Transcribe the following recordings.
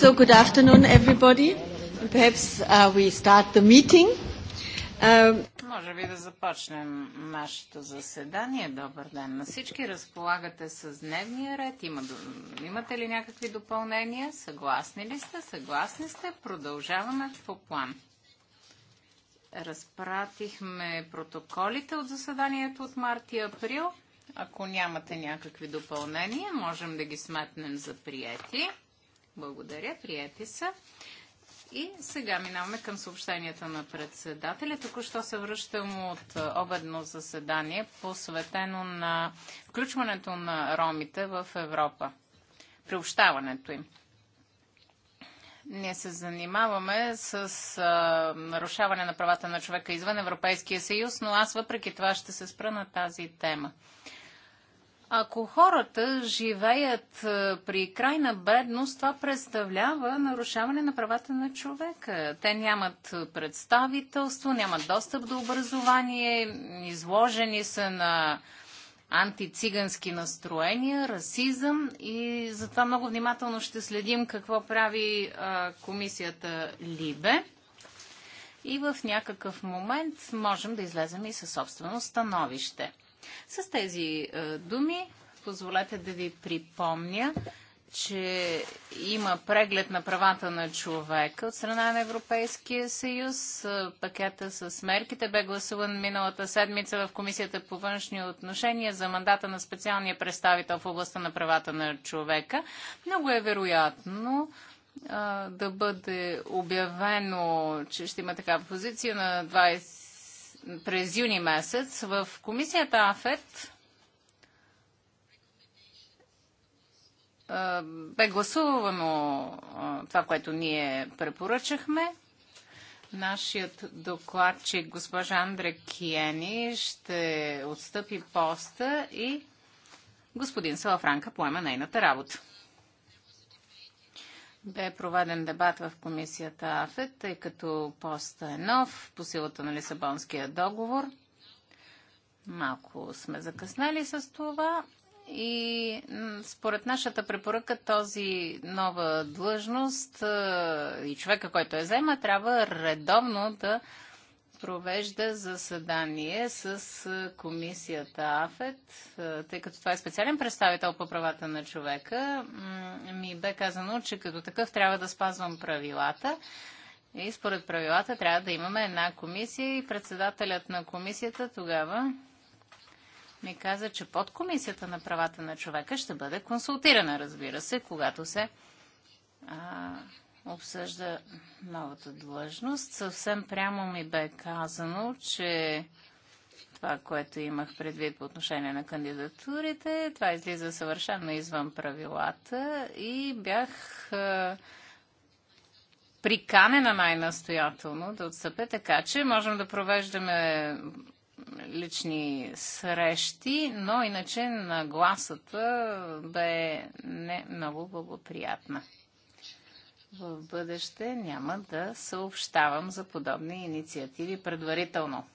So good afternoon, everybody. Perhaps uh, we start the meeting. Um, Може би да започнем нашето заседание. Добър ден на всички. Разполагате с дневния ред. Има, имате ли някакви допълнения? Съгласни ли сте? Съгласни сте. Продължаваме по план. Разпратихме протоколите от заседанието от март и април. Ако нямате някакви допълнения, можем да ги сметнем за приети. Благодаря, приети са. И сега минаваме към съобщенията на председателя. Току-що се връщам от е, обедно заседание, посветено на включването на ромите в Европа, приобщаването им. Ние се занимаваме с а, е, нарушаване на правата на човека извън Европейския съюз, но аз въпреки това ще се спра на тази тема. Ако хората живеят е, при крайна бедност, това представлява нарушаване на правата на човека. Те нямат представителство, нямат достъп до образование, изложени са на антицигански настроения, расизъм и затова много внимателно ще следим какво прави е, комисията Либе. И в някакъв момент можем да излезем и със собствено становище. С тези е, думи позволете да ви припомня, че има преглед на правата на човека от страна на Европейския съюз. Е, пакета с мерките бе гласуван миналата седмица в Комисията по външни отношения за мандата на специалния представител в областта на правата на човека. Много е вероятно е, да бъде обявено, че ще има такава позиция на през юни месец в комисията АФЕТ бе гласувано това, което ние препоръчахме. Нашият докладчик, госпожа Андре Киени, ще отстъпи поста и господин Салафранка поема нейната работа. Бе проведен дебат в комисията АФЕ, тъй като поста е нов по силата на Лисабонския договор. Малко сме закъснели с това и според нашата препоръка този нова длъжност е, и човека, който е взема, трябва редовно да провежда заседание с комисията АФЕТ, тъй като това е специален представител по правата на човека. Ми бе казано, че като такъв трябва да спазвам правилата. И според правилата трябва да имаме една комисия и председателят на комисията тогава ми каза, че под комисията на правата на човека ще бъде консултирана, разбира се, когато се а, обсъжда новата длъжност. Съвсем прямо ми бе казано, че това, което имах предвид по отношение на кандидатурите, това излиза съвършено извън правилата и бях приканена най-настоятелно да отстъпя, така че можем да провеждаме лични срещи, но иначе нагласата бе не много благоприятна в бъдеще няма да съобщавам за подобни инициативи предварително.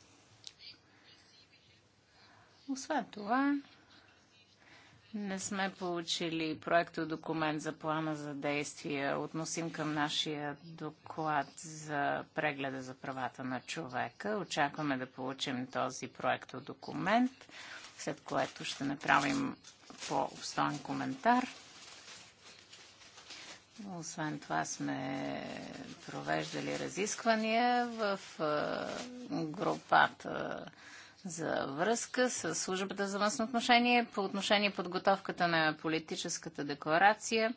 Освен това, не сме получили проекто документ за плана за действия относим към нашия доклад за прегледа за правата на човека. Очакваме да получим този проекто документ, след което ще направим по-обстоен коментар. Освен това сме провеждали разисквания в групата за връзка с службата за външно отношение по отношение подготовката на политическата декларация.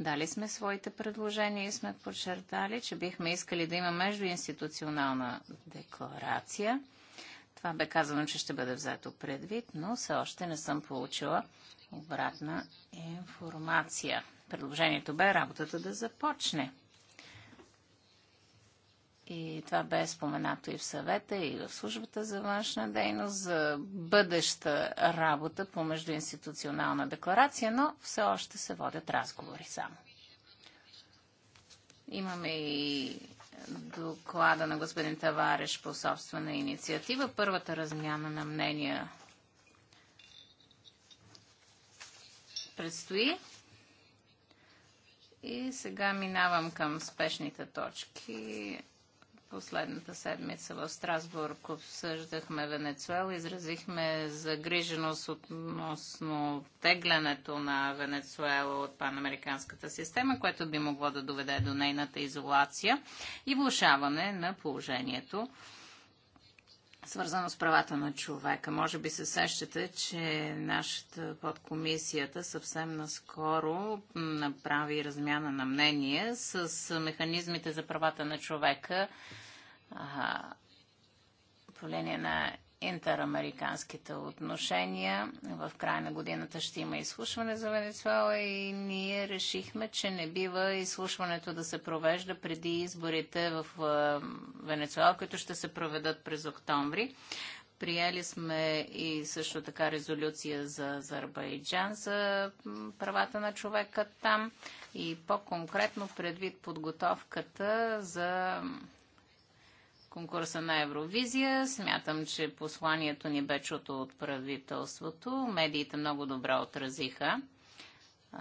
Дали сме своите предложения и сме подчертали, че бихме искали да има междуинституционална декларация. Това бе казано, че ще бъде взето предвид, но все още не съм получила обратна информация. Предложението бе работата да започне. И това бе споменато и в съвета, и в службата за външна дейност, за бъдеща работа по междуинституционална декларация, но все още се водят разговори само. Имаме и доклада на господин Тавареш по собствена инициатива. Първата размяна на мнения предстои. И сега минавам към спешните точки. Последната седмица в Страсбург обсъждахме Венецуела, изразихме загриженост относно теглянето на Венецуела от панамериканската система, което би могло да доведе до нейната изолация и влушаване на положението свързано с правата на човека. Може би се сещате, че нашата подкомисията съвсем наскоро направи размяна на мнение с механизмите за правата на човека по линия на интерамериканските отношения. В края на годината ще има изслушване за Венецуела и ние решихме, че не бива изслушването да се провежда преди изборите в Венецуела, които ще се проведат през октомври. Приели сме и също така резолюция за Азербайджан за правата на човека там и по-конкретно предвид подготовката за конкурса на Евровизия. Смятам, че посланието ни бе чуто от правителството. Медиите много добре отразиха а,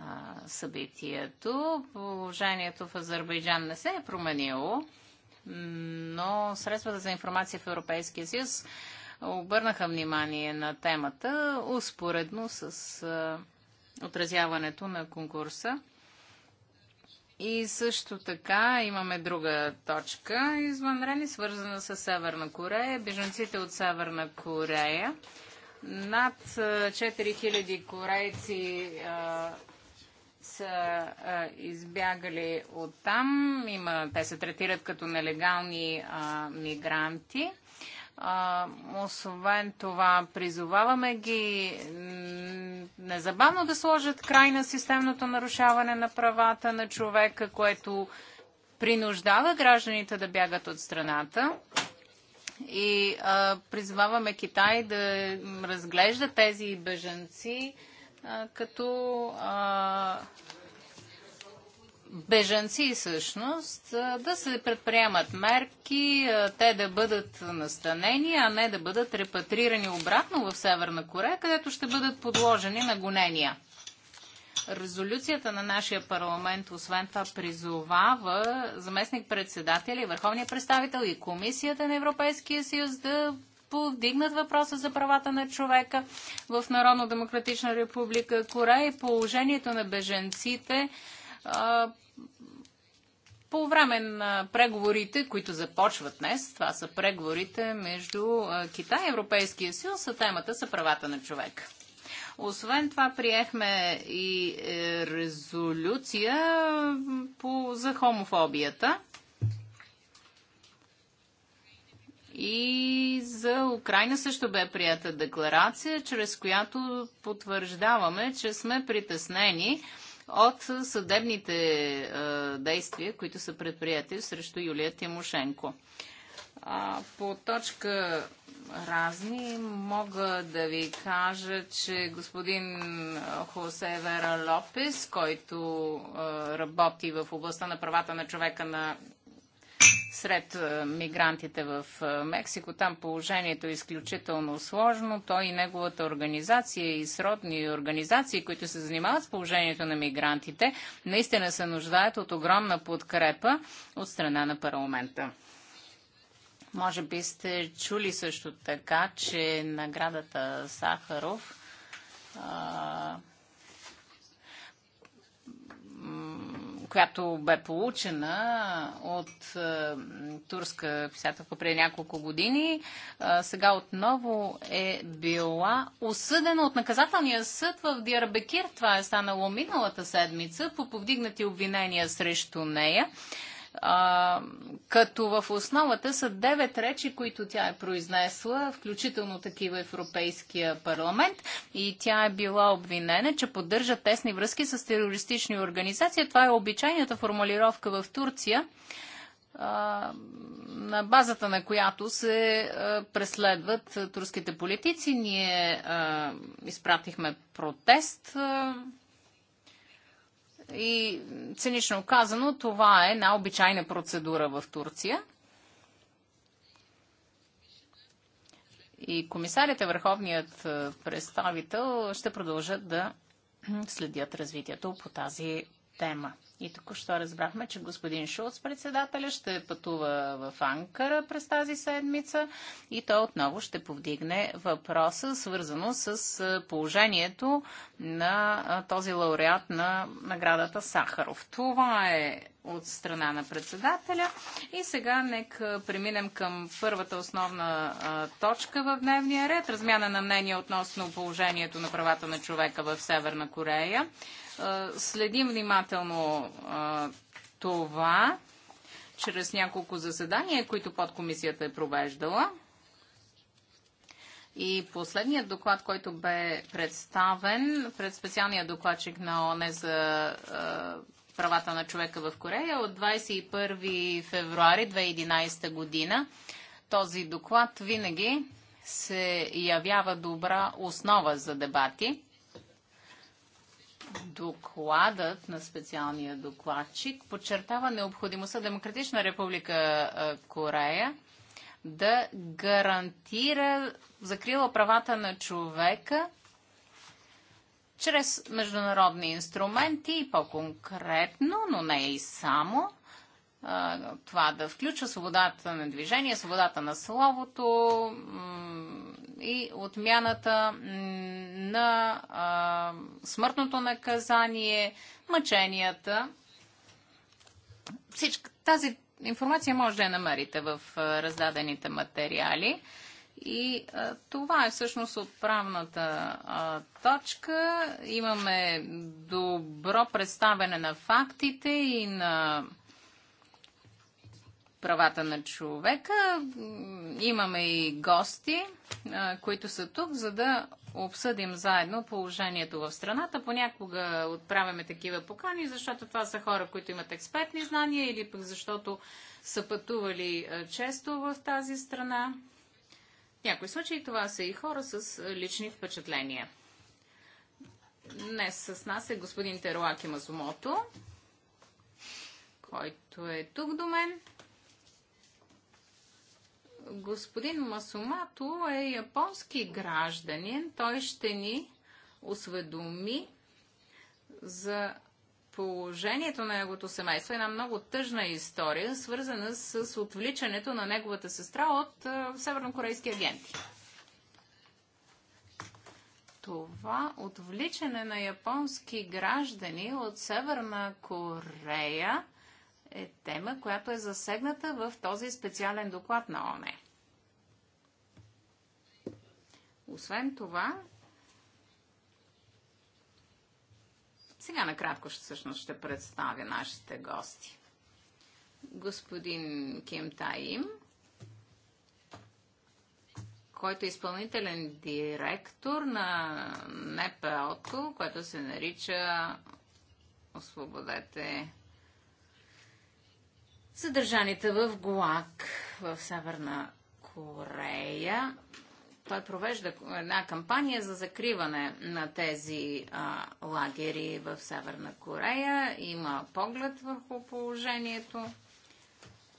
събитието. Положението в Азербайджан не се е променило, но средствата за информация в Европейския съюз обърнаха внимание на темата, успоредно с а, отразяването на конкурса. И също така имаме друга точка Извънрени, свързана с Северна Корея. Бежанците от Северна Корея. Над 4000 корейци а, са а, избягали от там. те се третират като нелегални а, мигранти освен това, призоваваме ги незабавно да сложат край на системното нарушаване на правата на човека, което принуждава гражданите да бягат от страната. И а, призваваме Китай да разглежда тези беженци а, като а, бежанци всъщност, да се предприемат мерки, те да бъдат настанени, а не да бъдат репатрирани обратно в Северна Корея, където ще бъдат подложени на гонения. Резолюцията на нашия парламент, освен това, призовава заместник председател и върховния представител и комисията на Европейския съюз да повдигнат въпроса за правата на човека в Народно-демократична република Корея и положението на беженците по време на преговорите, които започват днес, това са преговорите между Китай и Европейския съюз, а темата са правата на човек. Освен това приехме и е, резолюция по, за хомофобията и за Украина също бе прията декларация, чрез която потвърждаваме, че сме притеснени от съдебните е, действия, които са предприяти срещу Юлия Тимошенко. по точка разни мога да ви кажа, че господин Хосе Вера Лопес, който е, работи в областта на правата на човека на сред е, мигрантите в е, Мексико. Там положението е изключително сложно. Той и неговата организация и сродни организации, които се занимават с положението на мигрантите, наистина се нуждаят от огромна подкрепа от страна на парламента. Може би сте чули също така, че наградата Сахаров а която бе получена от е, турска писателка преди няколко години, е, сега отново е била осъдена от наказателния съд в Диарбекир. Това е станало миналата седмица по повдигнати обвинения срещу нея а, като в основата са девет речи, които тя е произнесла, включително такива Европейския парламент и тя е била обвинена, че поддържа тесни връзки с терористични организации. Това е обичайната формулировка в Турция на базата на която се преследват турските политици. Ние изпратихме протест и цинично казано, това е една обичайна процедура в Турция. И комисарите, върховният е, представител ще продължат да следят развитието по тази тема. И току-що разбрахме, че господин Шулц, председателя, ще пътува в Анкара през тази седмица и той отново ще повдигне въпроса, свързано с положението на този лауреат на наградата Сахаров. Това е от страна на председателя. И сега нека преминем към първата основна а, точка в дневния ред. Размяна на мнение относно положението на правата на човека в Северна Корея следим внимателно това чрез няколко заседания, които подкомисията е провеждала. И последният доклад, който бе представен пред специалния докладчик на ОНЕ за правата на човека в Корея от 21 февруари 2011 година, този доклад винаги се явява добра основа за дебати. Докладът на специалния докладчик подчертава необходимостта Демократична република Корея да гарантира закрила правата на човека чрез международни инструменти и по-конкретно, но не и само, това да включва свободата на движение, свободата на словото, и отмяната на а, смъртното наказание, мъченията. Всичко, тази информация може да я намерите в раздадените материали. И а, това е всъщност отправната а, точка. Имаме добро представяне на фактите и на правата на човека. Имаме и гости, които са тук, за да обсъдим заедно положението в страната. Понякога отправяме такива покани, защото това са хора, които имат експертни знания или пък защото са пътували често в тази страна. В някои случаи това са и хора с лични впечатления. Днес с нас е господин Теруаки Мазумото, който е тук до мен господин Масумато е японски гражданин. Той ще ни осведоми за положението на неговото семейство. Една много тъжна история, свързана с отвличането на неговата сестра от севернокорейски агенти. Това отвличане на японски граждани от Северна Корея – е тема, която е засегната в този специален доклад на ОНЕ. Освен това, сега накратко всъщност ще представя нашите гости. Господин Ким Таим, който е изпълнителен директор на НПО-то, което се нарича Освободете Съдържаните в ГУАК в Северна Корея. Той провежда една кампания за закриване на тези а, лагери в Северна Корея. Има поглед върху положението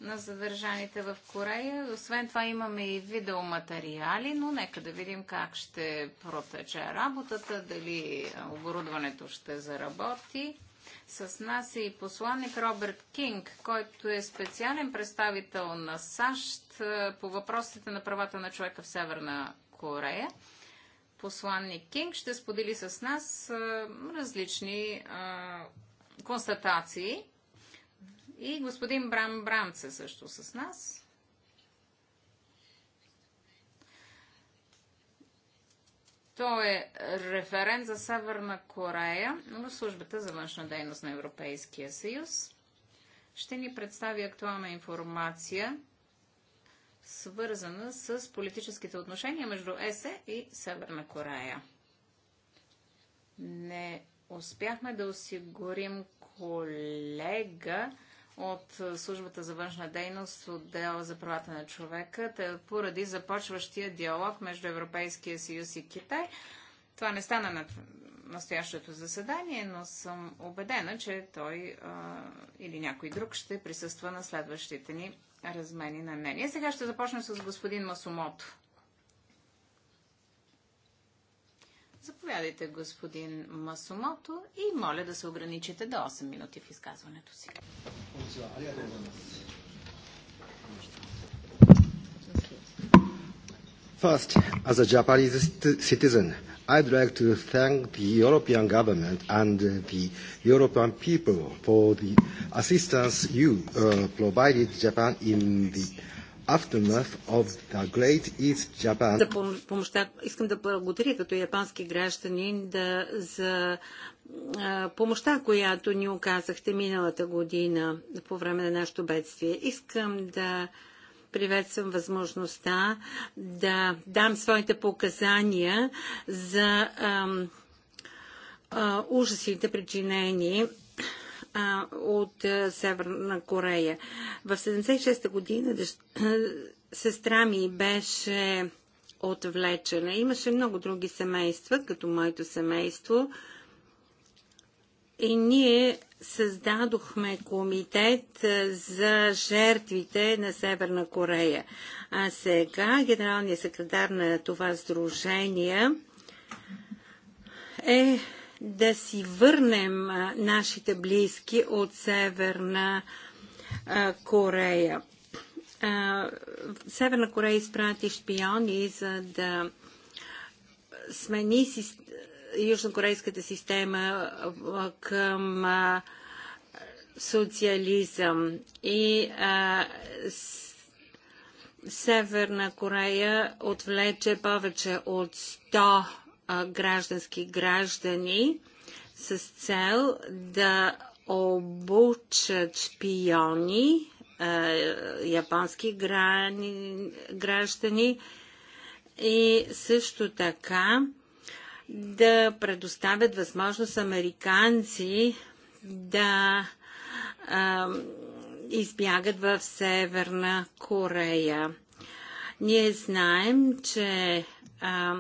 на задържаните в Корея. Освен това имаме и видеоматериали, но нека да видим как ще протече работата, дали оборудването ще заработи. С нас е и посланник Роберт Кинг, който е специален представител на САЩ е, по въпросите на правата на човека в Северна Корея. Посланник Кинг ще сподели с нас е, различни е, констатации. И господин Брам Брамце също с нас. Той е референт за Северна Корея в службата за външна дейност на Европейския съюз. Ще ни представи актуална информация, свързана с политическите отношения между ЕСЕ и Северна Корея. Не успяхме да осигурим колега, от службата за външна дейност, от дела за правата на човека, поради започващия диалог между Европейския съюз и Китай. Това не стана на настоящото заседание, но съм убедена, че той а, или някой друг ще присъства на следващите ни размени на мнение. Сега ще започнем с господин Масомото. Заповядайте, господин Масомото, и моля да се ограничите до 8 минути в изказването си. First, as a Japanese citizen, I'd like to thank the European government and the European people for the assistance you uh, provided Japan in the aftermath of the Great East Japan. За помощта, искам да благодаря като японски гражданин да, за помощта, която ни оказахте миналата година по време на нашето бедствие. Искам да приветствам възможността да дам своите показания за ам, а, ужасите причинени а, от а, Северна Корея. В 76-та година дъщ... сестра ми беше отвлечена. Имаше много други семейства, като моето семейство. И ние създадохме комитет за жертвите на Северна Корея. А сега генералният секретар на това сдружение е да си върнем нашите близки от Северна Корея. Северна Корея изпрати шпиони, за да смени южнокорейската система към социализъм. И Северна Корея отвлече повече от 100 граждански граждани с цел да обучат шпиони, японски граждани и също така да предоставят възможност американци да а, избягат в Северна Корея. Ние знаем, че а,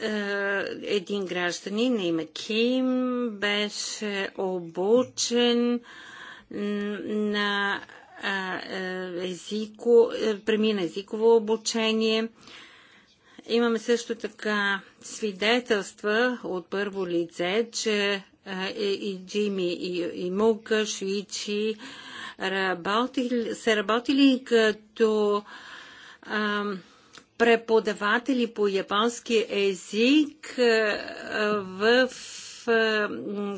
е, един гражданин на име Ким беше обучен на е, е, езико, премина езиково обучение. Имаме също така свидетелства от първо лице, че и Джими, и, и Мука, Шуичи работили, са работили като ам, преподаватели по японски език е, в е,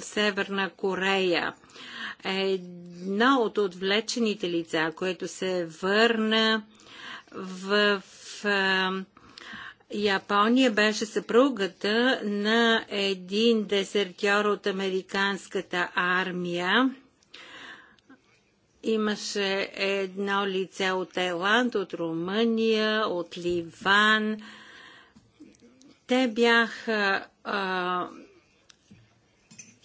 Северна Корея. Едно от отвлечените лица, което се върна в е, Япония беше съпругата на един десертьор от американската армия Имаше едно лице от Тайланд, от Румъния, от Ливан. Те бяха. А,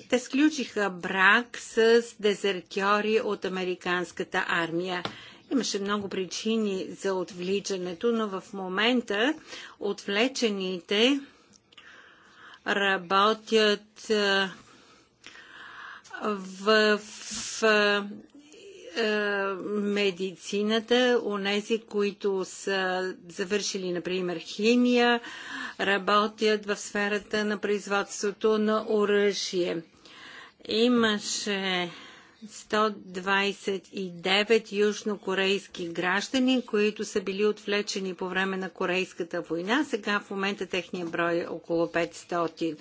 те сключиха брак с дезертьори от американската армия. Имаше много причини за отвличането, но в момента отвлечените работят в, в е, медицината, онези, които са завършили, например, химия, работят в сферата на производството на оръжие. Имаше 129 южнокорейски граждани, които са били отвлечени по време на Корейската война. Сега в момента техния брой е около 500.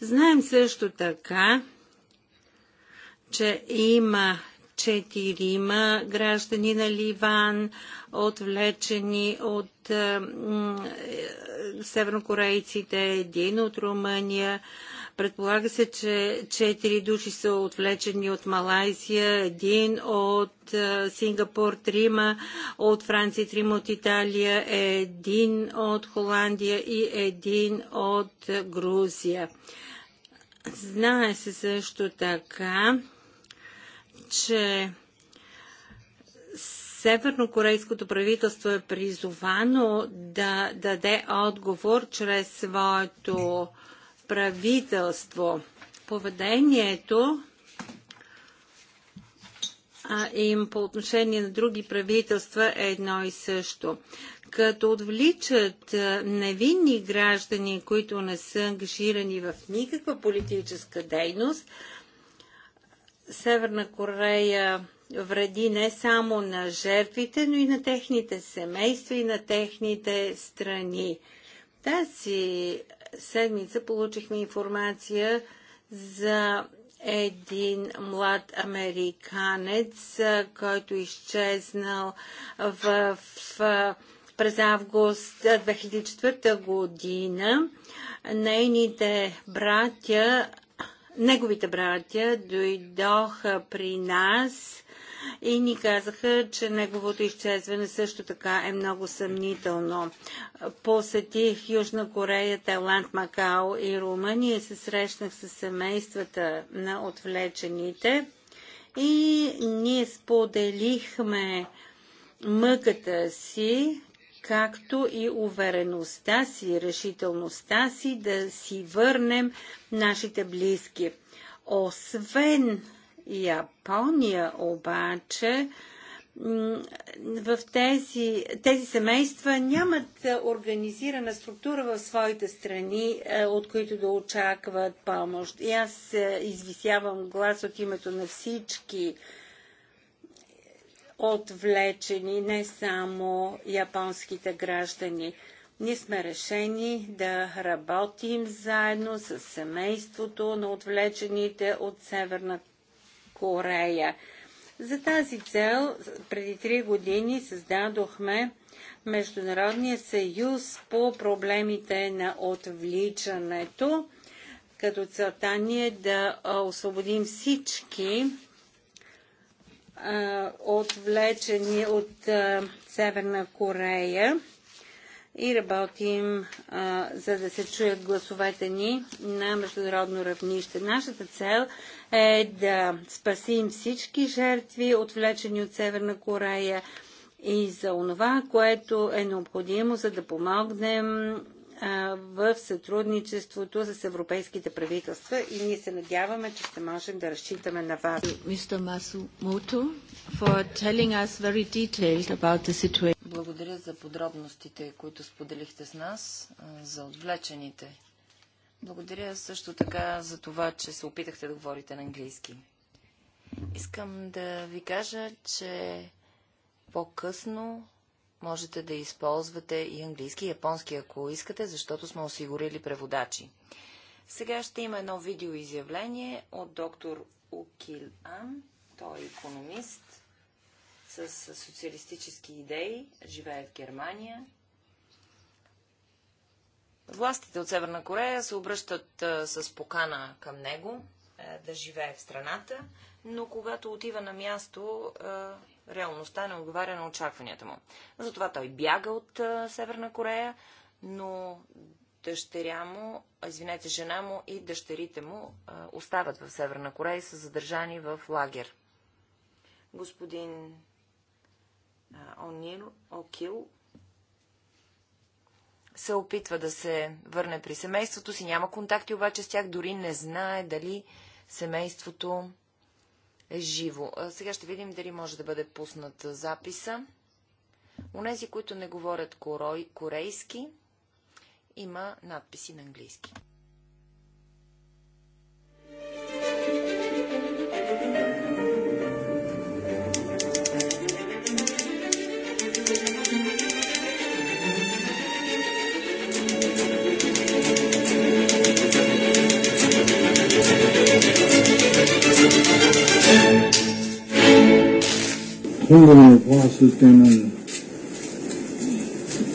Знаем също така, че има четирима граждани на Ливан, отвлечени от е, севернокорейците, един от Румъния. Предполага се, че четири души са отвлечени от Малайзия, един от е, Сингапур, трима от Франция, трима от Италия, един от Холандия и един от Грузия. Знае се също така, че Севернокорейското правителство е призовано да даде отговор чрез своето правителство. Поведението им по отношение на други правителства е едно и също. Като отвличат невинни граждани, които не са ангажирани в никаква политическа дейност, Северна Корея вреди не само на жертвите, но и на техните семейства и на техните страни. Тази седмица получихме информация за един млад американец, който е изчезнал в, в през август 2004 година. Нейните братя неговите братя дойдоха при нас и ни казаха, че неговото изчезване също така е много съмнително. Посетих Южна Корея, Тайланд, Макао и Румъния и се срещнах с семействата на отвлечените и ние споделихме мъката си както и увереността си, решителността си да си върнем нашите близки. Освен Япония обаче, в тези, тези семейства нямат организирана структура в своите страни, е, от които да очакват помощ. И аз е, извисявам глас от името на всички отвлечени не само японските граждани. Ние сме решени да работим заедно с семейството на отвлечените от Северна Корея. За тази цел преди три години създадохме Международния съюз по проблемите на отвличането, като целта ни е да освободим всички отвлечени от Северна Корея и работим за да се чуят гласовете ни на международно равнище. Нашата цел е да спасим всички жертви, отвлечени от Северна Корея и за онова, което е необходимо, за да помогнем в сътрудничеството с европейските правителства и ние се надяваме, че ще можем да разчитаме на вас. Благодаря за подробностите, които споделихте с нас, за отвлечените. Благодаря също така за това, че се опитахте да говорите на английски. Искам да ви кажа, че по-късно можете да използвате и английски, и японски, ако искате, защото сме осигурили преводачи. Сега ще има едно видеоизявление от доктор Укил Ан. Той е економист с социалистически идеи, живее в Германия. Властите от Северна Корея се обръщат с покана към него е, да живее в страната, но когато отива на място, реалността не отговаря на очакванията му. Затова той бяга от Северна Корея, но дъщеря му, извинете, жена му и дъщерите му остават в Северна Корея и са задържани в лагер. Господин Онил, Окил, се опитва да се върне при семейството си, няма контакти обаче с тях, дори не знае дали семейството живо. Сега ще видим дали може да бъде пуснат записа. Унези, които не говорят корейски, има надписи на английски. хубави опасите на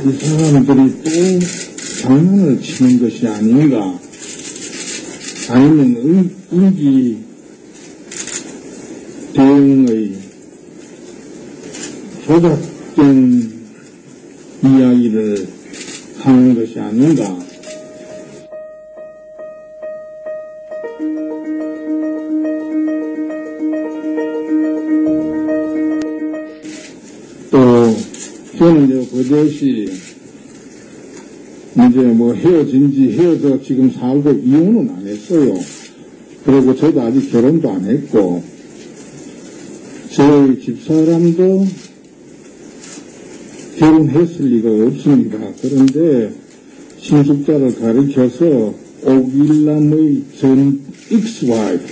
그 사람들이 또 장난을 치는 것이 아닌가 아니면 은, 기 대응의 조작된 이야기를 하는 것이 아닌가 것이 이제 뭐 헤어진 지 헤어져 지금 살고 이혼은 안 했어요. 그리고 저도 아직 결혼도 안 했고, 저희 집사람도 결혼했을 리가 없습니다. 그런데 신숙자를 가르쳐서 오길남의 전 익스와이프,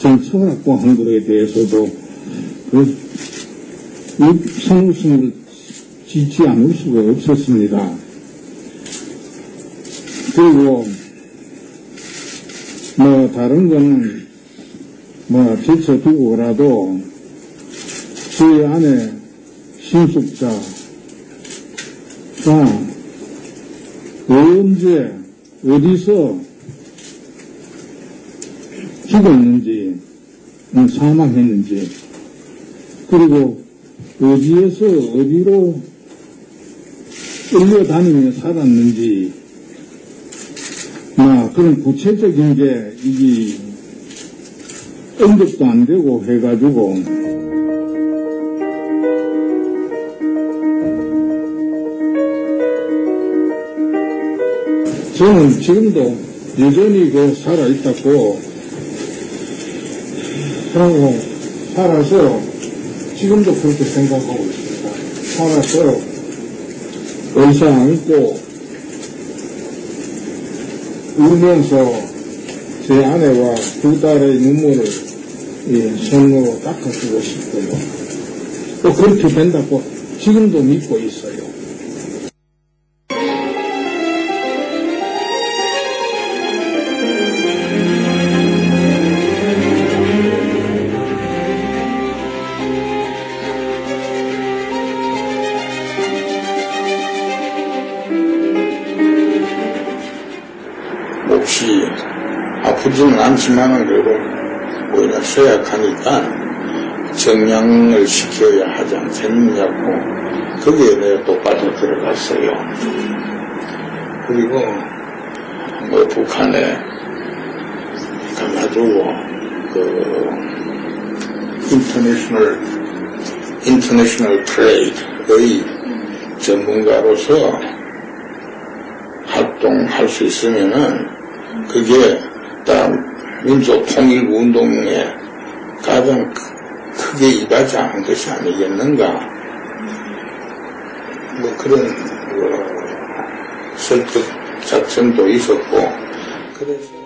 전 청학과 한글에 대해서도 그 성우승을 지지 않을 수가 없었습니다. 그리고 뭐 다른 거는 뭐 제쳐두고라도 저희 안에 신속자가 언제 어디서 죽었는지 사망했는지 그리고 어디에서 어디로 일로 다니며 살았는지, 뭐, 그런 구체적인 게 이게 언급도 안 되고 해가지고. 저는 지금도 여전히 그 살아있다고 하고 살아서 지금도 그렇게 생각하고 있습니다. 살아서 의상 입고 울면서 제 아내와 두 딸의 눈물을 예, 손으로 닦아주고 싶고요. 또 그렇게 된다고 지금도 믿고 있어요. 방심하는 거고 오히려 쇠약하니까 정량을 시켜야 하지 않겠느냐고 거기에 내가 또 빠져 들어갔어요. 그리고 뭐 북한에 가가지고 그 인터내셔널 인터내셔널 트레이드의 전문가로서 활동할 수 있으면은 그게 민족 통일 운동에 가장 크게 이바지한 것이 아니겠는가 뭐 그런 뭐 설득 작전도 있었고 그래서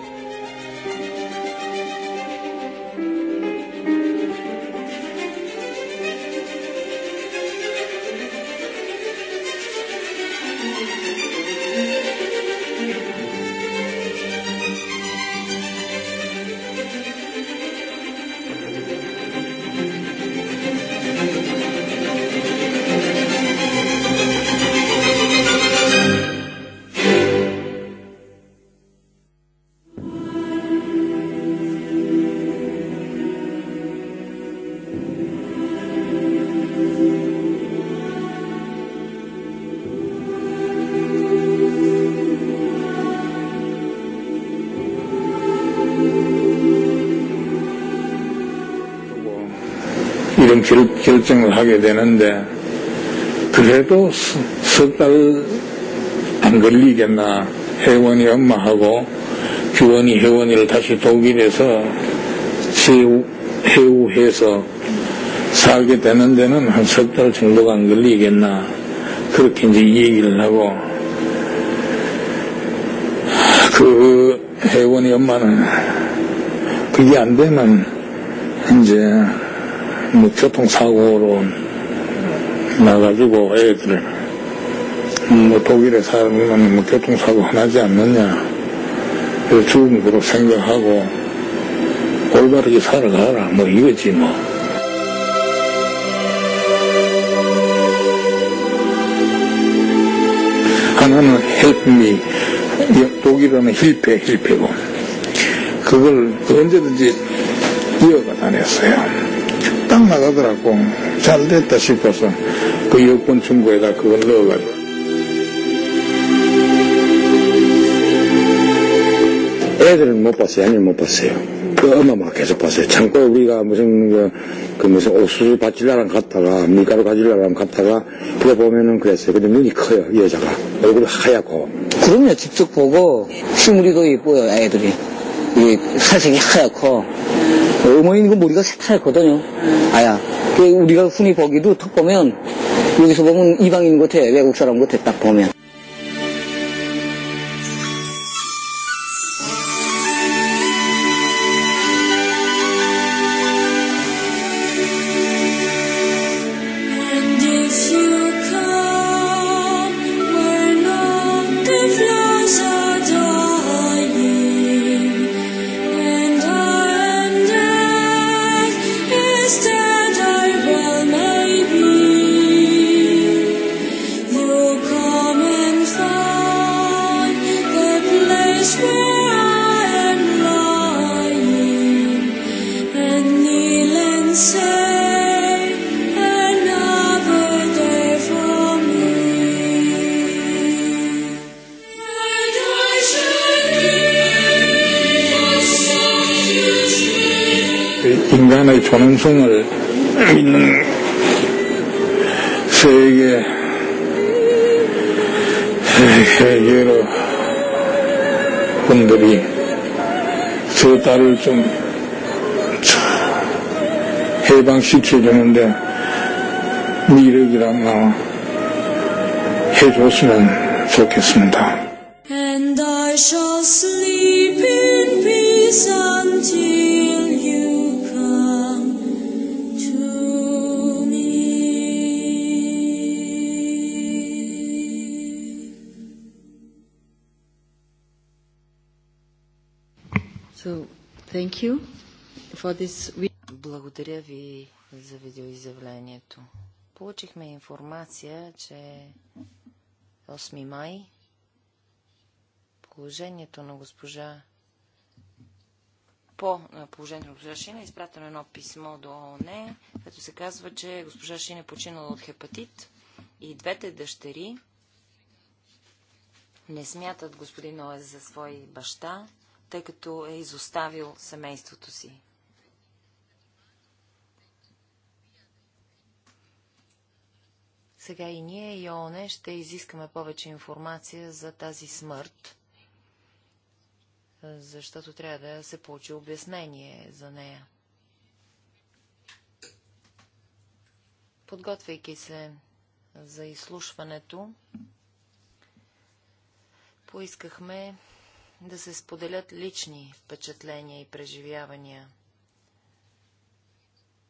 결, 결정을 하게 되는데 그래도 석 달 안 걸리겠나 혜원이 엄마하고 규원이 혜원이를 다시 독일에서 해우해서 살게 되는 데는 한 석달 석 정도가 안 걸리겠나 그렇게 이제 얘기를 하고 그 혜원이 엄마는 그게 안 되면 이제 뭐 교통사고로 나가지고 애들 뭐 독일에 살면 뭐 교통사고 하나지 않느냐 그래서 죽음 생각하고 올바르게 살아가라 뭐 이거지 뭐 하나는 헬프미 독일어는 힐패 힐패고 그걸 언제든지 이어가 다녔어요. 딱 나가더라고. 잘 됐다 싶어서 그 여권 중고에다 그걸 넣어가지고. 애들은 못 봤어요. 아니면 못 봤어요. 그 엄마만 계속 봤어요. 참고 우리가 무슨 그, 그 무슨 옥수수 바질라랑 갔다가 밀가루 바질라랑 갔다가 그거 보면은 그랬어요. 근데 눈이 커요 이 여자가 얼굴이 하얗고. 그럼요 직접 보고 시물이도 예뻐요 애들이. 이 살색이 하얗고 어머니는 이거 머리가 세탄했거든요. 아야. 우리가 흔히 보기도 턱 보면 여기서 보면 이방인 같아. 외국 사람 같아. 딱 보면. 되는데 미륵이란 해줬으면 좋겠습니다. And I shall sleep in peace until you come to me. So, thank you for this. Благодаря ви за видеоизявлението. Получихме информация, че 8 май положението на госпожа по положението на госпожа Шина е изпратено едно писмо до ООН, като се казва, че госпожа Шина е починала от хепатит и двете дъщери не смятат господин Оес за свой баща, тъй като е изоставил семейството си. Сега и ние, и ОНЕ ще изискаме повече информация за тази смърт, защото трябва да се получи обяснение за нея. Подготвяйки се за изслушването, поискахме да се споделят лични впечатления и преживявания.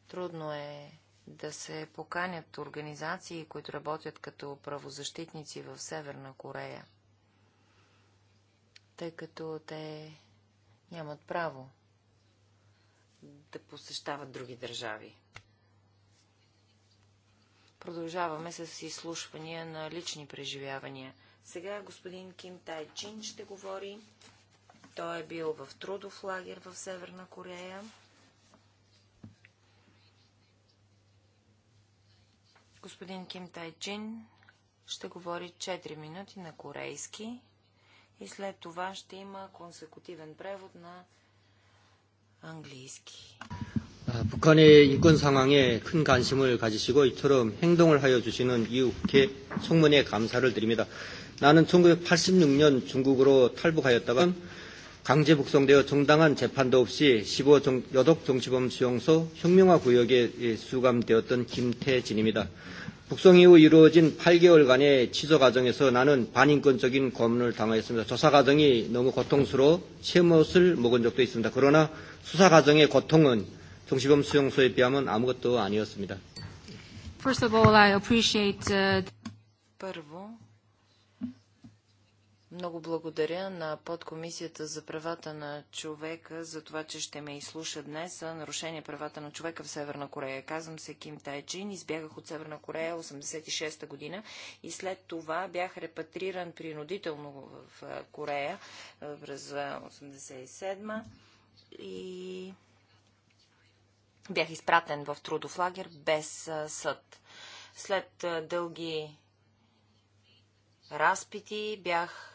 Трудно е да се поканят организации, които работят като правозащитници в Северна Корея, тъй като те нямат право да посещават други държави. Продължаваме с изслушвания на лични преживявания. Сега господин Ким Тай Чин ще говори. Той е бил в трудов лагер в Северна Корея. Господин Ким Тайджин ще говори 4 минути на корейски и след това ще има консекутивен превод на английски. 북한의 인권 상황에 큰 관심을 가지시고 이처럼 행동을 하여 주시는 이 국회 청문회 감사를 드립니다. 나는 1986년 중국으로 탈북하였다가 강제 북송되어 정당한 재판도 없이 15 여독 정치범 수용소 혁명화 구역에 수감되었던 김태진입니다. 북송 이후 이루어진 8개월간의 취소 과정에서 나는 반인권적인 고문을 당하였습니다. 조사 과정이 너무 고통스러워 채못을 먹은 적도 있습니다. 그러나 수사 과정의 고통은 정치범 수용소에 비하면 아무것도 아니었습니다. First of all, I appreciate uh... Много благодаря на подкомисията за правата на човека за това, че ще ме изслуша днес за нарушение правата на човека в Северна Корея. Казвам се Ким Тайджин, избягах от Северна Корея 86-та година и след това бях репатриран принудително в Корея през 87-ма и бях изпратен в трудов лагер без съд. След дълги разпити бях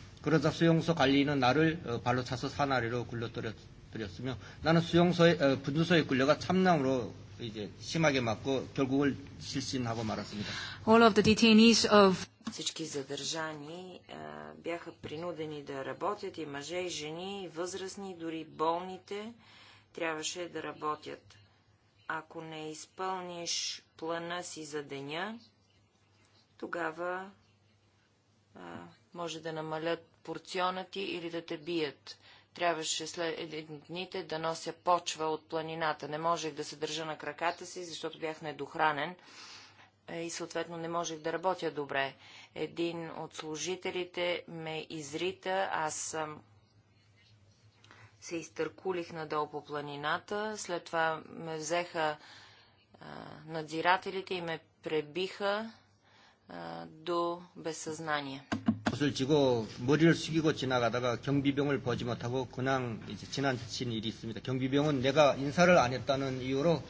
그러자 수용소 관리는 나를 발로 차서 사나리로 굴러뜨렸으며 나는 수용소에 분주소에 굴려가 참나무로 이제 심하게 맞고 결국을 실신하고 말았습니다. All of the detainees of всички задържани е, бяха принудени да работят и мъже, и жени, и възрастни, дори болните трябваше да работят. Ако не изпълниш плана си за деня, тогава е, може да намалят порциона ти или да те бият. Трябваше след дните да нося почва от планината. Не можех да се държа на краката си, защото бях недохранен е, и съответно не можех да работя добре. Един от служителите ме изрита, аз съм се изтъркулих надолу по планината, след това ме взеха а, надзирателите и ме пребиха а, до безсъзнание. 옷을 지고 머리를 숙이고 지나가다가 경비병을 보지 못하고 그냥 이제 지나친 일이 있습니다. 경비병은 내가 인사를 안 했다는 이유로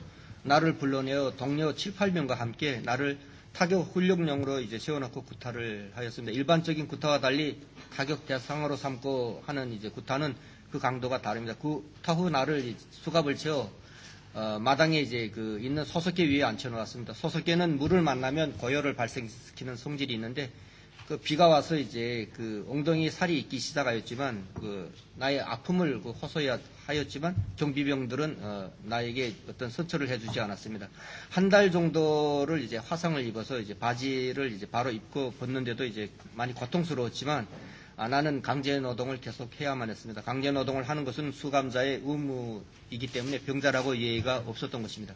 나를 불러내어 동료 7, 8명과 함께 나를 타격 훈련용으로 이제 세워놓고 구타를 하였습니다. 일반적인 구타와 달리 타격 대상으로 삼고 하는 이제 구타는 그 강도가 다릅니다. 구타 후 나를 수갑을 채워 어, 마당에 이제 그 있는 소석계 위에 앉혀놓았습니다. 소석계는 물을 만나면 고열을 발생시키는 성질이 있는데 그 비가 와서 이제 그 엉덩이 살이 있기 시작하였지만 그 나의 아픔을 그 호소하였지만 경비병들은 어 나에게 어떤 선처를 해주지 않았습니다. 한 정도를 이제 화상을 입어서 이제 바지를 이제 바로 입고 벗는데도 이제 많이 고통스러웠지만 아, 나는 강제 노동을 계속 해야만 했습니다. 강제 노동을 하는 것은 수감자의 의무이기 때문에 병자라고 예의가 없었던 것입니다.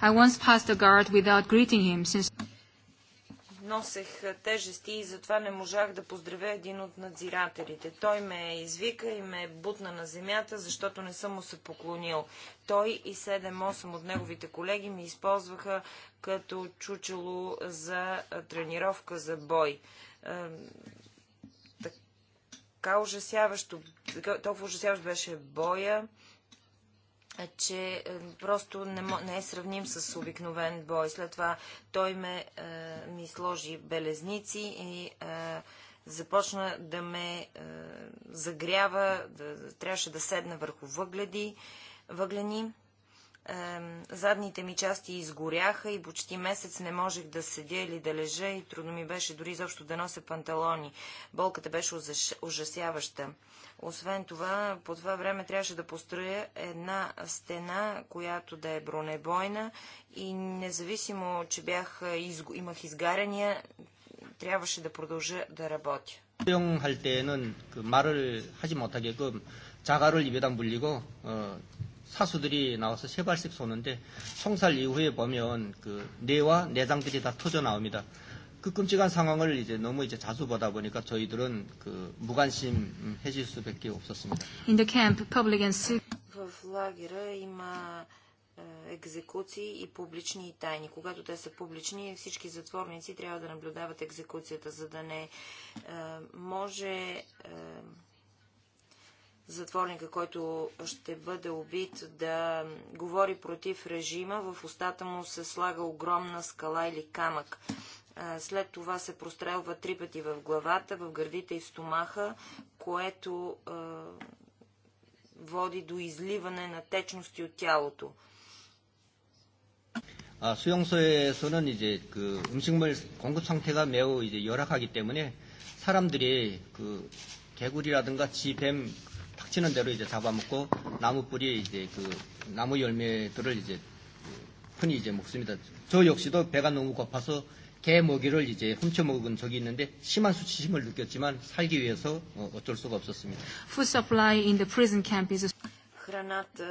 I once passed a guard without greeting him since носех тежести и затова не можах да поздравя един от надзирателите. Той ме извика и ме бутна на земята, защото не съм му се поклонил. Той и 7-8 от неговите колеги ми използваха като чучело за тренировка за бой. Така ужасяващо, толкова ужасяващо беше боя че е, просто не, не е сравним с обикновен бой. След това той ме, е, ми сложи белезници и е, започна да ме е, загрява, да, трябваше да седна върху въгледи, въглени задните ми части изгоряха и почти месец не можех да седя или да лежа и трудно ми беше дори изобщо да нося панталони. Болката беше ужасяваща. Освен това, по това време трябваше да построя една стена, която да е бронебойна и независимо, че бях, имах изгаряния, трябваше да продължа да работя. 활용할 때는 말을 하지 못하게끔 자가를 입에다 물리고 사수들이 나와서 세 발씩 쏘는데 총살 이후에 보면 그 뇌와 내장들이 다 터져 나옵니다. 그 끔찍한 상황을 이제 너무 이제 자주 보다 보니까 저희들은 그 무관심 해질 수밖에 없었습니다. In the camp, public and civil. Е, екзекуции и публични и тайни. Когато те са публични, всички затворници трябва да наблюдават екзекуцията, за да не е, може е, затворника, който ще бъде убит, да говори против режима, в устата му се слага огромна скала или камък. След това се прострелва три пъти в главата, в гърдите и в стомаха, което е, води до изливане на течности от тялото. 아, 수용소에서는 이제 그 음식물 공급 상태가 매우 이제 열악하기 때문에 사람들이 그 개구리라든가 지뱀 닥치는 대로 이제 잡아먹고 나무 뿌리 이제 그 나무 열매들을 이제 흔히 이제 먹습니다. 저 역시도 배가 너무 고파서 개 먹이를 이제 훔쳐 먹은 적이 있는데 심한 수치심을 느꼈지만 살기 위해서 어쩔 수가 없었습니다. Food supply in the prison camp is Храната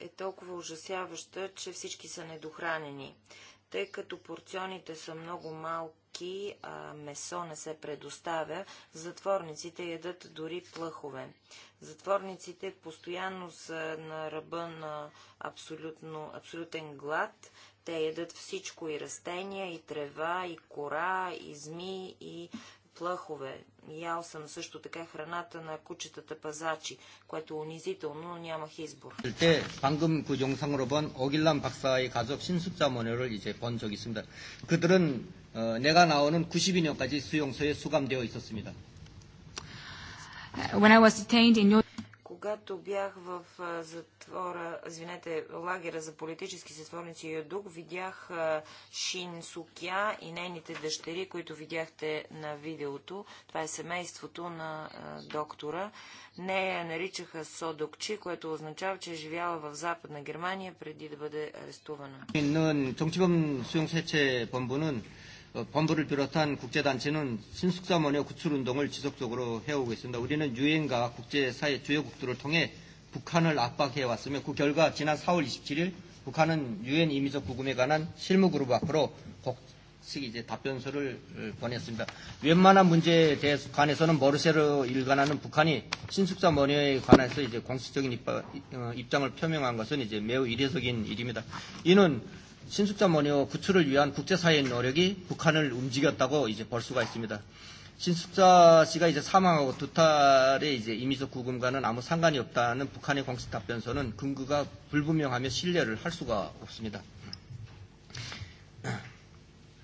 е толкова ужасяваща, че всички са недохранени. Тъй като порционите са много малко, мерки а, месо не се предоставя, затворниците ядат дори плъхове. Затворниците постоянно са на ръба на абсолютно, абсолютен глад. Те ядат всичко и растения, и трева, и кора, и зми, и плъхове. Ял съм също така храната на кучетата пазачи, което е унизително, но нямах избор. When I was detained in your... Когато бях в затвора, извинете, лагера за политически сътворници Йодук, видях Шин Сукя и нейните дъщери, които видяхте на видеото. Това е семейството на доктора. Нея наричаха Содокчи, което означава, че е живяла в Западна Германия преди да бъде арестувана. 본부를 비롯한 국제단체는 신숙사모녀 구출운동을 지속적으로 해오고 있습니다. 우리는 유엔과 국제사회 주요국들을 통해 북한을 압박해왔으며 그 결과 지난 4월 27일 북한은 유엔 이미적 구금에 관한 실무그룹 앞으로 곡식 이제 답변서를 보냈습니다. 웬만한 문제에 대해서 관해서는 머르세로 일관하는 북한이 신숙사 머니에 관해서 이제 공식적인 입장을 표명한 것은 이제 매우 이례적인 일입니다. 이는 신숙자 모녀 구출을 위한 국제사회의 노력이 북한을 움직였다고 이제 볼 수가 있습니다. 신숙자 씨가 이제 사망하고 두 탈의 이제 이미적 구금과는 아무 상관이 없다는 북한의 공식 답변서는 근거가 불분명하며 신뢰를 할 수가 없습니다.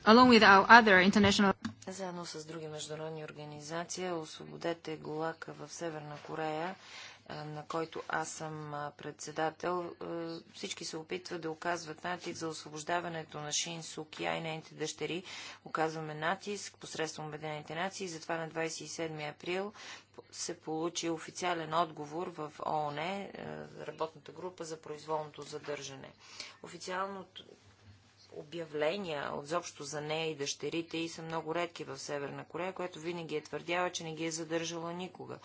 Along with our other international... Заедно с други международни организации освободете Голака в Северна Корея на който аз съм председател, всички се опитват да оказват натиск за освобождаването на Шин Сукия и нейните дъщери. Оказваме натиск посредством Обединените нации. Затова на 27 април се получи официален отговор в ООН, работната група за произволното задържане. Официалното обявления отзобщо за нея и дъщерите и са много редки в Северна Корея, което винаги е твърдява, че не ги е задържала никога.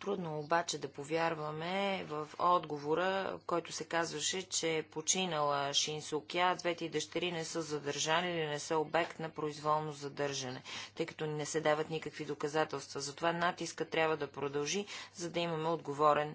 Трудно е обаче да повярваме в отговора, който се казваше, че е починала Шинсукя, двете дъщери не са задържани или не са обект на произволно задържане, тъй като не се дават никакви доказателства. Затова натиска трябва да продължи, за да имаме отговорен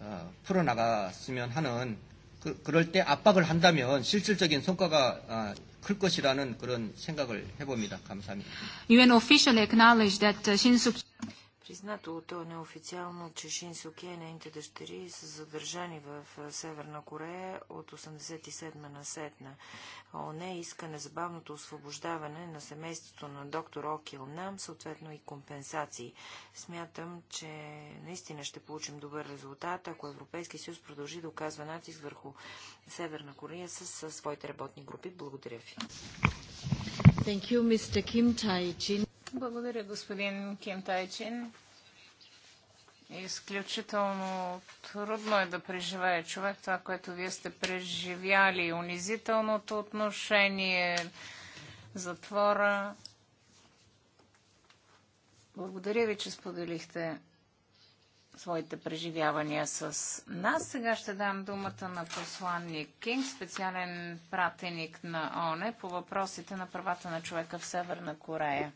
어, 풀어나갔으면 하는 그, 그럴 때 압박을 한다면 실질적인 성과가 어, 클 것이라는 그런 생각을 해봅니다. 감사합니다. UN officially acknowledged that Shin Признато от то неофициално, че Шин Суке и нейните дъщери са задържани в Северна Корея от 87 на сетна. ООН иска незабавното освобождаване на семейството на доктор Окил Нам, съответно и компенсации. Смятам, че наистина ще получим добър резултат, ако Европейски съюз продължи да оказва натиск върху Северна Корея с, с своите работни групи. Благодаря ви. Thank you, Mr. Kim tai благодаря, господин Ким Тайчин. Изключително трудно е да преживее човек това, което вие сте преживяли. Унизителното отношение, затвора. Благодаря ви, че споделихте своите преживявания с нас. Сега ще дам думата на посланник Кинг, специален пратеник на ОНЕ по въпросите на правата на човека в Северна Корея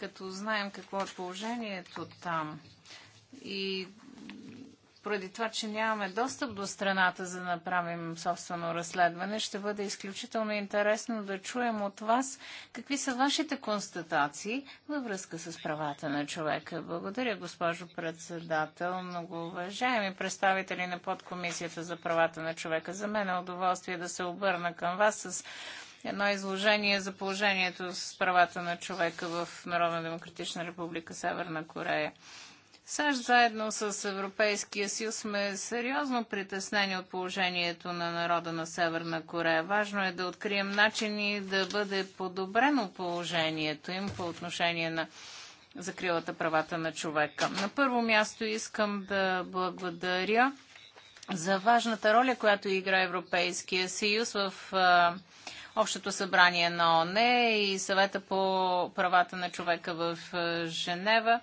като знаем какво е положението там и поради това, че нямаме достъп до страната за да направим собствено разследване, ще бъде изключително интересно да чуем от вас какви са вашите констатации във връзка с правата на човека. Благодаря, госпожо председател. Много уважаеми представители на подкомисията за правата на човека. За мен е удоволствие да се обърна към вас с едно изложение за положението с правата на човека в Народна демократична република Северна Корея. САЩ заедно с Европейския съюз сме сериозно притеснени от положението на народа на Северна Корея. Важно е да открием начини да бъде подобрено положението им по отношение на закрилата правата на човека. На първо място искам да благодаря за важната роля, която игра Европейския съюз в Общото събрание на ОНЕ и съвета по правата на човека в е, Женева.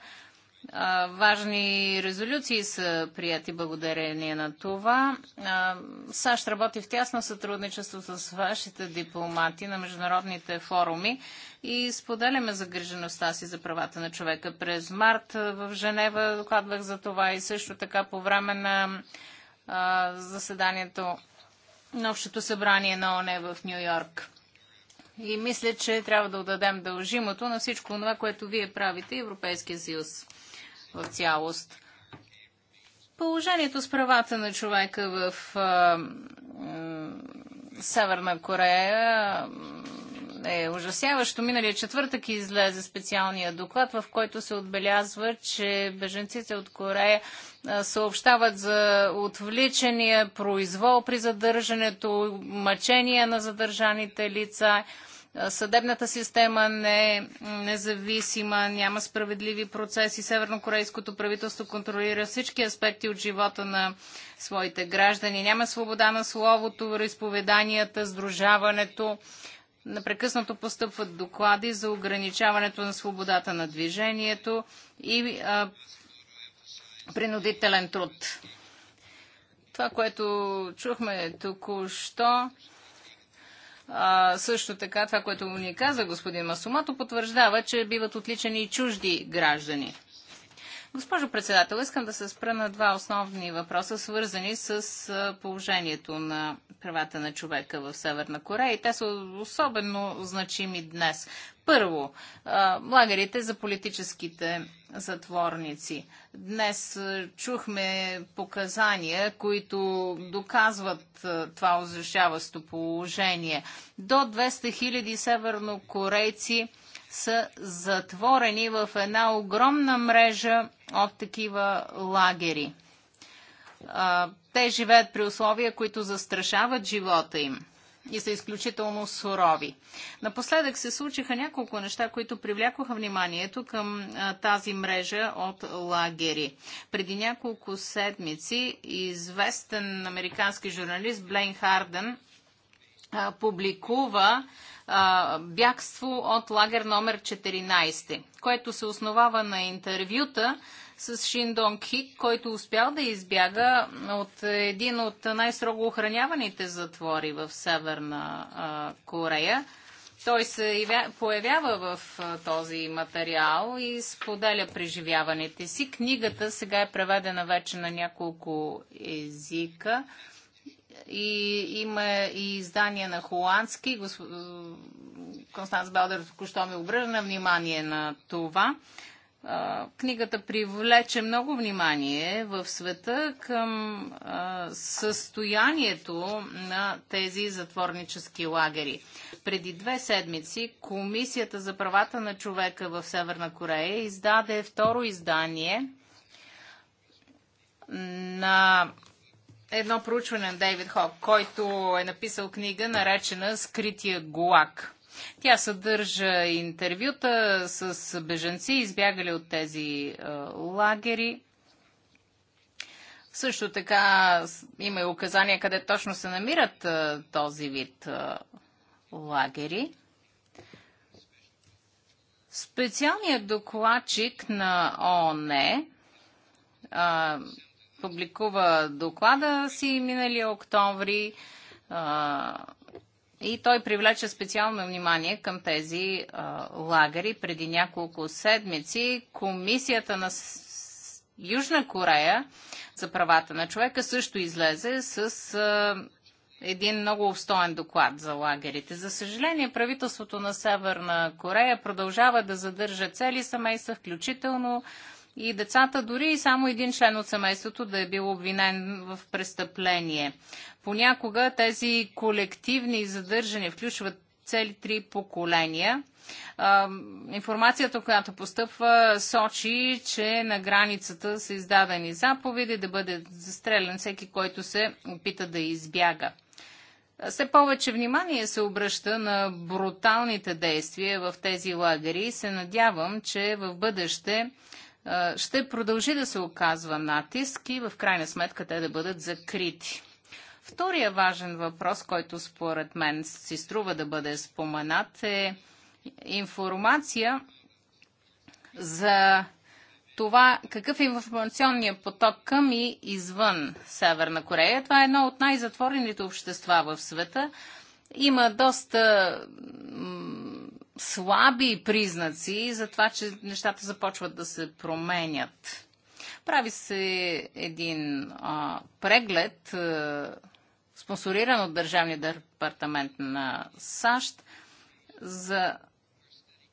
Важни резолюции са прияти благодарение на това. САЩ работи в тясно сътрудничество с вашите дипломати на международните форуми и споделяме загрижеността си за правата на човека. През март е, в Женева докладвах за това и също така по време на заседанието на Общото събрание на ОНЕ в Нью Йорк. И мисля, че трябва да отдадем дължимото на всичко това, което вие правите и Европейския съюз в цялост. Положението с правата на човека в Северна Корея е ужасяващо. Миналия четвъртък излезе специалния доклад, в който се отбелязва, че беженците от Корея съобщават за отвличания, произвол при задържането, мъчения на задържаните лица. Съдебната система не е независима, няма справедливи процеси. Севернокорейското правителство контролира всички аспекти от живота на своите граждани. Няма свобода на словото, разповеданията, сдружаването. Напрекъснато постъпват доклади за ограничаването на свободата на движението и а, принудителен труд. Това, което чухме току-що, също така това, което ни каза господин Масомато, потвърждава, че биват отличани и чужди граждани. Госпожо председател, искам да се спра на два основни въпроса, свързани с положението на правата на човека в Северна Корея и те са особено значими днес. Първо, лагерите за политическите затворници. Днес чухме показания, които доказват това озрешаващо положение. До 200 000 севернокорейци корейци са затворени в една огромна мрежа от такива лагери. Те живеят при условия, които застрашават живота им и са изключително сурови. Напоследък се случиха няколко неща, които привлякоха вниманието към тази мрежа от лагери. Преди няколко седмици известен американски журналист Блейн Харден публикува бягство от лагер номер 14, което се основава на интервюта с Шин Дон Хик, който успял да избяга от един от най-строго охраняваните затвори в Северна Корея. Той се появява в този материал и споделя преживяваните си. Книгата сега е преведена вече на няколко езика и има и издания на холандски. Госп... Констанс Белдер току-що ми обръща внимание на това. Книгата привлече много внимание в света към състоянието на тези затворнически лагери. Преди две седмици Комисията за правата на човека в Северна Корея издаде второ издание на едно проучване на Дейвид Хок, който е написал книга, наречена Скрития ГУАК. Тя съдържа интервюта с бежанци, избягали от тези е, лагери. Също така има и указания къде точно се намират е, този вид е, лагери. Специалният докладчик на ООН е, публикува доклада си миналия октомври а, и той привлече специално внимание към тези а, лагери. Преди няколко седмици комисията на Южна Корея за правата на човека също излезе с а, един много обстоен доклад за лагерите. За съжаление, правителството на Северна Корея продължава да задържа цели семейства, включително и децата, дори и само един член от семейството да е бил обвинен в престъпление. Понякога тези колективни задържания включват цели три поколения. информацията, която постъпва, сочи, че на границата са издадени заповеди да бъде застрелян всеки, който се опита да избяга. Все повече внимание се обръща на бруталните действия в тези лагери и се надявам, че в бъдеще ще продължи да се оказва натиск и в крайна сметка те да бъдат закрити. Втория важен въпрос, който според мен си струва да бъде споменат е информация за това какъв е информационният поток към и извън Северна Корея. Това е едно от най-затворените общества в света. Има доста слаби признаци за това, че нещата започват да се променят. Прави се един а, преглед, а, спонсориран от Държавния департамент на САЩ, за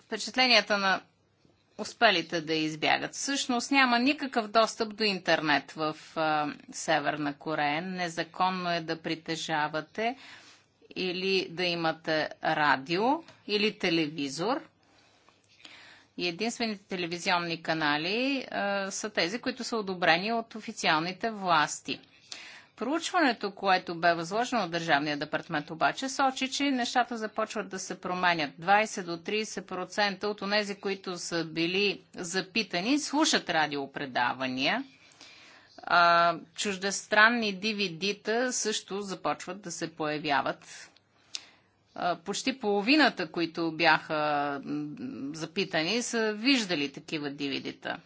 впечатленията на успелите да избягат. Всъщност няма никакъв достъп до интернет в а, Северна Корея. Незаконно е да притежавате а, или да имате радио или телевизор. И единствените телевизионни канали а, са тези, които са одобрени от официалните власти. Проучването, което бе възложено от Държавния департамент обаче, сочи, че нещата започват да се променят. 20 до 30% от тези, които са били запитани, слушат радиопредавания а, чуждестранни дивидита също започват да се появяват. А, почти половината, които бяха запитани, са виждали такива дивидита.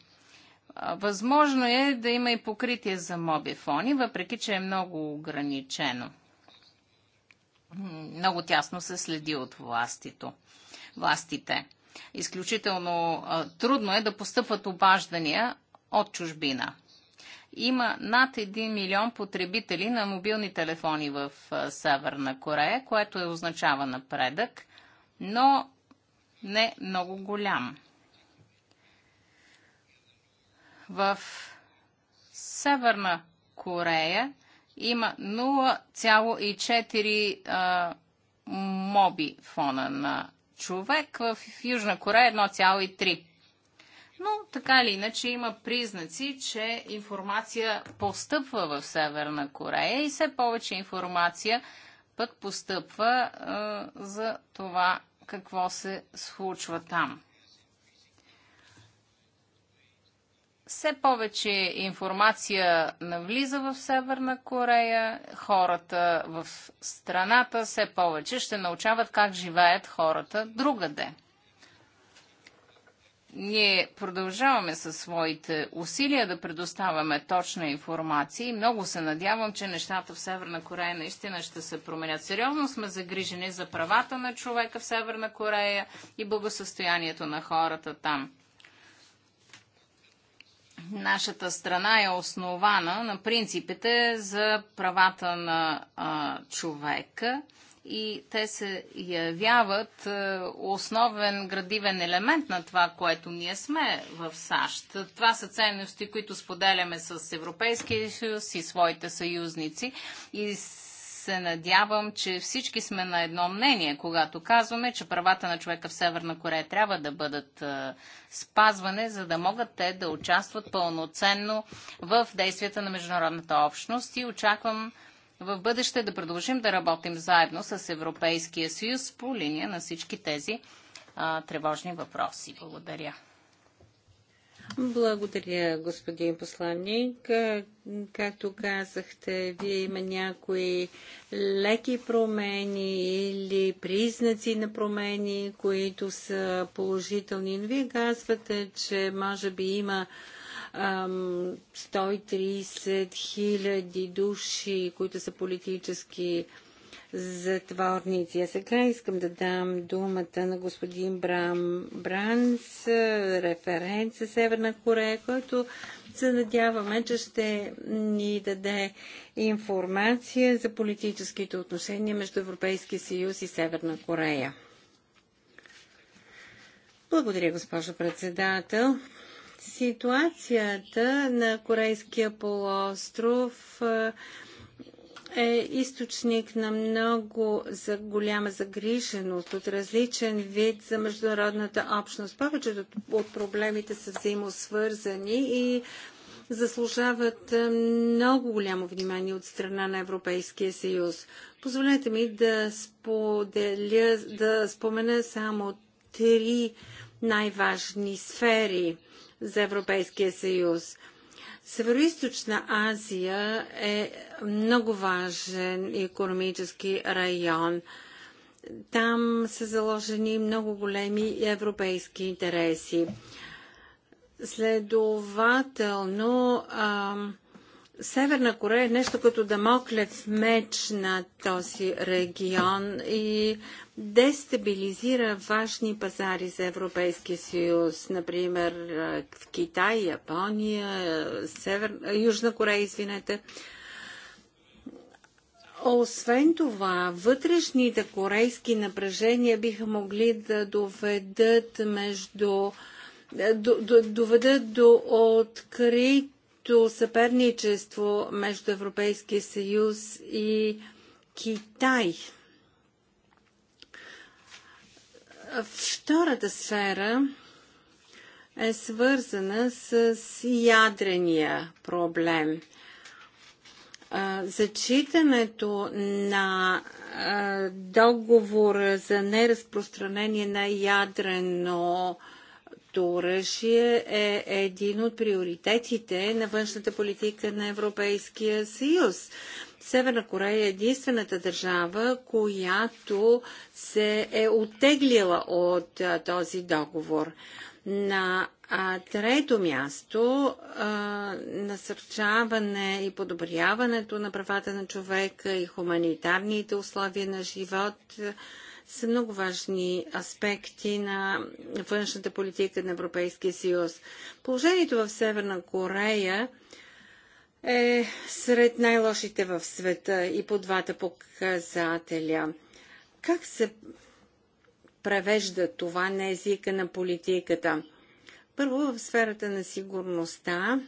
Възможно е да има и покритие за мобифони, въпреки че е много ограничено. Много тясно се следи от властито, властите. Изключително трудно е да постъпват обаждания от чужбина. Има над 1 милион потребители на мобилни телефони в Северна Корея, което е означава напредък, но не много голям. В Северна Корея има 0,4 моби фона на човек, в Южна Корея 1,3. Но така или иначе има признаци, че информация постъпва в Северна Корея и все повече информация пък постъпва е, за това какво се случва там. Все повече информация навлиза в Северна Корея, хората в страната все повече ще научават как живеят хората другаде. Ние продължаваме със своите усилия да предоставяме точна информация и много се надявам, че нещата в Северна Корея наистина ще се променят. Сериозно сме загрижени за правата на човека в Северна Корея и благосъстоянието на хората там. Нашата страна е основана на принципите за правата на а, човека и те се явяват е, основен градивен елемент на това, което ние сме в САЩ. Това са ценности, които споделяме с Европейския съюз и своите съюзници и се надявам, че всички сме на едно мнение, когато казваме, че правата на човека в Северна Корея трябва да бъдат е, спазване, за да могат те да участват пълноценно в действията на международната общност и очаквам в бъдеще да продължим да работим заедно с Европейския съюз по линия на всички тези а, тревожни въпроси. Благодаря. Благодаря, господин посланник. Както казахте, вие има някои леки промени или признаци на промени, които са положителни. Вие казвате, че може би има 130 хиляди души, които са политически затворници. А сега искам да дам думата на господин Брам Бранс, референт за Северна Корея, който се надяваме, че ще ни даде информация за политическите отношения между Европейския съюз и Северна Корея. Благодаря, госпожо председател. Ситуацията на Корейския полуостров е източник на много за голяма загриженост от различен вид за международната общност. Повечето от проблемите са взаимосвързани и заслужават много голямо внимание от страна на Европейския съюз. Позволете ми да, споделя, да спомена само три най-важни сфери за Европейския съюз. Североизточна Азия е много важен економически район. Там са заложени много големи европейски интереси. Следователно, а, Северна Корея е нещо като дамоклев меч на този регион и дестабилизира важни пазари за Европейския съюз, например в Китай, Япония, Север... Южна Корея, извинете. Освен това, вътрешните корейски напрежения биха могли да доведат между доведат до открито съперничество между Европейския съюз и Китай. Втората сфера е свързана с ядрения проблем. Зачитането на договора за неразпространение на ядрено оръжие е един от приоритетите на външната политика на Европейския съюз. Северна Корея е единствената държава, която се е оттеглила от а, този договор. На а, трето място а, насърчаване и подобряването на правата на човека и хуманитарните условия на живот са много важни аспекти на външната политика на Европейския съюз. Положението в Северна Корея е сред най-лошите в света и по двата показателя. Как се превежда това на езика на политиката? Първо, в сферата на сигурността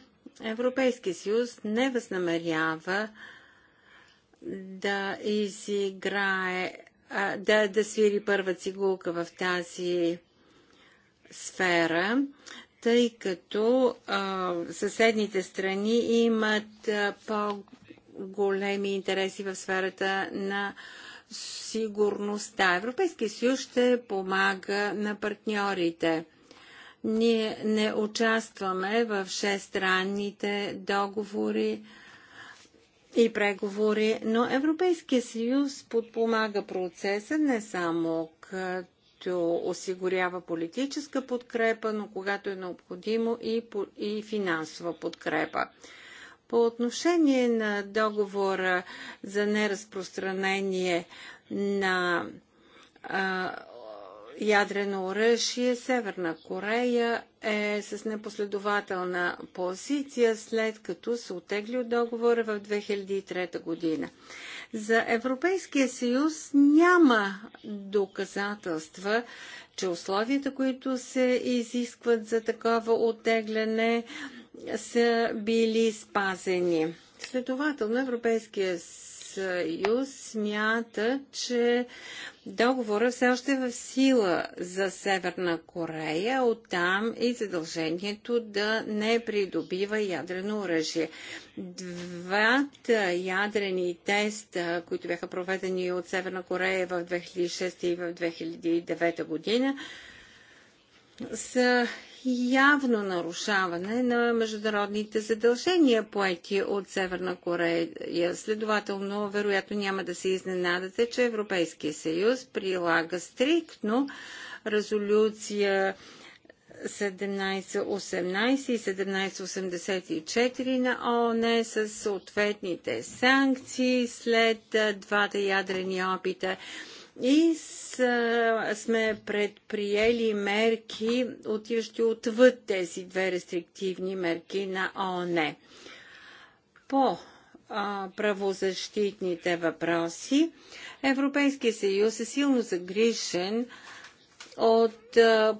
Европейския съюз не възнамерява да изиграе, да, да свири първа цигулка в тази сфера тъй като а, съседните страни имат по-големи интереси в сферата на сигурността. Европейския съюз ще помага на партньорите. Ние не участваме в шестранните договори и преговори, но Европейския съюз подпомага процеса не само като който осигурява политическа подкрепа, но когато е необходимо и, и финансова подкрепа. По отношение на договора за неразпространение на а, ядрено оръжие, Северна Корея е с непоследователна позиция, след като се отегли от договора в 2003 година. За Европейския съюз няма доказателства, че условията, които се изискват за такова оттегляне, са били спазени. Следователно Европейския съюз смята, че договора все още е в сила за Северна Корея, оттам и задължението да не придобива ядрено оръжие. Двата ядрени теста, които бяха проведени от Северна Корея в 2006 и в 2009 година, са явно нарушаване на международните задължения, поети от Северна Корея. Следователно, вероятно няма да се изненадате, че Европейския съюз прилага стриктно резолюция 1718 и 1784 на ООН с съответните санкции след двата ядрени опита и са, сме предприели мерки, отиващи отвъд тези две рестриктивни мерки на ООН. По а, правозащитните въпроси, Европейския съюз е силно загрижен от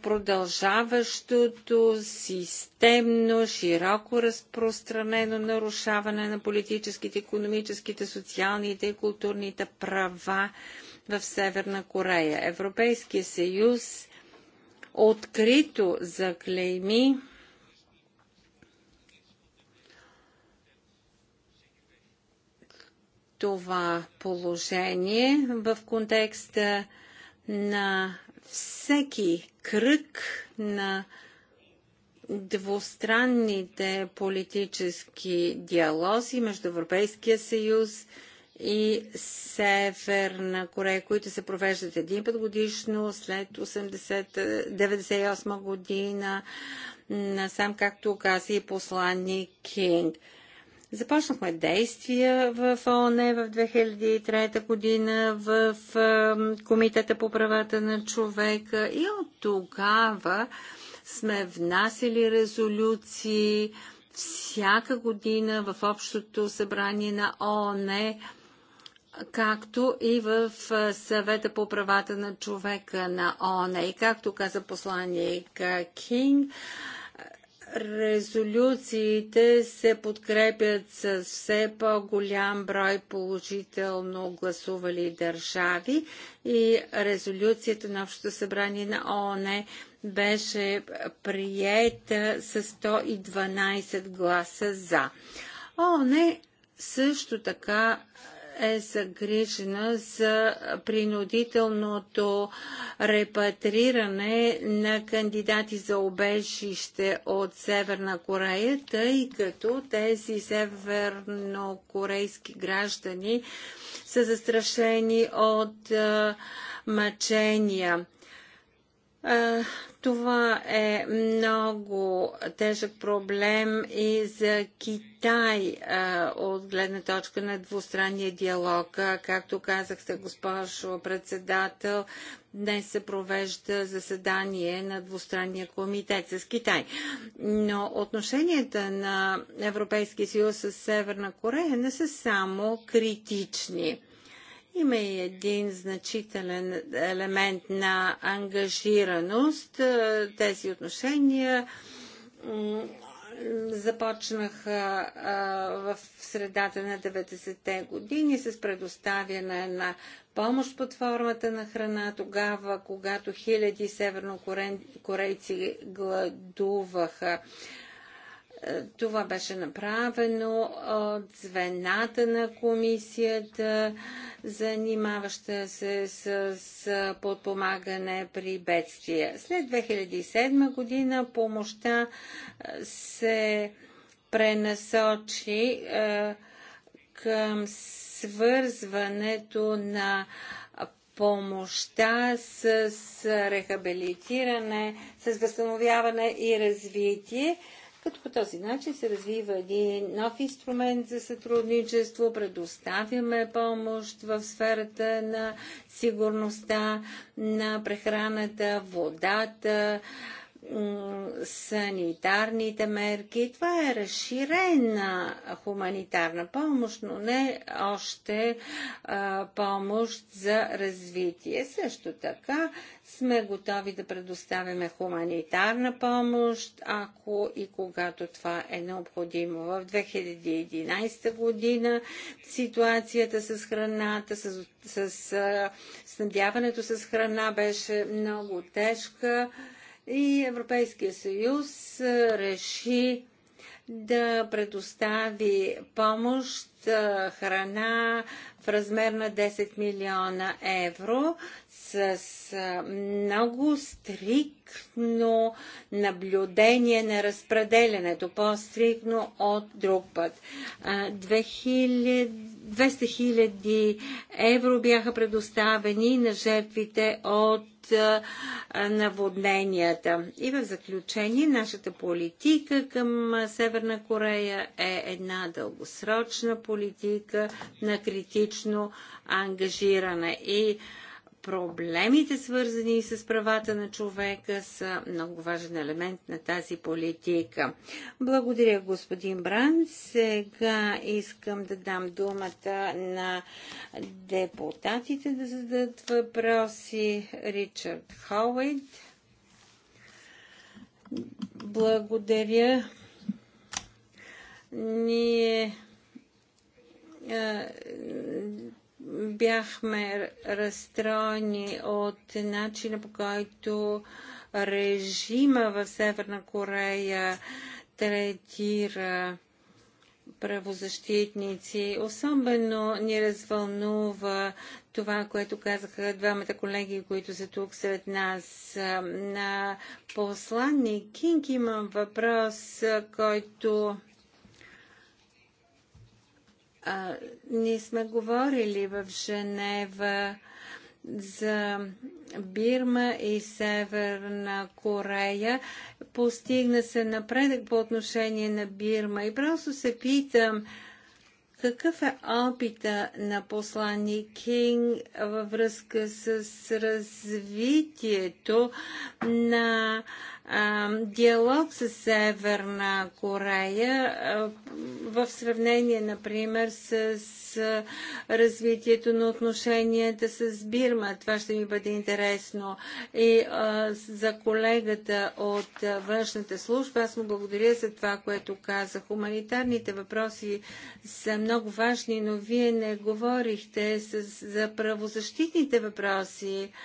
продължаващото системно, широко разпространено нарушаване на политическите, економическите, социалните и културните права в Северна Корея. Европейския съюз открито заклейми това положение в контекста на всеки кръг на двустранните политически диалози между Европейския съюз и и Северна Корея, които се провеждат един път годишно след 1998 година, насам както каза и посланник Кинг. Започнахме действия в ООН в 2003 година в Комитета по правата на човека и от тогава сме внасили резолюции всяка година в Общото събрание на ООН както и в съвета по правата на човека на ООН. И както каза посланник Кинг, резолюциите се подкрепят с все по-голям брой положително гласували държави и резолюцията на Общото събрание на ООН беше приета с 112 гласа за. ООН е също така е загрижена за принудителното репатриране на кандидати за обежище от Северна Корея, тъй като тези севернокорейски граждани са застрашени от мъчения. Това е много тежък проблем и за Китай от гледна точка на двустранния диалог. Както казахте, госпожо председател, днес се провежда заседание на двустранния комитет с Китай. Но отношенията на Европейския съюз с Северна Корея не са само критични има и един значителен елемент на ангажираност. Е, тези отношения започнаха е, в средата на 90-те години с предоставяне на помощ под формата на храна, тогава, когато хиляди севернокорейци гладуваха е, това беше направено от звената на комисията, занимаваща се с, подпомагане при бедствия. След 2007 година помощта е, се пренасочи е, към свързването на помощта с рехабилитиране, с възстановяване и развитие като по този начин се развива един нов инструмент за сътрудничество, предоставяме помощ в сферата на сигурността, на прехраната, водата, санитарните мерки. Това е разширена хуманитарна помощ, но не още а, помощ за развитие. Също така сме готови да предоставяме хуманитарна помощ, ако и когато това е необходимо. В 2011 година ситуацията с храната, с, с, с снабдяването с храна беше много тежка и Европейския съюз реши да предостави помощ, храна в размер на 10 милиона евро с много стриктно наблюдение на разпределенето, по-стрикно от друг път. 200 000 евро бяха предоставени на жертвите от наводненията. И в заключение, нашата политика към Северна Корея е една дългосрочна политика на критично ангажиране. И проблемите, свързани с правата на човека, са много важен елемент на тази политика. Благодаря, господин Бран. Сега искам да дам думата на депутатите да зададат въпроси. Ричард Хауейд. Благодаря. Ние бяхме разстроени от начина по който режима в Северна Корея третира правозащитници. Особено ни развълнува това, което казаха двамата колеги, които са тук сред нас. На посланник Кинг имам въпрос, който а, ние сме говорили в Женева за Бирма и Северна Корея. Постигна се напредък по отношение на Бирма. И просто се питам, какъв е опита на послани Кинг във връзка с развитието на диалог с Северна Корея в сравнение, например, с развитието на отношенията с Бирма. Това ще ми бъде интересно. И а, за колегата от външната служба, аз му благодаря за това, което каза. Хуманитарните въпроси са много важни, но вие не говорихте с, за правозащитните въпроси. А,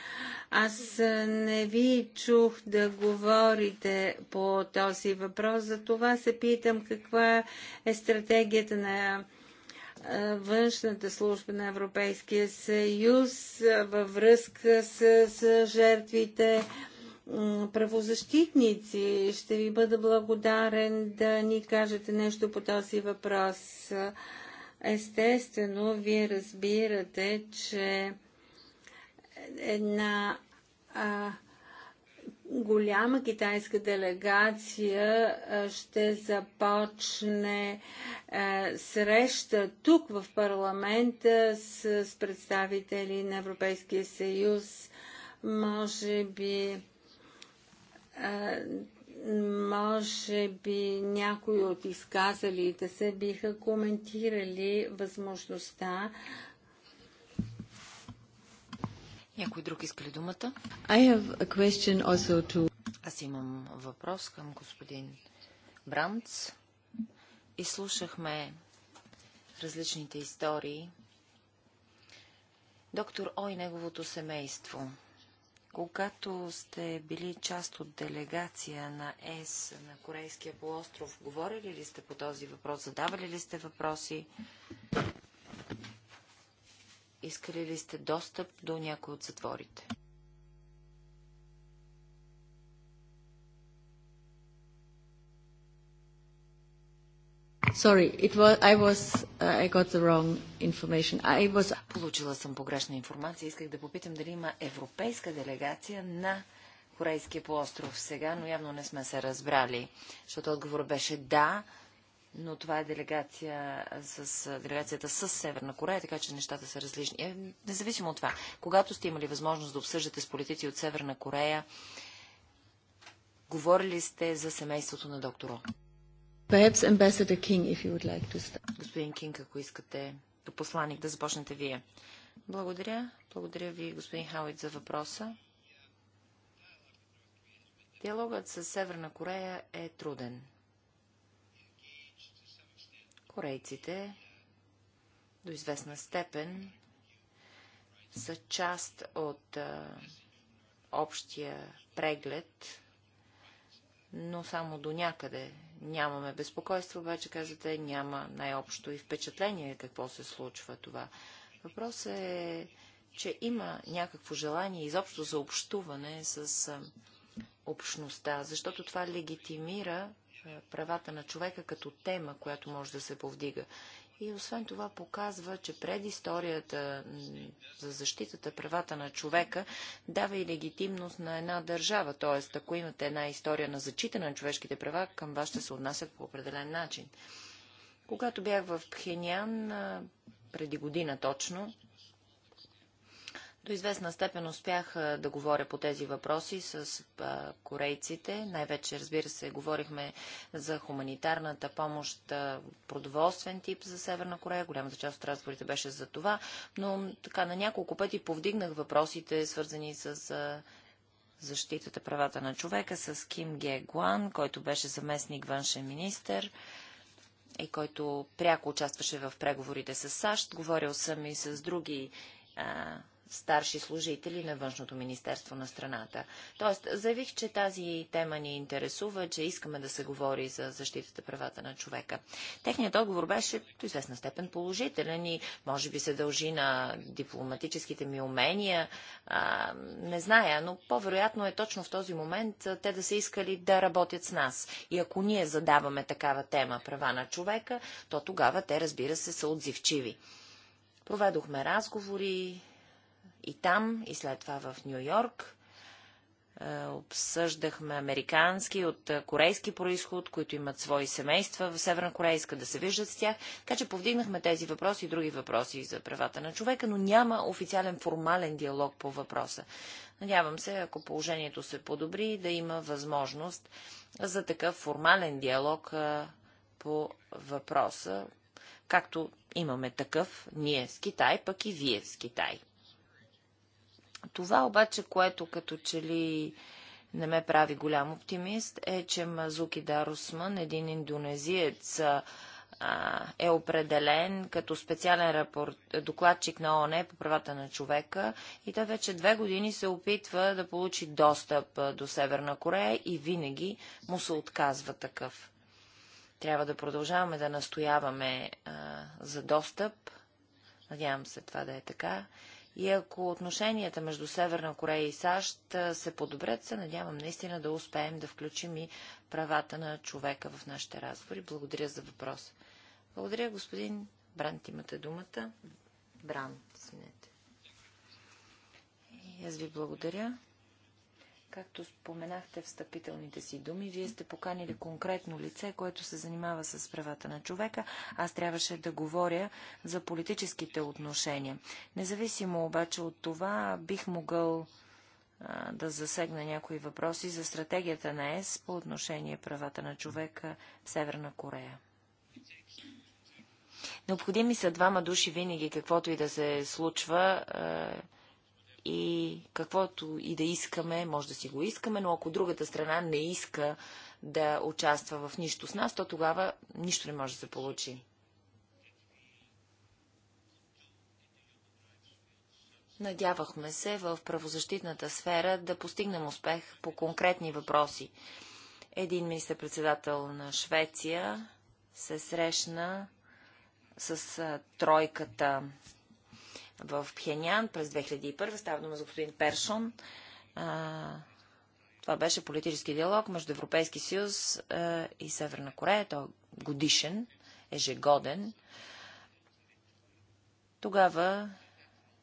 аз не ви чух да говорите по този въпрос, за това се питам каква е стратегията на външната служба на Европейския съюз във връзка с, с жертвите правозащитници. Ще ви бъда благодарен да ни кажете нещо по този въпрос. Естествено, вие разбирате, че една а, голяма китайска делегация ще започне а, среща тук в парламента с, с представители на Европейския съюз. Може би, А, може би някои от изказалите се биха коментирали възможността някой друг иска ли думата? I have a question also to... Аз имам въпрос към господин Брамц. Изслушахме различните истории. Доктор О и неговото семейство. Когато сте били част от делегация на ЕС на Корейския полуостров, говорили ли сте по този въпрос, задавали ли сте въпроси? Искали ли сте достъп до някой от затворите? Sorry, it was, I was, uh, I got the wrong information. I was... Получила съм погрешна информация. Исках да попитам дали има европейска делегация на Корейския полуостров сега, но явно не сме се разбрали, защото отговор беше да, но това е делегация с, делегацията с Северна Корея, така че нещата са различни. Е, независимо от това, когато сте имали възможност да обсъждате с политици от Северна Корея, говорили сте за семейството на доктора. King, like Господин Кинг, ако искате, до посланик да започнете вие. Благодаря. Благодаря ви, господин Хауит, за въпроса. Диалогът с Северна Корея е труден. Корейците до известна степен са част от а, общия преглед, но само до някъде. Нямаме безпокойство, обаче казвате, няма най-общо и впечатление какво се случва това. Въпросът е, че има някакво желание изобщо за общуване с общността, защото това легитимира е, правата на човека като тема, която може да се повдига. И освен това показва, че предисторията за защитата правата на човека дава и легитимност на една държава. Т.е. ако имате една история на зачитане на човешките права, към вас ще се отнасят по определен начин. Когато бях в Пхенян, преди година точно, до известна степен успях да говоря по тези въпроси с корейците. Най-вече, разбира се, говорихме за хуманитарната помощ, продоволствен тип за Северна Корея. Голямата част от разговорите беше за това, но така на няколко пъти повдигнах въпросите, свързани с защитата правата на човека, с Ким Ге Гуан, който беше заместник външен министр и който пряко участваше в преговорите с САЩ. Говорил съм и с други а, старши служители на Външното министерство на страната. Тоест, заявих, че тази тема ни интересува, че искаме да се говори за защитата правата на човека. Техният отговор беше до известна степен положителен и може би се дължи на дипломатическите ми умения. А, не зная, но по-вероятно е точно в този момент те да са искали да работят с нас. И ако ние задаваме такава тема права на човека, то тогава те, разбира се, са отзивчиви. Проведохме разговори, и там, и след това в Нью Йорк. Е, обсъждахме американски от е, корейски происход, които имат свои семейства в Северна Корея, искат да се виждат с тях. Така че повдигнахме тези въпроси и други въпроси за правата на човека, но няма официален формален диалог по въпроса. Надявам се, ако положението се подобри, да има възможност за такъв формален диалог е, по въпроса, както имаме такъв ние с Китай, пък и вие с Китай. Това обаче, което като че ли не ме прави голям оптимист, е, че Мазуки Дарусман, един индонезиец, е определен като специален рапорт, докладчик на ООН по правата на човека и той вече две години се опитва да получи достъп до Северна Корея и винаги му се отказва такъв. Трябва да продължаваме да настояваме а, за достъп. Надявам се това да е така. И ако отношенията между Северна Корея и САЩ се подобрят, се надявам наистина да успеем да включим и правата на човека в нашите разговори. Благодаря за въпроса. Благодаря, господин Брант. Имате думата. Бран, извинете. И аз ви благодаря. Както споменахте встъпителните си думи, вие сте поканили конкретно лице, което се занимава с правата на човека. Аз трябваше да говоря за политическите отношения. Независимо обаче от това, бих могъл да засегна някои въпроси за стратегията на ЕС по отношение правата на човека в Северна Корея. Необходими са двама души винаги, каквото и да се случва и каквото и да искаме, може да си го искаме, но ако другата страна не иска да участва в нищо с нас, то тогава нищо не може да се получи. Надявахме се в правозащитната сфера да постигнем успех по конкретни въпроси. Един министър-председател на Швеция се срещна с тройката в Пхенян през 2001. Става дума за господин Першон. това беше политически диалог между Европейски съюз и Северна Корея. Той е годишен, ежегоден. Тогава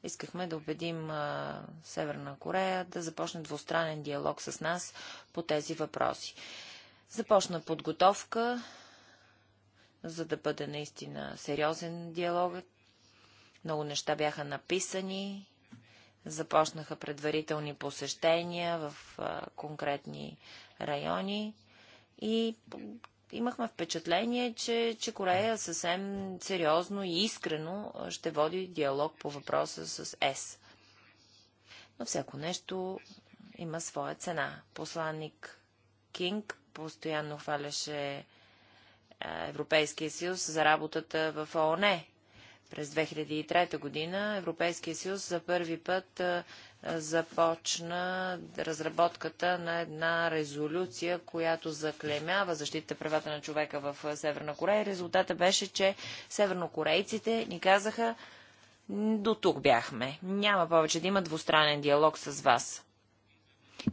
искахме да убедим Северна Корея да започне двустранен диалог с нас по тези въпроси. Започна подготовка, за да бъде наистина сериозен диалогът. Много неща бяха написани, започнаха предварителни посещения в конкретни райони и имахме впечатление, че, че Корея съвсем сериозно и искрено ще води диалог по въпроса с ЕС. Но всяко нещо има своя цена. Посланник Кинг постоянно хваляше Европейския съюз за работата в ООН през 2003 година Европейския съюз за първи път започна разработката на една резолюция, която заклемява защита правата на човека в Северна Корея. Резултата беше, че севернокорейците ни казаха до тук бяхме. Няма повече да има двустранен диалог с вас.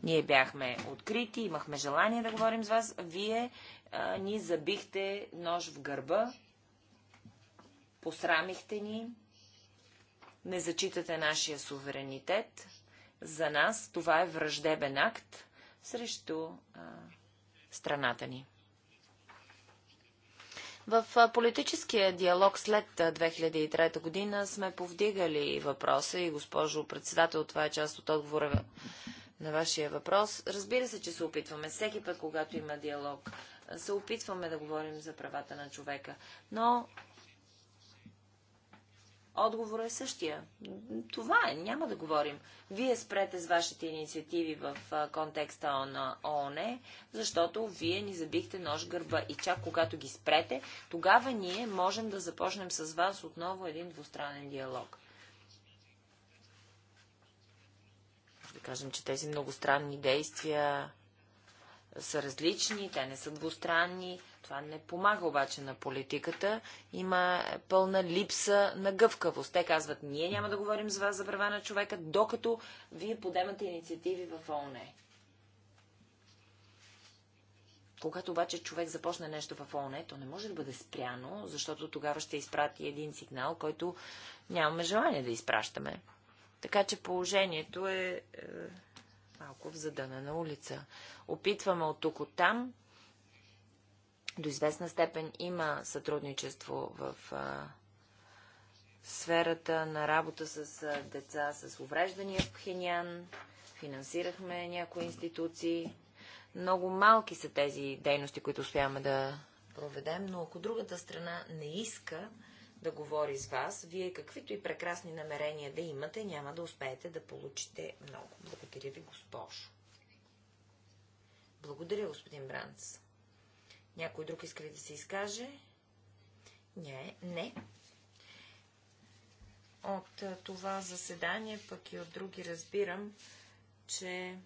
Ние бяхме открити, имахме желание да говорим с вас. Вие а, ни забихте нож в гърба Посрамихте ни, не зачитате нашия суверенитет. За нас това е враждебен акт срещу а, страната ни. В политическия диалог след 2003 година сме повдигали въпроса и госпожо председател, това е част от отговора на вашия въпрос. Разбира се, че се опитваме всеки път, когато има диалог, се опитваме да говорим за правата на човека. Но Отговорът е същия. Това е, няма да говорим. Вие спрете с вашите инициативи в контекста на ООН, защото вие ни забихте нож гърба и чак когато ги спрете, тогава ние можем да започнем с вас отново един двустранен диалог. Да кажем, че тези многостранни действия са различни, те не са двустранни. Това не помага обаче на политиката. Има пълна липса на гъвкавост. Те казват, ние няма да говорим с вас за права на човека, докато вие подемате инициативи в ООН. Когато обаче човек започне нещо в ООН, то не може да бъде спряно, защото тогава ще изпрати един сигнал, който нямаме желание да изпращаме. Така че положението е, е малко в на улица. Опитваме от тук от там. До известна степен има сътрудничество в а, сферата на работа с а, деца с увреждания в Пхенян. Финансирахме някои институции. Много малки са тези дейности, които успяваме да проведем, но ако другата страна не иска, да говори с вас, вие каквито и прекрасни намерения да имате, няма да успеете да получите много. Благодаря ви, госпожо. Благодаря, господин Бранц. Някой друг иска ли да се изкаже? Не, не. От това заседание, пък и от други разбирам, че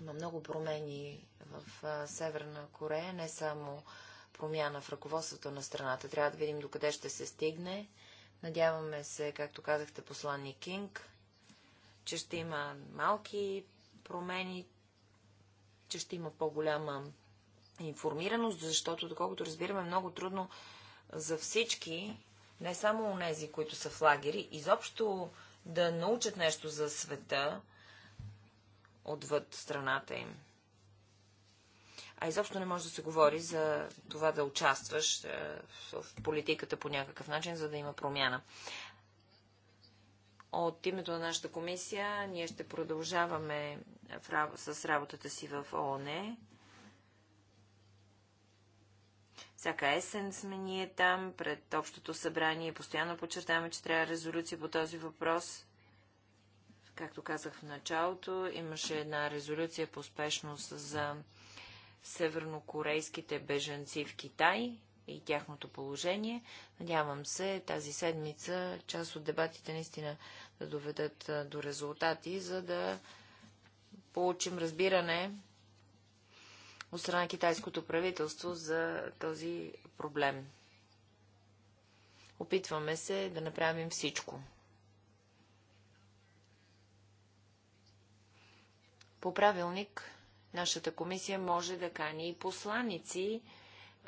Има много промени в Северна Корея, не само промяна в ръководството на страната. Трябва да видим докъде ще се стигне. Надяваме се, както казахте, послани Кинг, че ще има малки промени, че ще има по-голяма информираност, защото, доколкото разбираме, много трудно за всички, не само у нези, които са в лагери, изобщо да научат нещо за света, отвъд страната им. А изобщо не може да се говори за това да участваш е, в политиката по някакъв начин, за да има промяна. От името на нашата комисия ние ще продължаваме с работата си в ООН. Всяка есен сме ние там, пред Общото събрание. Постоянно подчертаваме, че трябва резолюция по този въпрос. Както казах в началото, имаше една резолюция по спешност за севернокорейските беженци в Китай и тяхното положение. Надявам се тази седмица част от дебатите наистина да доведат до резултати, за да получим разбиране от страна китайското правителство за този проблем. Опитваме се да направим всичко По правилник нашата комисия може да кани и посланици,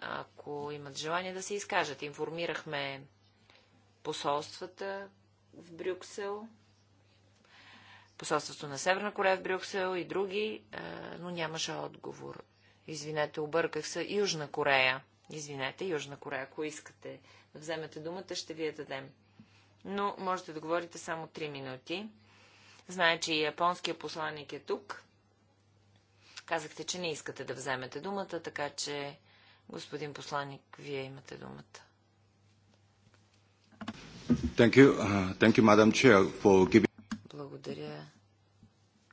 ако имат желание да се изкажат. Информирахме посолствата в Брюксел, посолството на Северна Корея в Брюксел и други, но нямаше отговор. Извинете, обърках се. Южна Корея. Извинете, Южна Корея, ако искате да вземете думата, ще ви я дадем. Но можете да говорите само 3 минути. Знае, че и японския посланник е тук. Казахте, че не искате да вземете думата, така че, господин посланник, вие имате думата. Thank you. Uh, thank you, Madam Chair, for giving... Благодаря,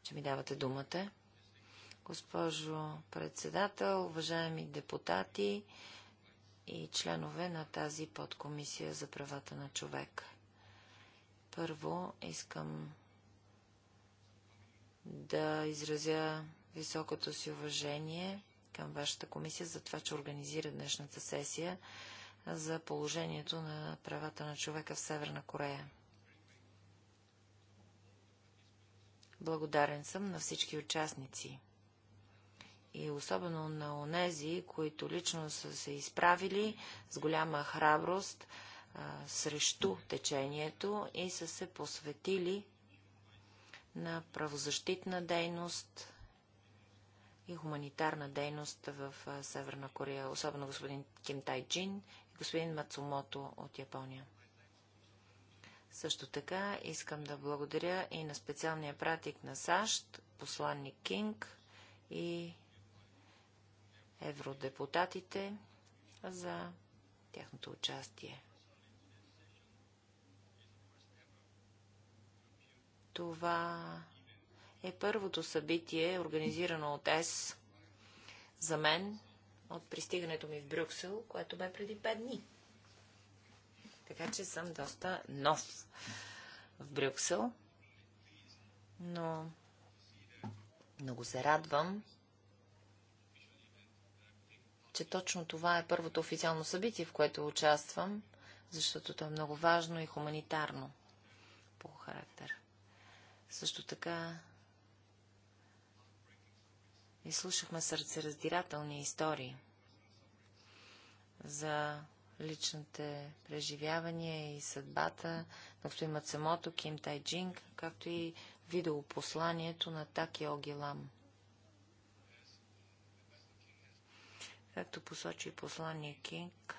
че ми давате думата. Госпожо председател, уважаеми депутати и членове на тази подкомисия за правата на човек. Първо искам да изразя високото си уважение към вашата комисия за това, че организира днешната сесия за положението на правата на човека в Северна Корея. Благодарен съм на всички участници и особено на онези, които лично са се изправили с голяма храброст срещу течението и са се посветили на правозащитна дейност и хуманитарна дейност в Северна Корея, особено господин Ким Тай Джин и господин Мацумото от Япония. Също така искам да благодаря и на специалния пратик на САЩ, посланник Кинг и евродепутатите за тяхното участие. Това е първото събитие, организирано от ЕС за мен от пристигането ми в Брюксел, което бе преди 5 дни. Така че съм доста нов в Брюксел, но много се радвам, че точно това е първото официално събитие, в което участвам, защото то е много важно и хуманитарно по характер. Също така изслушахме сърцераздирателни истории за личните преживявания и съдбата на господин Мацамото, Ким Тайджинг, както и видеопосланието на Таки Огилам. Както посочи посланник Кинг,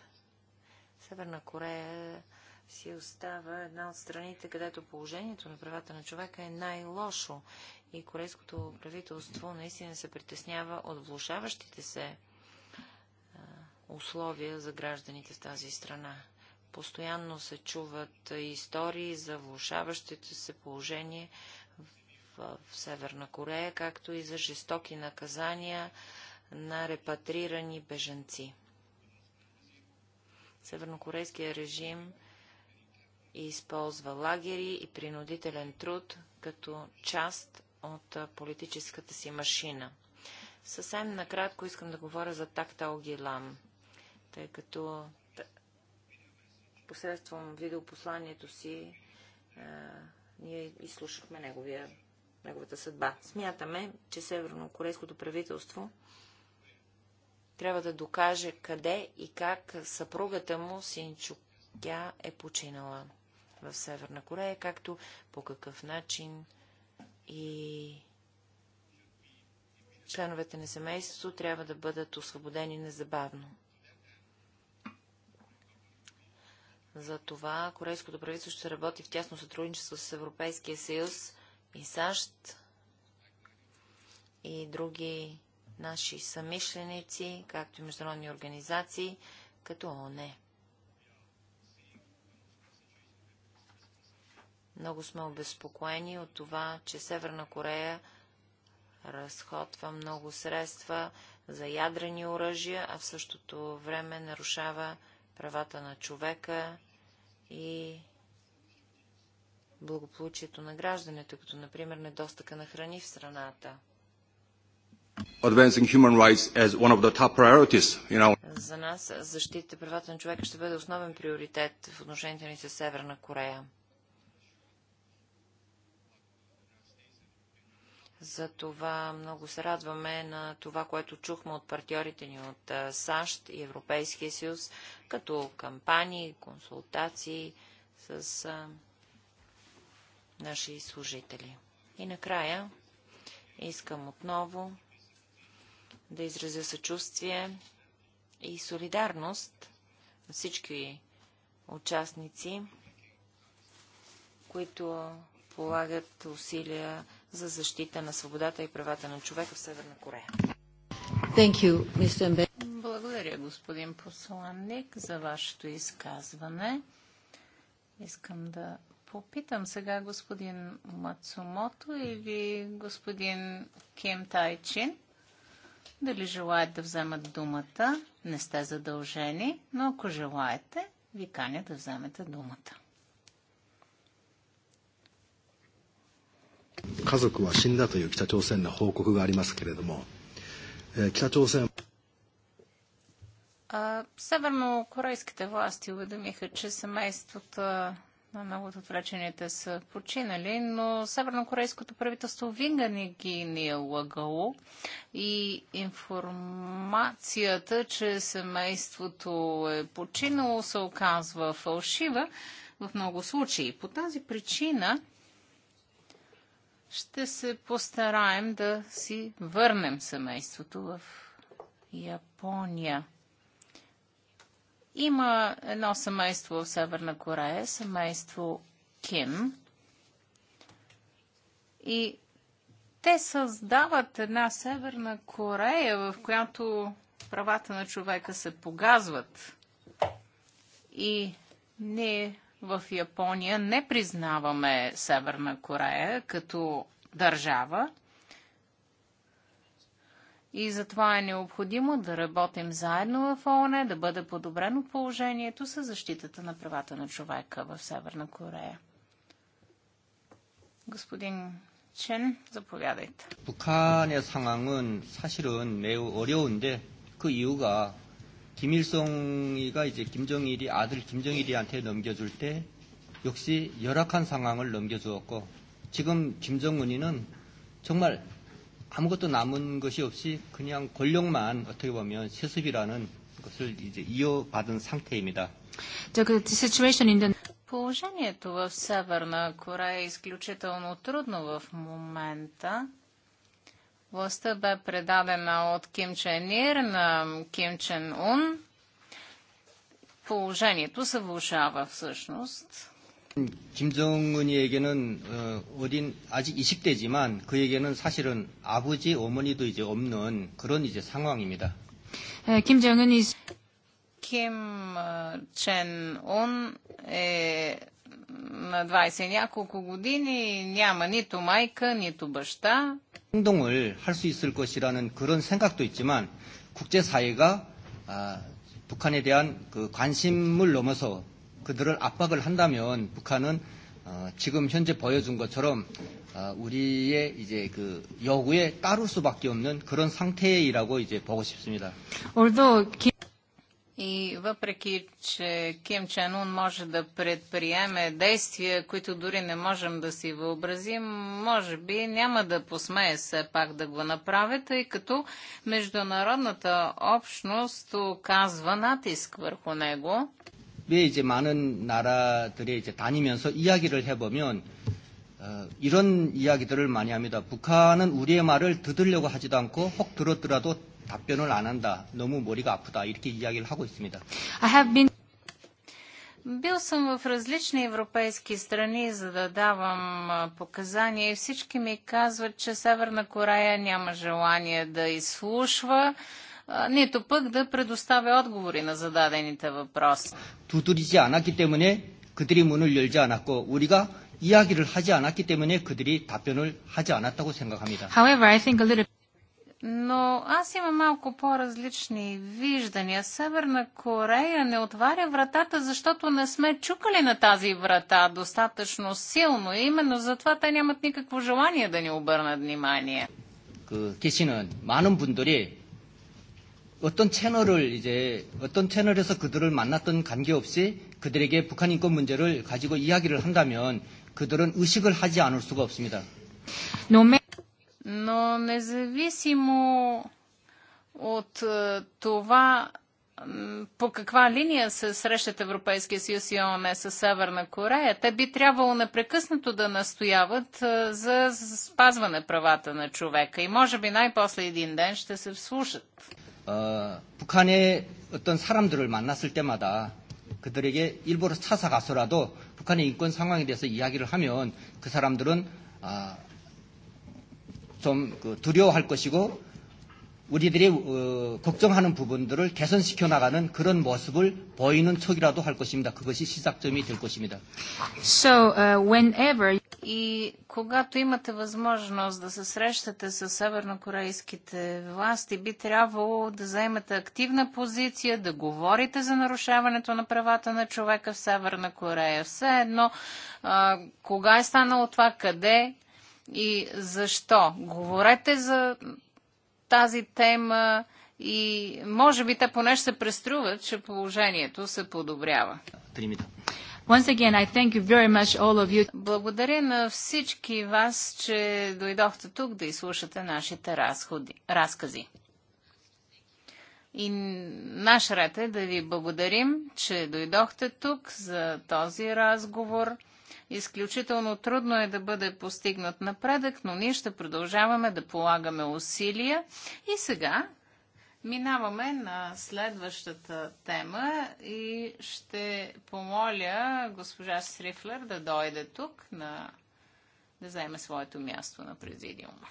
Северна Корея си остава една от страните, където положението на правата на човека е най-лошо и корейското правителство наистина се притеснява от влушаващите се условия за гражданите в тази страна. Постоянно се чуват истории за влушаващите се положение в, в Северна Корея, както и за жестоки наказания на репатрирани бежанци. Севернокорейския режим и използва лагери и принудителен труд като част от политическата си машина. Съвсем накратко искам да говоря за тактал Гилам, тъй като посредством видеопосланието си а, ние изслушахме неговия, неговата съдба. Смятаме, че севернокорейското правителство трябва да докаже къде и как съпругата му Синчукя е починала в Северна Корея, както по какъв начин и членовете на семейството трябва да бъдат освободени незабавно. За това корейското правителство ще работи в тясно сътрудничество с Европейския съюз и САЩ и други наши самишленици, както и международни организации, като ООН. Много сме обезпокоени от това, че Северна Корея разходва много средства за ядрени оръжия, а в същото време нарушава правата на човека и благополучието на гражданите, като например недостъка на храни в страната. За нас защита правата на човека ще бъде основен приоритет в отношенията ни с Северна Корея. Затова много се радваме на това, което чухме от партньорите ни от САЩ и Европейския съюз, като кампании, консултации с а, наши служители. И накрая искам отново да изразя съчувствие и солидарност на всички участници, които полагат усилия за защита на свободата и правата на човека в Северна Корея. You, Благодаря, господин посланник, за вашето изказване. Искам да попитам сега господин Мацумото или господин Ким Тайчин. Дали желаят да вземат думата? Не сте задължени, но ако желаете, ви каня да вземете думата. Северно-корейските власти уведомиха, че семействата на много от отвлечените са починали, но Севернокорейското правителство винаги ги ни е лъгало и информацията, че семейството е починало, се оказва фалшива в много случаи. По тази причина ще се постараем да си върнем семейството в Япония. Има едно семейство в Северна Корея, семейство Ким. И те създават една Северна Корея, в която правата на човека се погазват. И ние в Япония не признаваме Северна Корея като държава и затова е необходимо да работим заедно в ООН, да бъде подобрено положението с защитата на правата на човека в Северна Корея. Господин Чен, заповядайте. 북한의 상황은 사실은 매우 어려운데 그 이유가 김일성이가 이제 김정일이 아들 김정일이한테 넘겨줄 때 역시 열악한 상황을 넘겨주었고 지금 김정은이는 정말 아무것도 남은 것이 없이 그냥 권력만 어떻게 보면 세습이라는 것을 이제 이어받은 상태입니다. Положението в Северна Корея е изключително трудно в момента. Властта бе предадена от Ким Чен Ир на Ким Чен Ун. Положението се влушава всъщност. 김정은이에게는 어, 어린 아직 20대지만 그에게는 사실은 아버지 어머니도 이제 없는 омнен, 이제 상황입니다. 김정은이 Ким Чен Ун е на 20 няколко години няма нито майка, нито баща. 행동을 할 수 있을 것이라는 그런 생각도 있지만 국제 사회가 아, 북한에 대한 그 관심을 넘어서 그들을 압박을 한다면 북한은 어, 지금 현재 보여준 것처럼 어, 우리의 이제 그 여구에 따를 수밖에 없는 그런 상태이라고 이제 보고 싶습니다. Although и въпреки, че Ким Чен Ун може да предприеме действия, които дори не можем да си въобразим, може би няма да посмее все пак да го направи, тъй като международната общност оказва натиск върху него. Вие 북한은 우리의 말을 듣으려고 하지도 않고 혹 들었더라도 답변을 안 한다. 너무 머리가 아프다. 이렇게 이야기를 하고 있습니다. I have been... Бил съм в различни европейски страни, за да давам показания и всички ми казват, че Северна Корея няма желание да изслушва, нито пък да предоставя отговори на зададените въпроси. However, I think a little но аз имам малко по-различни виждания. Северна Корея не отваря вратата, защото не сме чукали на тази врата достатъчно силно. И именно затова те нямат никакво желание да ни обърнат внимание. 그 계시는 어떤 채널을 이제 어떤 채널에서 그들을 만났던 관계없이 그들에게 북한 인권 문제를 가지고 이야기를 한다면 그들은 의식을 하지 않을 수가 없습니다. Но независимо от е, това по каква линия се срещат Европейския съюз и ООН е с Северна Корея, те би трябвало непрекъснато да настояват е, за спазване правата на човека и може би най-после един ден ще се вслушат. 북한의 어떤 사람들을 만났을 때마다 그들에게 일부러 찾아가서라도 북한의 인권 상황에 대해서 이야기를 хамион, 그 사람들은 좀 두려워할 것이고 우리들이 걱정하는 부분들을 개선시켜 나가는 그런 모습을 보이는 척이라도 할 것입니다. 그것이 시작점이 될 것입니다. So, uh, whenever и когато имате възможност да се срещате с севернокорейските власти, би трябвало да заемете активна позиция, да говорите за нарушаването на правата на човека в Северна Корея. Все едно, а, кога е станало това, къде, и защо. Говорете за тази тема и може би те поне ще се преструват, че положението се подобрява. Again, Благодаря на всички вас, че дойдохте тук да изслушате нашите разходи, разкази. И наш ред е да ви благодарим, че дойдохте тук за този разговор – Изключително трудно е да бъде постигнат напредък, но ние ще продължаваме да полагаме усилия. И сега Минаваме на следващата тема и ще помоля госпожа Срифлер да дойде тук на, да заеме своето място на президиума.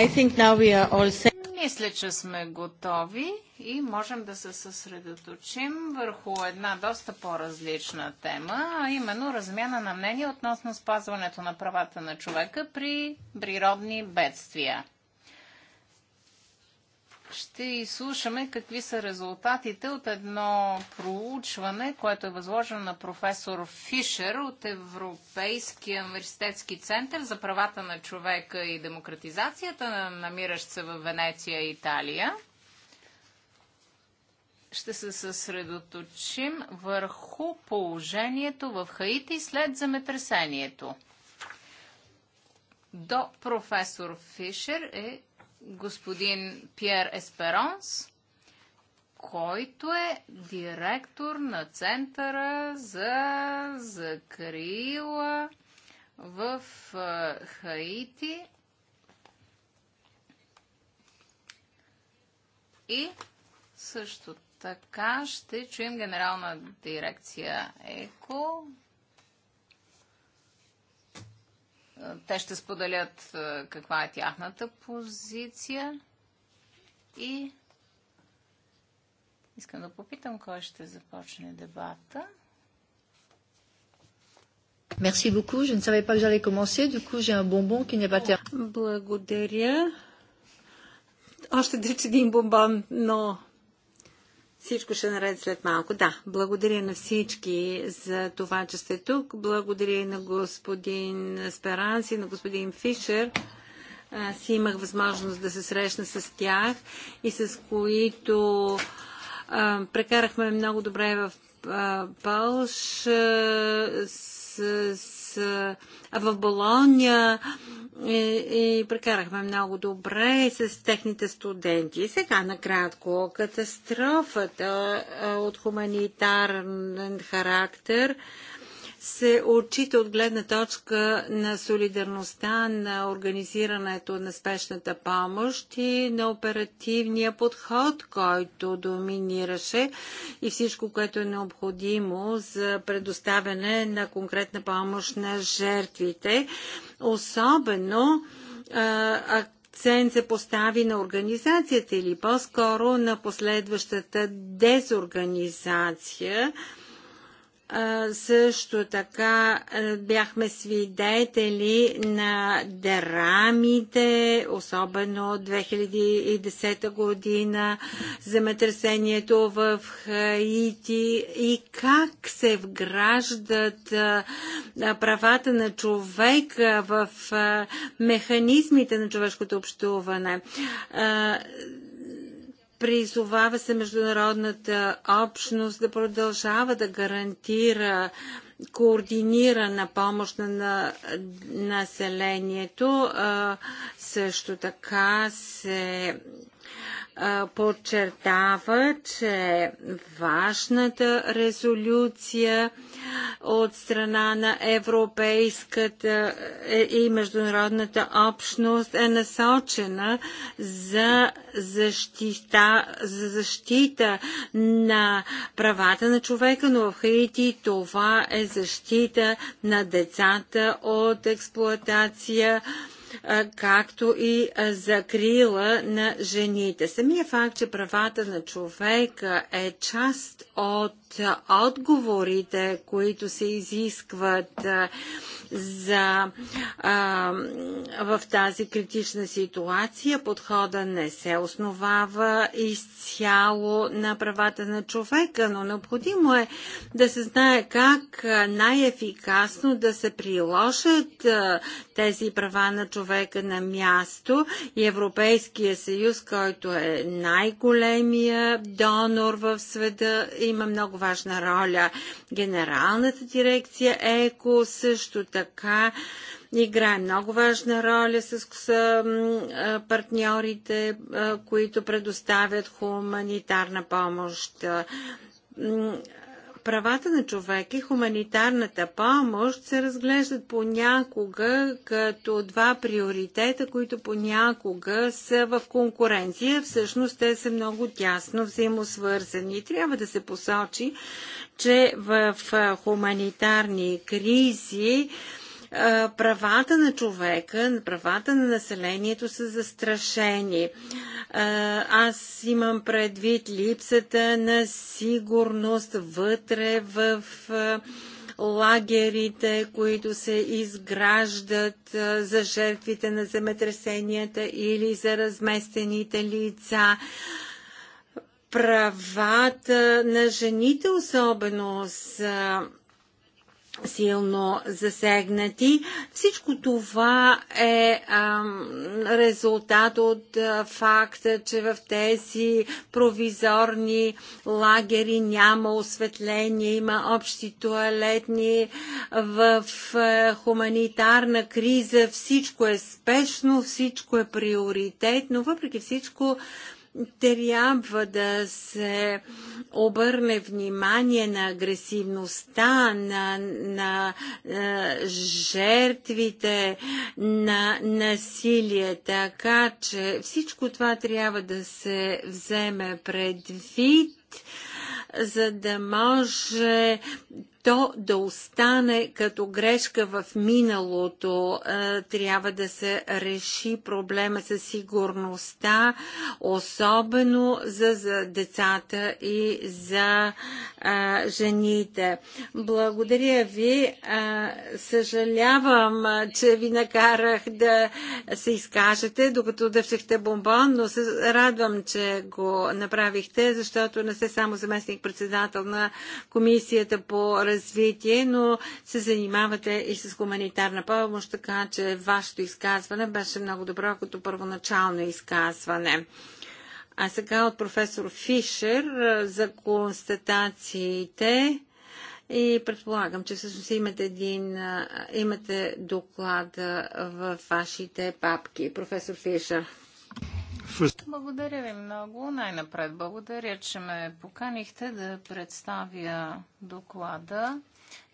I think now we are all set. Мисля, че сме готови и можем да се съсредоточим върху една доста по-различна тема, а именно размяна на мнение относно спазването на правата на човека при природни бедствия ще изслушаме какви са резултатите от едно проучване, което е възложено на професор Фишер от Европейския университетски център за правата на човека и демократизацията, намиращ се в Венеция, Италия. Ще се съсредоточим върху положението в Хаити след земетресението. До професор Фишер е господин Пьер Есперонс, който е директор на Центъра за закрила в Хаити и също така ще чуем генерална дирекция ЕКО, Те ще споделят е, каква е тяхната позиция и искам да попитам кой ще започне дебата. Merci beaucoup. Je ne savais pas que j'allais commencer. Du coup, j'ai un bonbon qui n'est pas terminé. Благодаря. Още да един бомбан, но всичко ще наред след малко. Да, благодаря на всички за това, че сте тук. Благодаря и на господин Сперанс и на господин Фишер. Аз имах възможност да се срещна с тях и с които а, прекарахме много добре в а, Пълш а, с, с в Болония и, и прекарахме много добре с техните студенти. И сега накратко, катастрофата от хуманитарен характер се отчита от гледна точка на солидарността на организирането на спешната помощ и на оперативния подход, който доминираше и всичко, което е необходимо за предоставяне на конкретна помощ на жертвите. Особено акцент се постави на организацията или по-скоро на последващата дезорганизация, също така бяхме свидетели на дерамите, особено от 2010 година, земетресението в Хаити и как се вграждат правата на човека в механизмите на човешкото общуване. Призовава се международната общност да продължава да гарантира координирана помощ на населението. Също така се подчертава, че важната резолюция от страна на европейската е, и международната общност е насочена за защита, за защита на правата на човека, но в Хаити това е защита на децата от експлоатация, както и закрила на жените. Самия факт, че правата на човека е част от отговорите, които се изискват за, а, в тази критична ситуация. Подхода не се основава изцяло на правата на човека, но необходимо е да се знае как най-ефикасно да се приложат тези права на човека на място и Европейския съюз, който е най-големия донор в света, има много важна роля. Генералната дирекция ЕКО също така играе много важна роля с партньорите, които предоставят хуманитарна помощ правата на човека и хуманитарната помощ се разглеждат понякога като два приоритета, които понякога са в конкуренция. Всъщност те са много тясно взаимосвързани. Трябва да се посочи, че в хуманитарни кризи правата на човека, правата на населението са застрашени. Аз имам предвид липсата на сигурност вътре в лагерите, които се изграждат за жертвите на земетресенията или за разместените лица правата на жените особено са силно засегнати. Всичко това е ам, резултат от а, факта, че в тези провизорни лагери няма осветление, има общи туалетни, в а, хуманитарна криза всичко е спешно, всичко е приоритетно, въпреки всичко трябва да се а, обърне внимание на агресивността, на, на е, жертвите, на насилие. Така че всичко това трябва да се вземе предвид за да може то да остане като грешка в миналото. Трябва да се реши проблема със сигурността, особено за, за децата и за а, жените. Благодаря ви. А, съжалявам, че ви накарах да се изкажете, докато дъвчехте бомбон, но се радвам, че го направихте, защото не сте само заместник председател на Комисията по развитие, но се занимавате и с хуманитарна помощ, така че вашето изказване беше много добро като първоначално изказване. А сега от професор Фишер за констатациите и предполагам, че всъщност имате, един, имате доклад в вашите папки. Професор Фишер. Благодаря ви много. Най-напред благодаря, че ме поканихте да представя доклада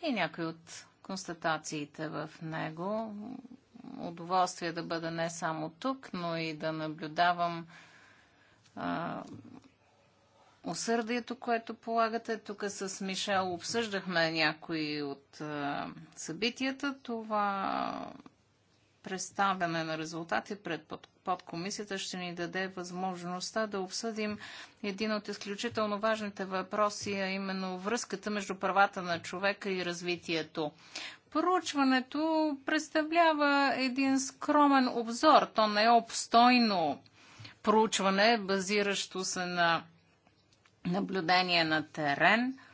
и някои от констатациите в него. Удоволствие да бъда не само тук, но и да наблюдавам а, усърдието, което полагате. Тук с Мишел обсъждахме някои от а, събитията. Това представяне на резултати пред подкомисията ще ни даде възможността да обсъдим един от изключително важните въпроси, а именно връзката между правата на човека и развитието. Проучването представлява един скромен обзор. То не е обстойно проучване, базиращо се на наблюдение на терен –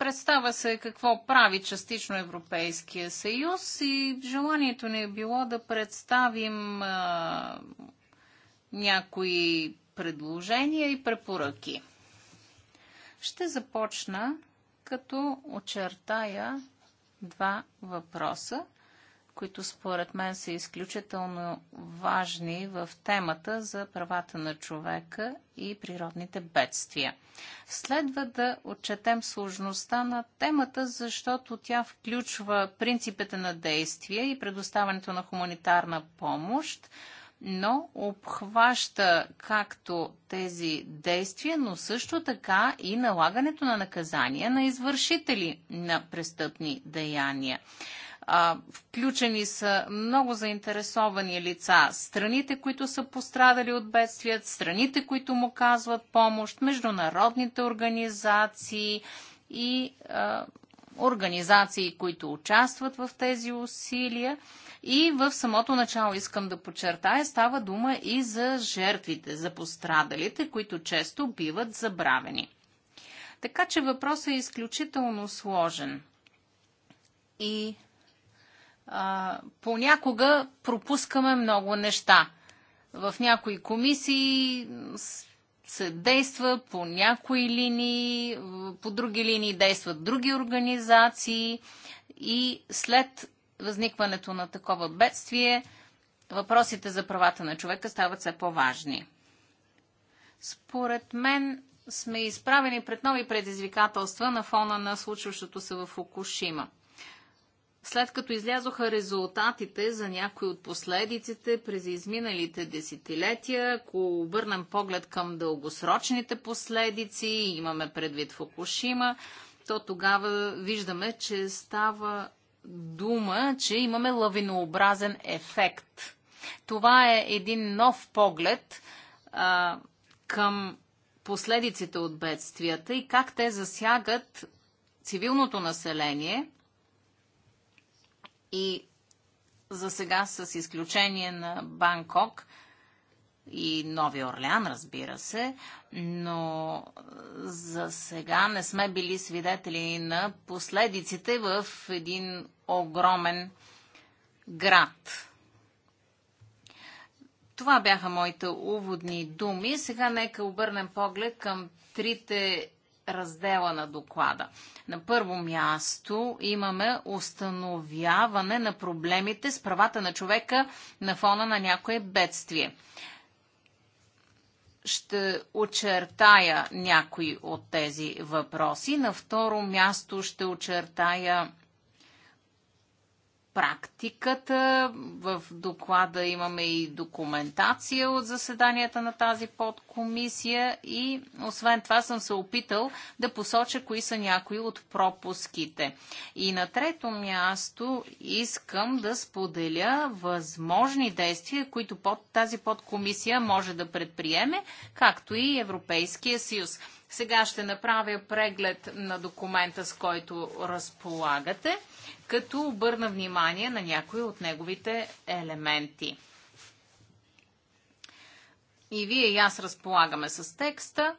Представа се какво прави частично Европейския съюз и желанието ни е било да представим а, някои предложения и препоръки. Ще започна като очертая два въпроса, които според мен са изключително важни в темата за правата на човека и природните бедствия. Следва да отчетем сложността на темата, защото тя включва принципите на действие и предоставянето на хуманитарна помощ, но обхваща както тези действия, но също така и налагането на наказания на извършители на престъпни деяния включени са много заинтересовани лица. Страните, които са пострадали от бедствият, страните, които му казват помощ, международните организации и а, организации, които участват в тези усилия. И в самото начало искам да подчертая, става дума и за жертвите, за пострадалите, които често биват забравени. Така че въпросът е изключително сложен. И понякога пропускаме много неща. В някои комисии се действа по някои линии, по други линии действат други организации и след възникването на такова бедствие въпросите за правата на човека стават все по-важни. Според мен сме изправени пред нови предизвикателства на фона на случващото се в Окушима. След като излязоха резултатите за някои от последиците през изминалите десетилетия, ако обърнем поглед към дългосрочните последици, имаме предвид Фукушима, то тогава виждаме, че става дума, че имаме лавинообразен ефект. Това е един нов поглед а, към последиците от бедствията и как те засягат цивилното население – и за сега, с изключение на Банкок и Нови Орлеан, разбира се, но за сега не сме били свидетели на последиците в един огромен град. Това бяха моите уводни думи. Сега нека обърнем поглед към трите раздела на доклада. На първо място имаме установяване на проблемите с правата на човека на фона на някое бедствие. Ще очертая някои от тези въпроси. На второ място ще очертая практиката. В доклада имаме и документация от заседанията на тази подкомисия и освен това съм се опитал да посоча кои са някои от пропуските. И на трето място искам да споделя възможни действия, които под тази подкомисия може да предприеме, както и Европейския съюз. Сега ще направя преглед на документа, с който разполагате, като обърна внимание на някои от неговите елементи. И вие и аз разполагаме с текста.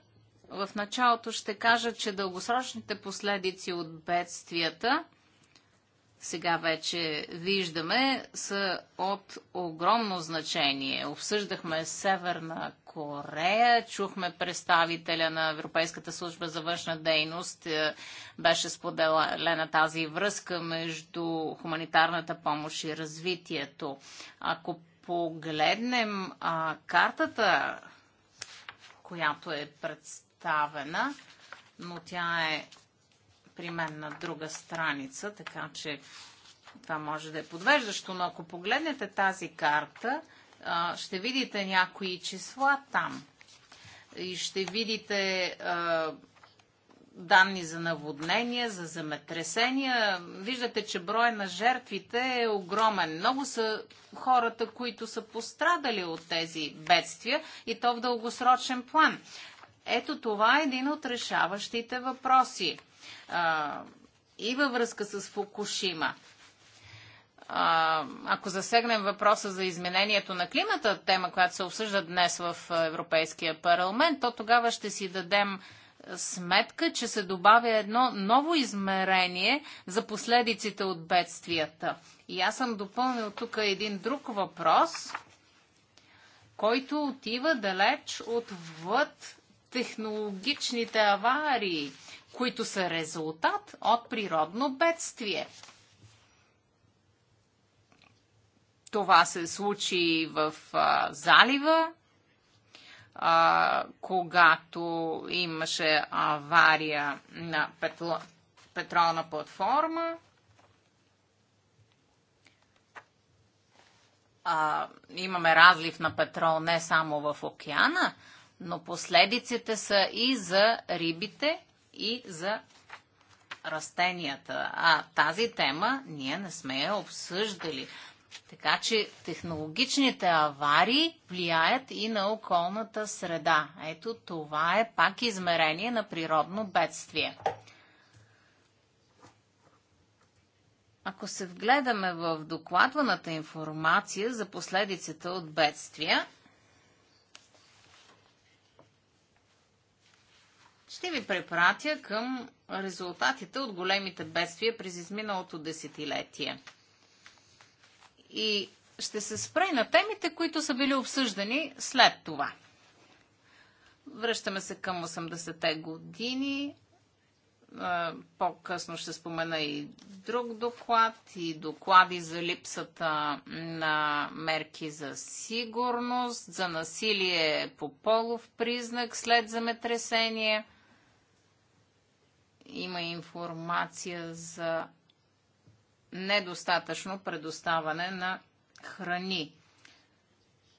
В началото ще кажа, че дългосрочните последици от бедствията – сега вече виждаме, са от огромно значение. Обсъждахме Северна Корея, чухме представителя на Европейската служба за външна дейност. Е, беше споделена тази връзка между хуманитарната помощ и развитието. Ако погледнем а, картата, която е представена, но тя е при мен на друга страница, така че това може да е подвеждащо, но ако погледнете тази карта, ще видите някои числа там. И ще видите данни за наводнения, за земетресения. Виждате, че брой на жертвите е огромен. Много са хората, които са пострадали от тези бедствия и то в дългосрочен план. Ето това е един от решаващите въпроси а, и във връзка с Фукушима. А, ако засегнем въпроса за изменението на климата, тема, която се обсъжда днес в Европейския парламент, то тогава ще си дадем сметка, че се добавя едно ново измерение за последиците от бедствията. И аз съм допълнил тук един друг въпрос, който отива далеч отвъд технологичните аварии които са резултат от природно бедствие. Това се случи в а, залива, а, когато имаше авария на петло, петролна платформа. А, имаме разлив на петрол не само в океана, но последиците са и за рибите, и за растенията. А тази тема ние не сме я обсъждали. Така че технологичните аварии влияят и на околната среда. Ето това е пак измерение на природно бедствие. Ако се вгледаме в докладваната информация за последиците от бедствия, ще ви препратя към резултатите от големите бедствия през изминалото десетилетие. И ще се спре на темите, които са били обсъждани след това. Връщаме се към 80-те години. По-късно ще спомена и друг доклад и доклади за липсата на мерки за сигурност, за насилие по полов признак след земетресение – има информация за недостатъчно предоставане на храни.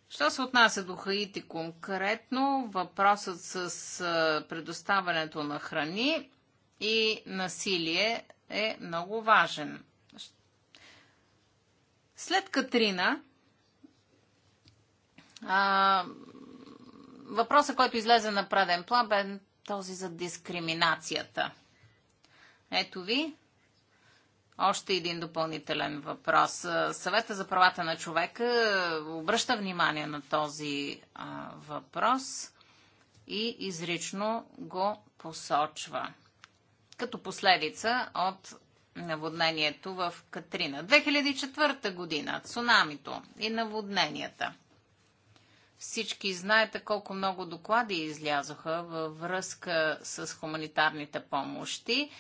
Що се отнася до Хаити конкретно, въпросът с предоставянето на храни и насилие е много важен. След Катрина, а, въпросът, който излезе на преден план, бе този за дискриминацията. Ето ви още един допълнителен въпрос. Съвета за правата на човека обръща внимание на този а, въпрос и изрично го посочва като последица от наводнението в Катрина. 2004 година, цунамито и наводненията. Всички знаете колко много доклади излязоха във връзка с хуманитарните помощи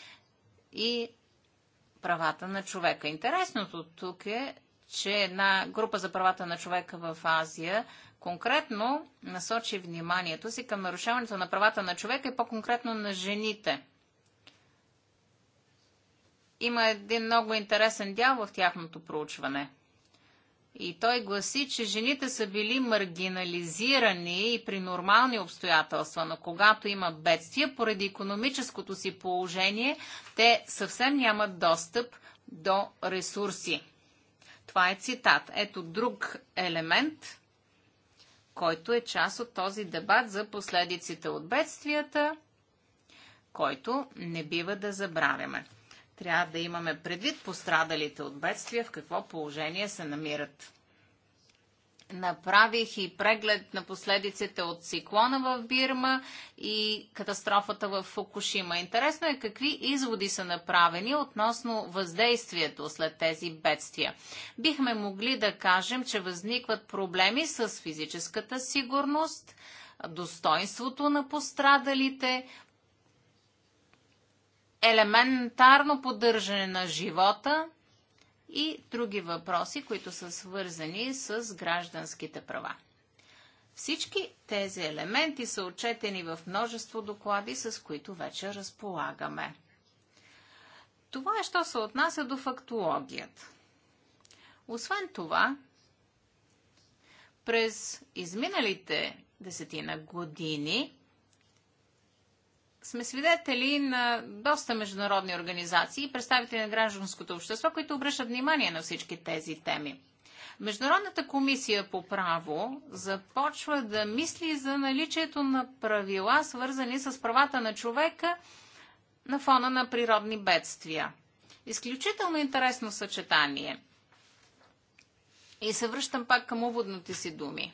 и правата на човека. Интересното тук е, че една група за правата на човека в Азия конкретно насочи вниманието си към нарушаването на правата на човека и по-конкретно на жените. Има един много интересен дял в тяхното проучване – и той гласи, че жените са били маргинализирани и при нормални обстоятелства, но когато има бедствия, поради економическото си положение, те съвсем нямат достъп до ресурси. Това е цитат. Ето друг елемент, който е част от този дебат за последиците от бедствията, който не бива да забравяме. Трябва да имаме предвид пострадалите от бедствия, в какво положение се намират. Направих и преглед на последиците от циклона в Бирма и катастрофата в Фукушима. Интересно е какви изводи са направени относно въздействието след тези бедствия. Бихме могли да кажем, че възникват проблеми с физическата сигурност, достоинството на пострадалите, елементарно поддържане на живота и други въпроси, които са свързани с гражданските права. Всички тези елементи са отчетени в множество доклади, с които вече разполагаме. Това е, що се отнася до фактологията. Освен това, през изминалите десетина години сме свидетели на доста международни организации и представители на гражданското общество, които обръщат внимание на всички тези теми. Международната комисия по право започва да мисли за наличието на правила, свързани с правата на човека на фона на природни бедствия. Изключително интересно съчетание. И се връщам пак към уводните си думи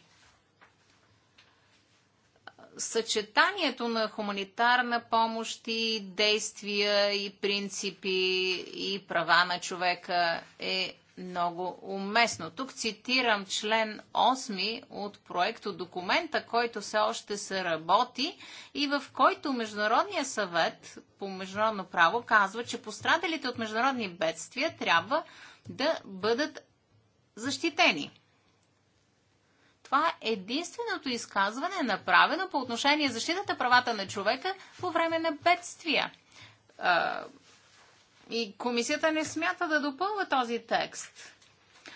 съчетанието на хуманитарна помощ и действия и принципи и права на човека е много уместно. Тук цитирам член 8 от проекто документа, който все още се работи и в който Международния съвет по международно право казва, че пострадалите от международни бедствия трябва да бъдат защитени. Това е единственото изказване направено по отношение защитата правата на човека по време на бедствия. И комисията не смята да допълва този текст.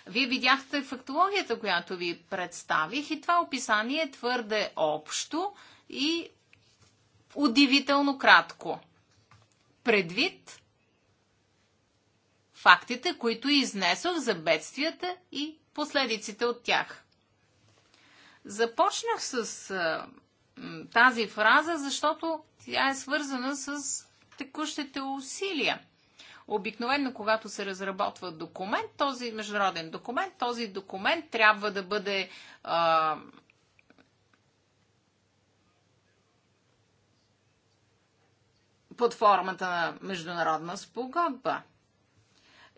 Вие видяхте фактологията, която ви представих и това описание е твърде общо и удивително кратко. Предвид фактите, които изнесох за бедствията и последиците от тях. Започнах с а, тази фраза, защото тя е свързана с текущите усилия. Обикновено, когато се разработва документ, този международен документ, този документ трябва да бъде а, под формата на международна спогодба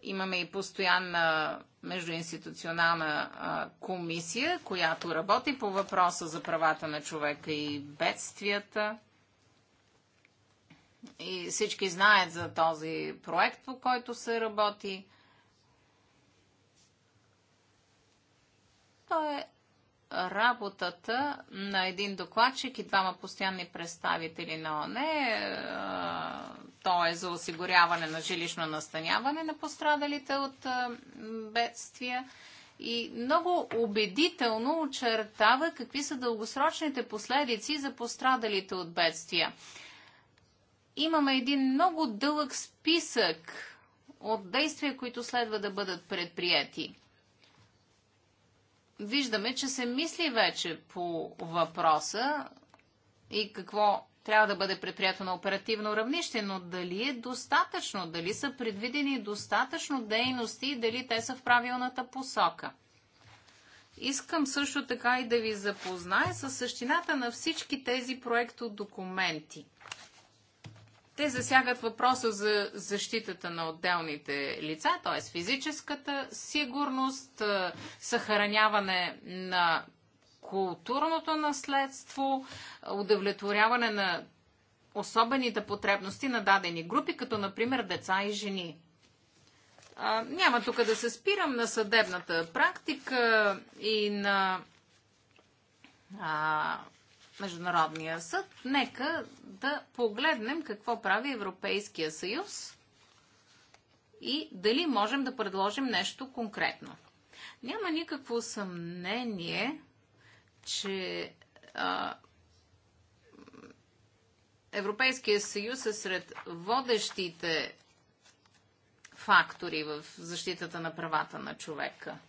имаме и постоянна междуинституционална комисия, която работи по въпроса за правата на човека и бедствията. И всички знаят за този проект, по който се работи. Той е работата на един докладчик и двама постоянни представители на ОНЕ, е, то е за осигуряване на жилищно настаняване на пострадалите от е, бедствия. И много убедително очертава какви са дългосрочните последици за пострадалите от бедствия. Имаме един много дълъг списък от действия, които следва да бъдат предприяти виждаме, че се мисли вече по въпроса и какво трябва да бъде предприето на оперативно равнище, но дали е достатъчно, дали са предвидени достатъчно дейности и дали те са в правилната посока. Искам също така и да ви запозная с същината на всички тези проекто документи – те засягат въпроса за защитата на отделните лица, т.е. физическата сигурност, съхраняване на културното наследство, удовлетворяване на особените потребности на дадени групи, като например деца и жени. А, няма тук да се спирам на съдебната практика и на а, Международния съд, нека да погледнем какво прави Европейския съюз и дали можем да предложим нещо конкретно. Няма никакво съмнение, че а, Европейския съюз е сред водещите фактори в защитата на правата на човека –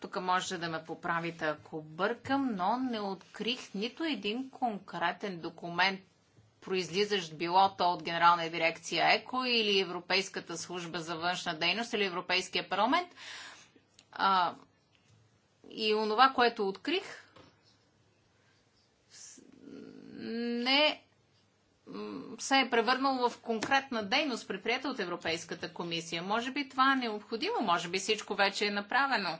тук може да ме поправите, ако бъркам, но не открих нито един конкретен документ, произлизащ било то от Генерална дирекция ЕКО или Европейската служба за външна дейност или Европейския парламент. А, и онова, което открих, не се е превърнал в конкретна дейност, предприята от Европейската комисия. Може би това е необходимо, може би всичко вече е направено.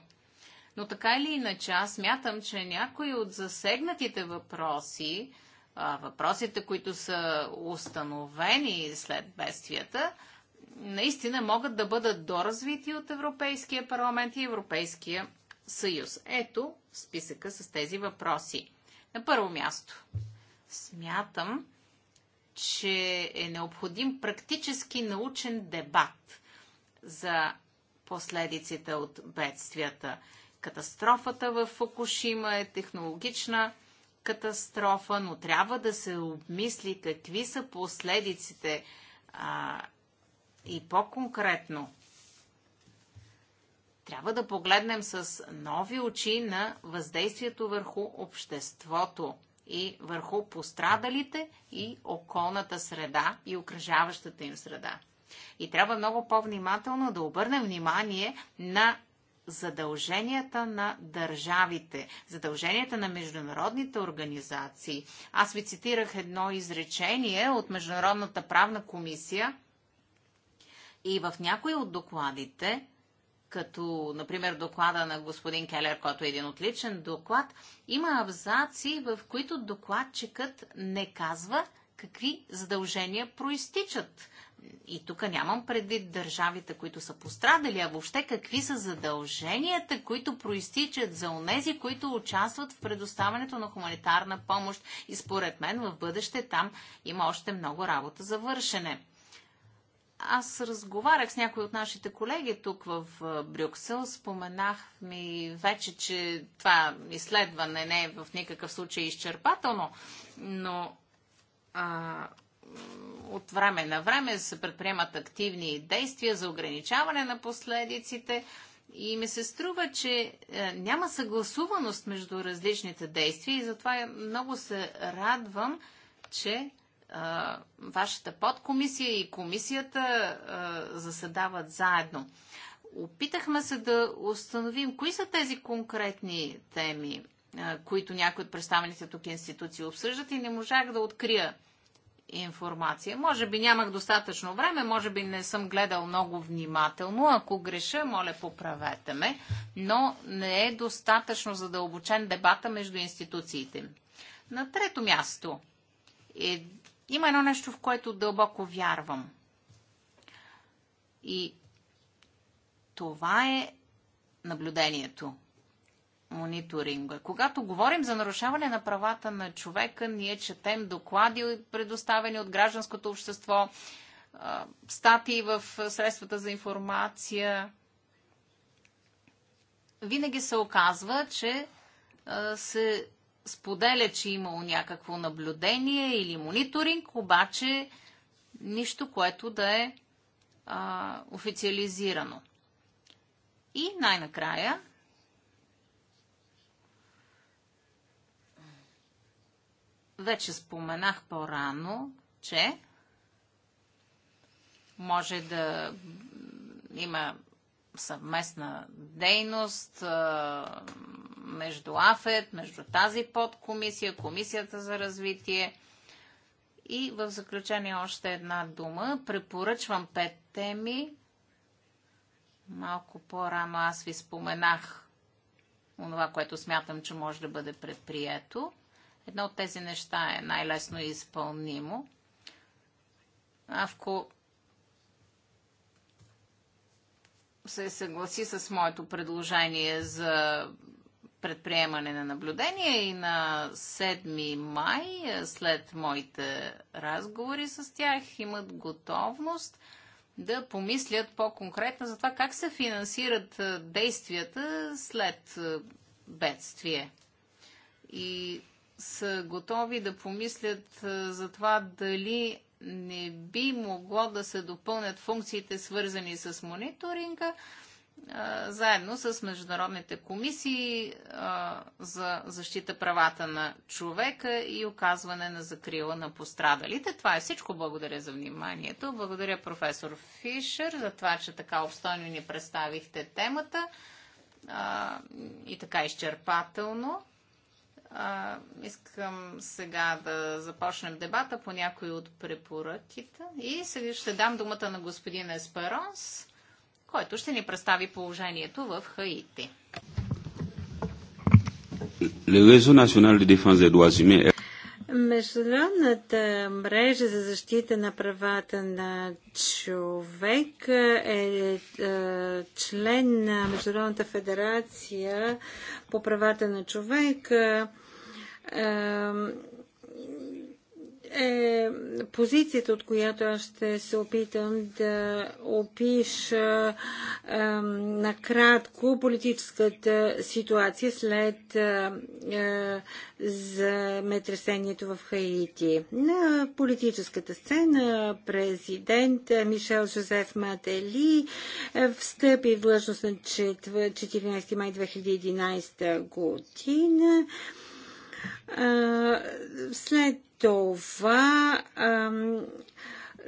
Но така или иначе, аз мятам, че някои от засегнатите въпроси, въпросите, които са установени след бедствията, наистина могат да бъдат доразвити от Европейския парламент и Европейския съюз. Ето списъка с тези въпроси. На първо място, смятам, че е необходим практически научен дебат за последиците от бедствията. Катастрофата в Фукушима е технологична катастрофа, но трябва да се обмисли какви са последиците а, и по-конкретно. Трябва да погледнем с нови очи на въздействието върху обществото и върху пострадалите и околната среда и окръжаващата им среда. И трябва много по-внимателно да обърнем внимание на задълженията на държавите, задълженията на международните организации. Аз ви цитирах едно изречение от Международната правна комисия и в някои от докладите, като, например, доклада на господин Келер, който е един отличен доклад, има абзаци, в които докладчикът не казва какви задължения проистичат и тук нямам предвид държавите, които са пострадали, а въобще какви са задълженията, които проистичат за онези, които участват в предоставянето на хуманитарна помощ. И според мен в бъдеще там има още много работа за вършене. Аз разговарях с някои от нашите колеги тук в Брюксел. Споменах ми вече, че това изследване не е в никакъв случай изчерпателно, но а, от време на време се предприемат активни действия за ограничаване на последиците и ми се струва, че е, няма съгласуваност между различните действия и затова много се радвам, че а, е, вашата подкомисия и комисията а, е, заседават заедно. Опитахме се да установим кои са тези конкретни теми, а, които някои от представените тук институции обсъждат и не можах да открия информация. Може би нямах достатъчно време, може би не съм гледал много внимателно. Ако греша, моля, поправете ме. Но не е достатъчно задълбочен дебата между институциите. На трето място е, има едно нещо, в което дълбоко вярвам. И това е наблюдението – мониторинга. Когато говорим за нарушаване на правата на човека, ние четем доклади, предоставени от гражданското общество, статии в средствата за информация. Винаги се оказва, че се споделя, че е имало някакво наблюдение или мониторинг, обаче нищо, което да е официализирано. И най-накрая Вече споменах по-рано, че може да има съвместна дейност между АФЕД, между тази подкомисия, Комисията за развитие. И в заключение още една дума. Препоръчвам пет теми. Малко по-рано аз ви споменах онова, което смятам, че може да бъде предприето. Едно от тези неща е най-лесно изпълнимо. Авко се съгласи с моето предложение за предприемане на наблюдение и на 7 май, е, след моите разговори с тях, имат готовност да помислят по-конкретно за това как се финансират е, действията след е, бедствие. И са готови да помислят е, за това дали не би могло да се допълнят функциите, свързани с мониторинга, е, заедно с международните комисии е, за защита правата на човека и оказване на закрила на пострадалите. Това е всичко. Благодаря за вниманието. Благодаря професор Фишер за това, че така обстойно ни представихте темата и така изчерпателно. А, искам сега да започнем дебата по някои от препоръките и сега ще дам думата на господин Есперонс, който ще ни представи положението в Хаити. Le réseau national de défense des droits humains Международната мрежа за защита на правата на човек е, е член на Международната федерация по правата на човека е позицията, от която аз ще се опитам да опиша е, накратко политическата ситуация след е, земетресението в Хаити. На политическата сцена президент Мишел Жозеф Матели е, встъпи в длъжност на 14 май 2011 година. След това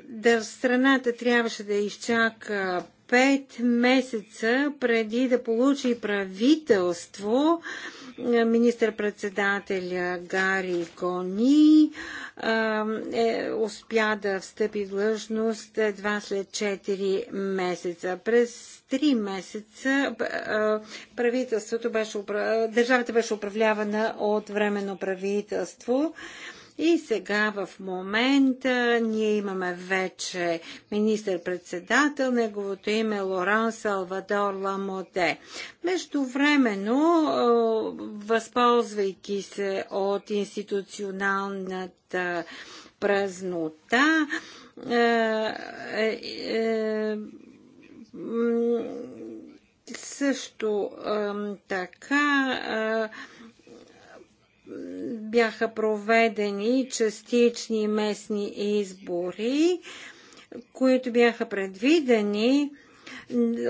да страната трябваше да изчака 5 месеца преди да получи правителство министър-председателя Гари Кони е, успя да встъпи в длъжност едва след 4 месеца. През 3 месеца правителството беше, държавата беше управлявана от временно правителство. И сега в момента ние имаме вече министър-председател, неговото име е Лоран Салвадор Ламоте. Междувременно, възползвайки се от институционалната празнота, е, е, е също е, така бяха проведени частични местни избори, които бяха предвидени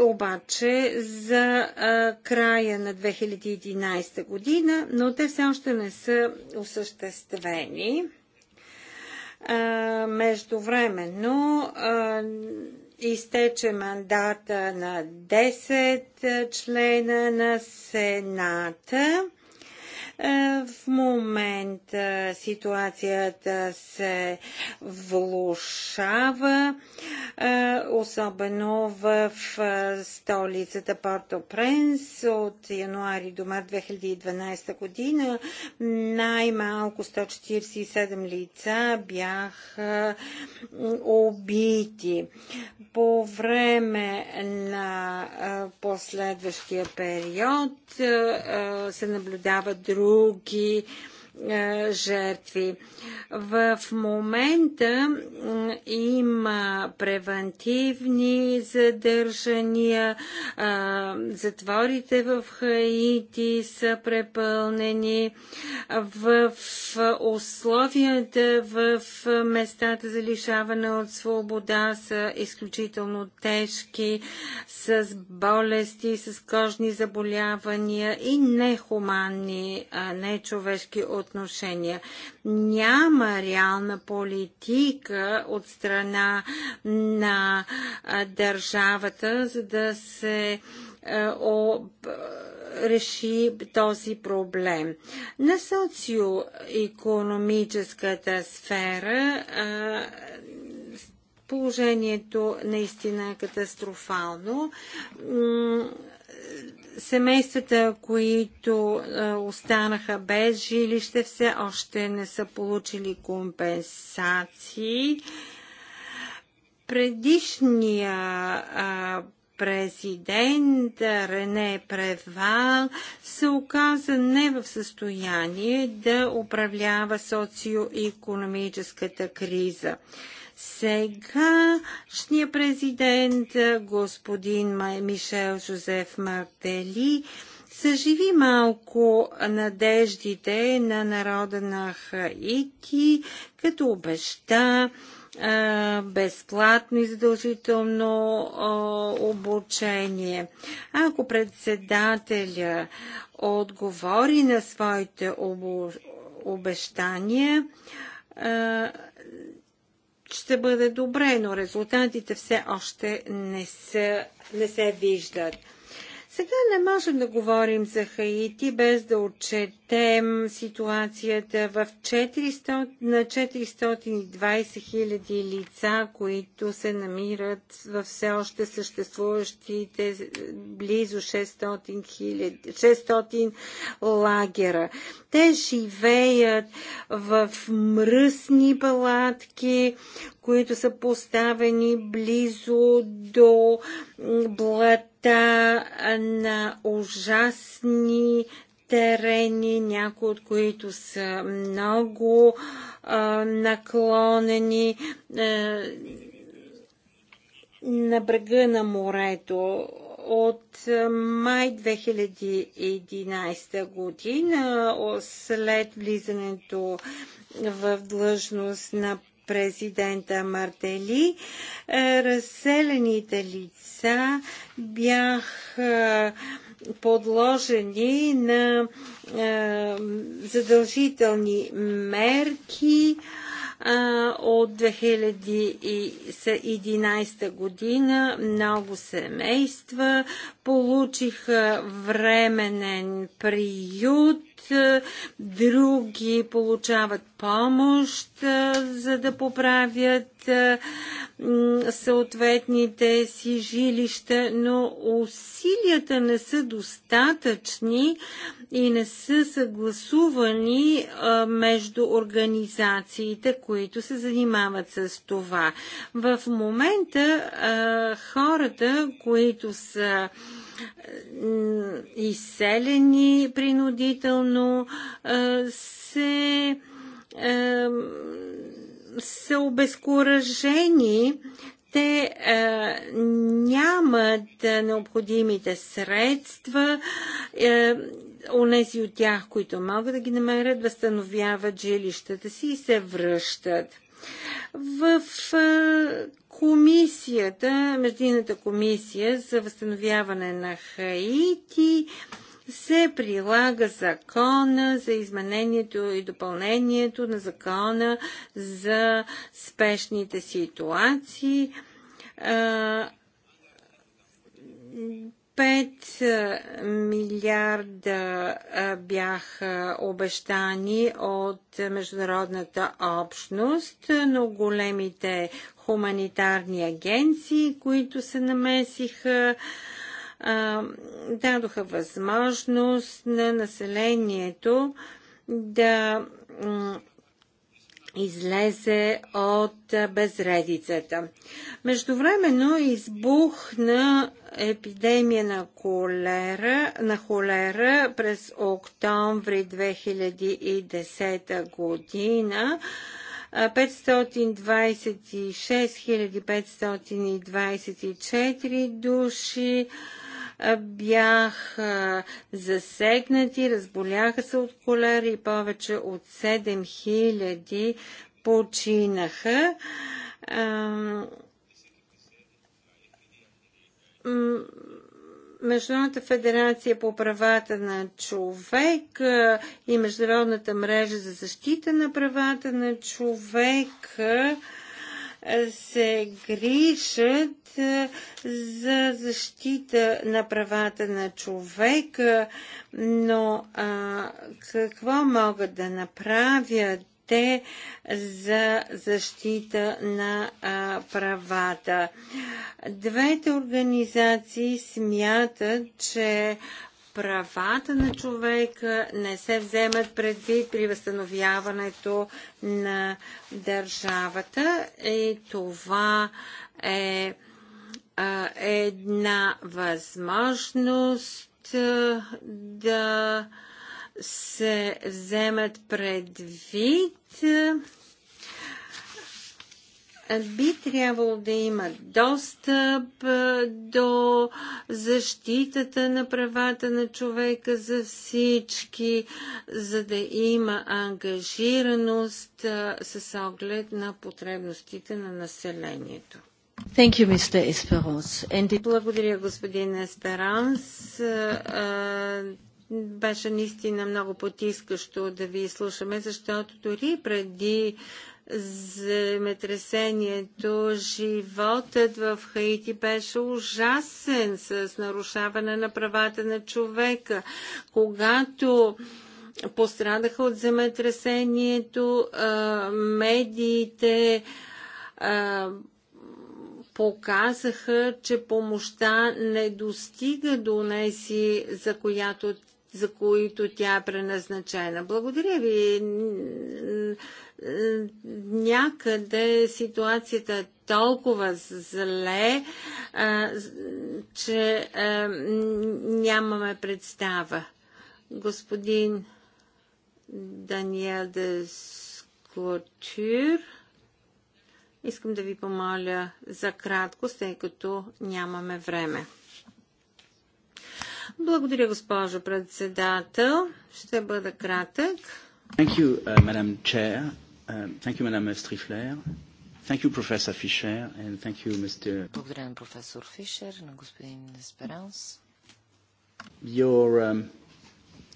обаче за края на 2011 година, но те все още не са осъществени. Междувременно изтече мандата на 10 члена на Сената. Е, в момента ситуацията се влушава, е, особено в е, столицата Порто-Пренс от януари до март 2012 година. Най-малко 147 лица бяха убити. По време на последващия период се наблюдават други услуги, е, жертви. В момента има превентивни задържания, е, затворите в Хаити са препълнени, в условията в местата за лишаване от свобода са изключително тежки, с болести, с кожни заболявания и нехуманни, нечовешки отношения. Няма реална политика от страна на държавата, за да се реши този проблем. На социо-економическата сфера положението наистина е катастрофално Семействата, които останаха без жилище, все още не са получили компенсации. Предишния а, президент Рене Превал се оказа не в състояние да управлява социо-економическата криза сегашния президент, господин Мишел Жозеф Мартели, съживи малко надеждите на народа на Хаити, като обеща безплатно и задължително обучение. Ако председателя отговори на своите обещания, ще бъде добре, но резултатите все още не, са, не се виждат. Сега не можем да говорим за Хаити без да отчетем ситуацията в 400, на 420 000 лица, които се намират в все още съществуващите близо 600, 000, 600 лагера. Те живеят в мръсни палатки, които са поставени близо до блат та на ужасни терени, някои от които са много а, наклонени а, на брега на морето. От май 2011 година, след влизането в длъжност на президента Мартели. Е, разселените лица бяха подложени на е, задължителни мерки е, от 2011 година много семейства получиха временен приют е, други получават помощ, е, за да поправят е, съответните си жилища, но усилията не са достатъчни и не са съгласувани между организациите, които се занимават с това. В момента хората, които са изселени принудително, се се обезкуражени, те е, нямат необходимите средства. Е, Онези от тях, които могат да ги намерят, възстановяват жилищата си и се връщат. В комисията, Междинната комисия за възстановяване на Хаити се прилага закона за изменението и допълнението на закона за спешните ситуации 5 е, милиарда е, бяха обещани от международната общност, но големите хуманитарни агенции, които се намесиха, е, дадоха възможност на населението да излезе от безредицата. Междувременно избухна епидемия на холера, на холера през октомври 2010 година. 526 524 души бяха засегнати, разболяха се от холера и повече от 7000 починаха. Международната федерация по правата на човек и Международната мрежа за защита на правата на човек се грижат е, за защита на правата на човека, но а, какво могат да направят те за защита на а, правата. Двете организации смятат, че правата на човека не се вземат предвид при възстановяването на държавата и това е една възможност да се вземат предвид би трябвало да има достъп до защитата на правата на човека за всички, за да има ангажираност с оглед на потребностите на населението. Thank you, Mr. Esperance. And... Благодаря, господин Есперанс беше наистина много потискащо да ви слушаме, защото дори преди земетресението, животът в Хаити беше ужасен с нарушаване на правата на човека. Когато пострадаха от земетресението, медиите показаха, че помощта не достига до нези, за която за които тя е преназначена. Благодаря ви. Някъде ситуацията е толкова зле, че нямаме представа. Господин Даниел де Скотюр. Искам да ви помоля за кратко, тъй като нямаме време. Благодаря, госпожо председател. Ще бъда кратък. Thank you, uh, Madam Chair. Um, thank you, Madam Strifler. Thank you, Professor Fisher, and thank you, Mr. Благодаря на професор Фишер, на господин Несперанс. Your, um,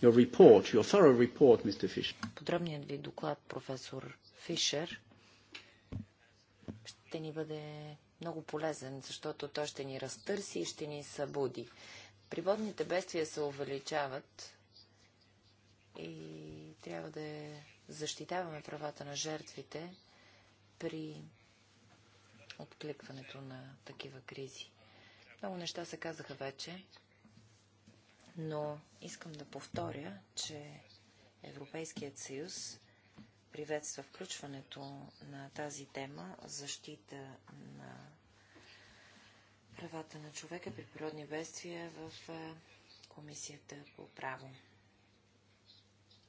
your report, your thorough report, Mr. Fisher. Подробният ви доклад, професор Фишер, ще ни бъде много полезен, защото той ще ни разтърси и ще ни събуди. Приводните бедствия се увеличават и трябва да защитаваме правата на жертвите при откликването на такива кризи. Много неща се казаха вече, но искам да повторя, че Европейският съюз приветства включването на тази тема защита на правата на човека при природни бедствия в Комисията по право.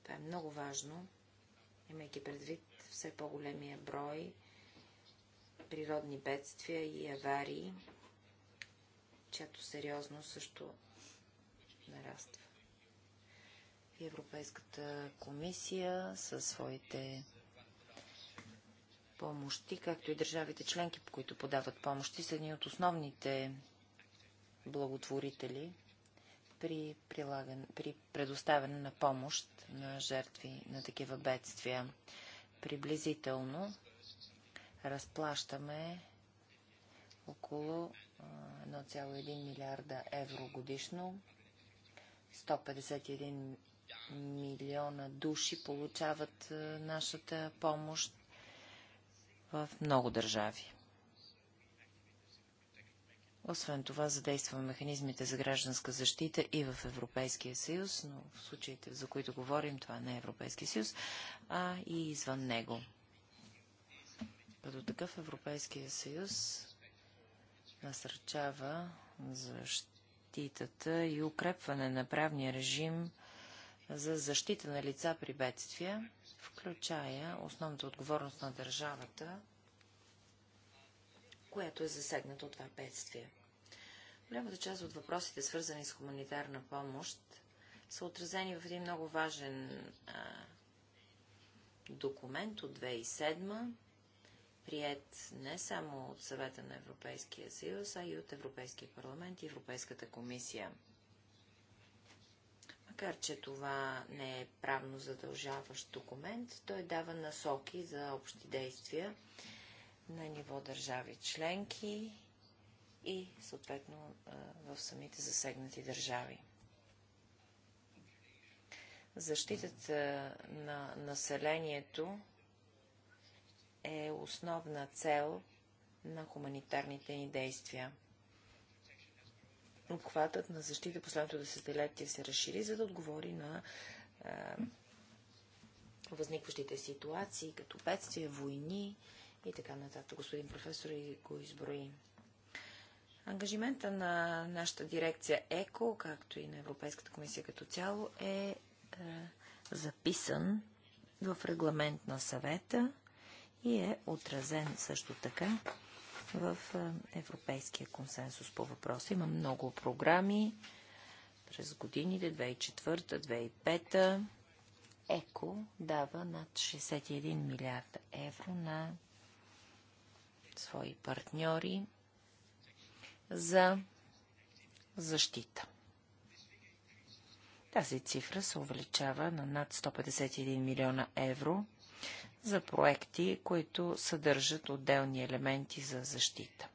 Това е много важно, имайки предвид все по-големия брой природни бедствия и аварии, чиято сериозно също нараства. И Европейската комисия със своите помощи, както и държавите членки, по които подават помощи, са едни от основните благотворители при, прилаган, при предоставяне на помощ на жертви на такива бедствия. Приблизително разплащаме около 1,1 милиарда евро годишно. 151 милиона души получават нашата помощ в много държави. Освен това, задейства механизмите за гражданска защита и в Европейския съюз, но в случаите, за които говорим, това не е Европейския съюз, а и извън него. Като такъв Европейския съюз насърчава защитата и укрепване на правния режим за защита на лица при бедствия, включая основната отговорност на държавата, която е засегната от това бедствие. Голямата част от въпросите, свързани с хуманитарна помощ, са отразени в един много важен а, документ от 2007, прият не само от съвета на Европейския съюз, а и от Европейския парламент и Европейската комисия – Макар, че това не е правно задължаващ документ, той дава насоки за общи действия на ниво държави членки и съответно в самите засегнати държави. Защитата на населението е основна цел на хуманитарните ни действия обхватът на защита последното десетилетие се разшири, за да отговори на е, възникващите ситуации, като бедствия, войни и така нататък. Господин професор и го изброи. Ангажимента на нашата дирекция ЕКО, както и на Европейската комисия като цяло, е, е записан в регламент на съвета и е отразен също така в е, Европейския консенсус по въпроса. Има много програми през годините 2004-2005. ЕКО дава над 61 милиарда евро на свои партньори за защита. Тази цифра се увеличава на над 151 милиона евро за проекти, които съдържат отделни елементи за защита.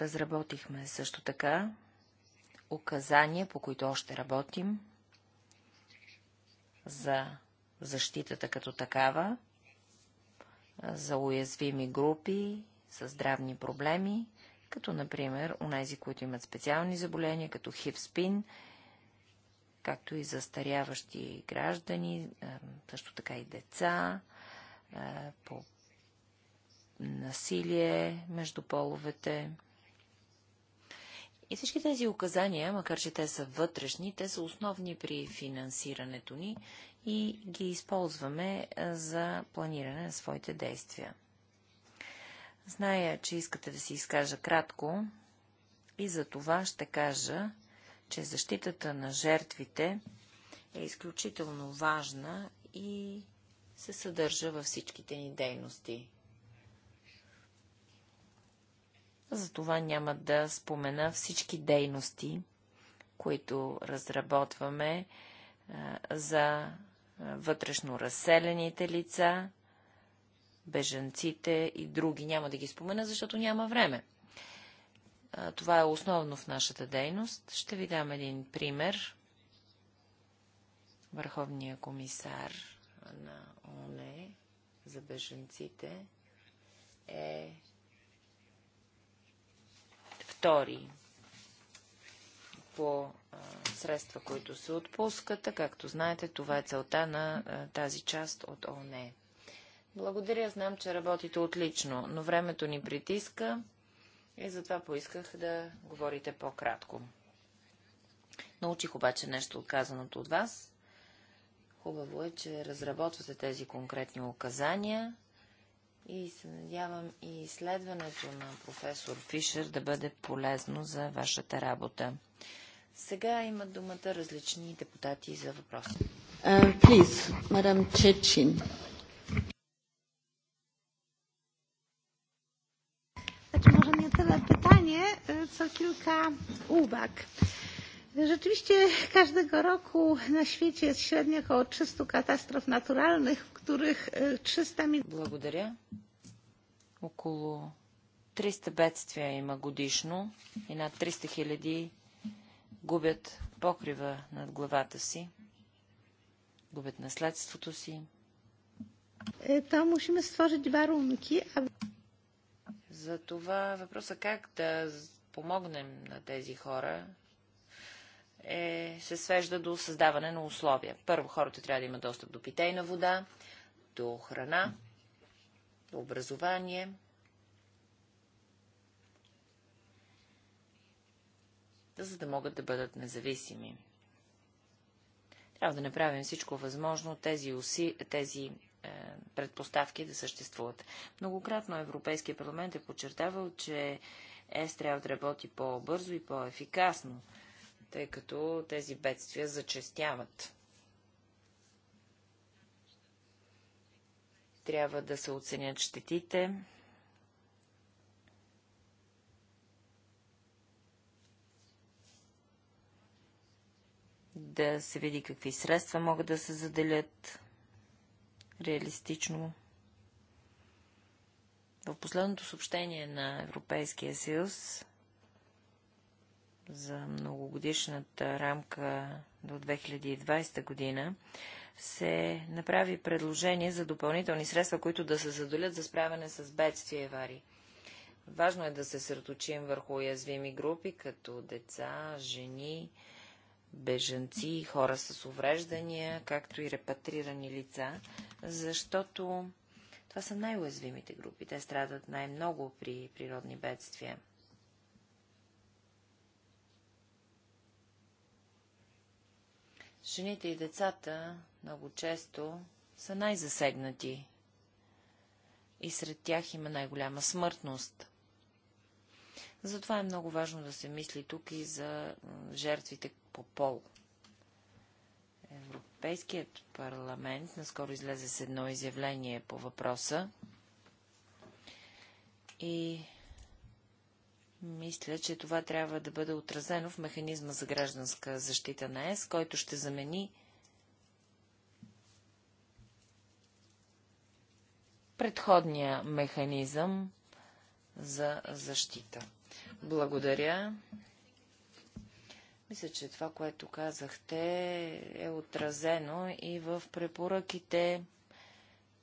Разработихме също така указания, по които още работим, за защитата като такава, за уязвими групи с здравни проблеми, като например унези, които имат специални заболения, като хипспин както и за старяващи граждани, също така и деца, по насилие между половете. И всички тези указания, макар че те са вътрешни, те са основни при финансирането ни и ги използваме за планиране на своите действия. Зная, че искате да си изкажа кратко и за това ще кажа, че защитата на жертвите е изключително важна и се съдържа във всичките ни дейности. Затова няма да спомена всички дейности, които разработваме за вътрешно разселените лица, бежанците и други. Няма да ги спомена, защото няма време. Това е основно в нашата дейност. Ще ви дам един пример. Върховния комисар на ОНЕ за беженците е втори по средства, които се отпускат. както знаете, това е целта на тази част от ОНЕ. Благодаря, знам, че работите отлично, но времето ни притиска. И затова поисках да говорите по-кратко. Научих обаче нещо отказаното от вас. Хубаво е, че разработвате тези конкретни указания и се надявам и изследването на професор Фишер да бъде полезно за вашата работа. Сега имат думата различни депутати за въпроси. Uh, please, pytanie, co kilka uwag. Rzeczywiście każdego roku na świecie jest średnio około 300 katastrof naturalnych, w których 300 milionów... Благодаря. Около 300 бедствия има годишно и над 300 хиляди губят покрива над главата си, губят наследството си. За това въпроса как да помогнем на тези хора е, се свежда до създаване на условия. Първо, хората трябва да имат достъп до питейна вода, до храна, до образование. за да могат да бъдат независими. Трябва да направим всичко възможно тези, уси... тези е, предпоставки да съществуват. Многократно Европейския парламент е подчертавал, че ЕС трябва да работи по-бързо и по-ефикасно, тъй като тези бедствия зачестяват. Трябва да се оценят щетите, да се види какви средства могат да се заделят реалистично. В последното съобщение на Европейския съюз за многогодишната рамка до 2020 година се направи предложение за допълнителни средства, които да се задолят за справяне с бедствия и аварии. Важно е да се съсредоточим върху уязвими групи, като деца, жени, бежанци, хора с увреждания, както и репатрирани лица, защото това са най-уязвимите групи. Те страдат най-много при природни бедствия. Жените и децата много често са най-засегнати и сред тях има най-голяма смъртност. Затова е много важно да се мисли тук и за жертвите, по пол. Европейският парламент наскоро излезе с едно изявление по въпроса и мисля, че това трябва да бъде отразено в механизма за гражданска защита на ЕС, който ще замени предходния механизъм за защита. Благодаря. Мисля, че това, което казахте, е отразено и в препоръките,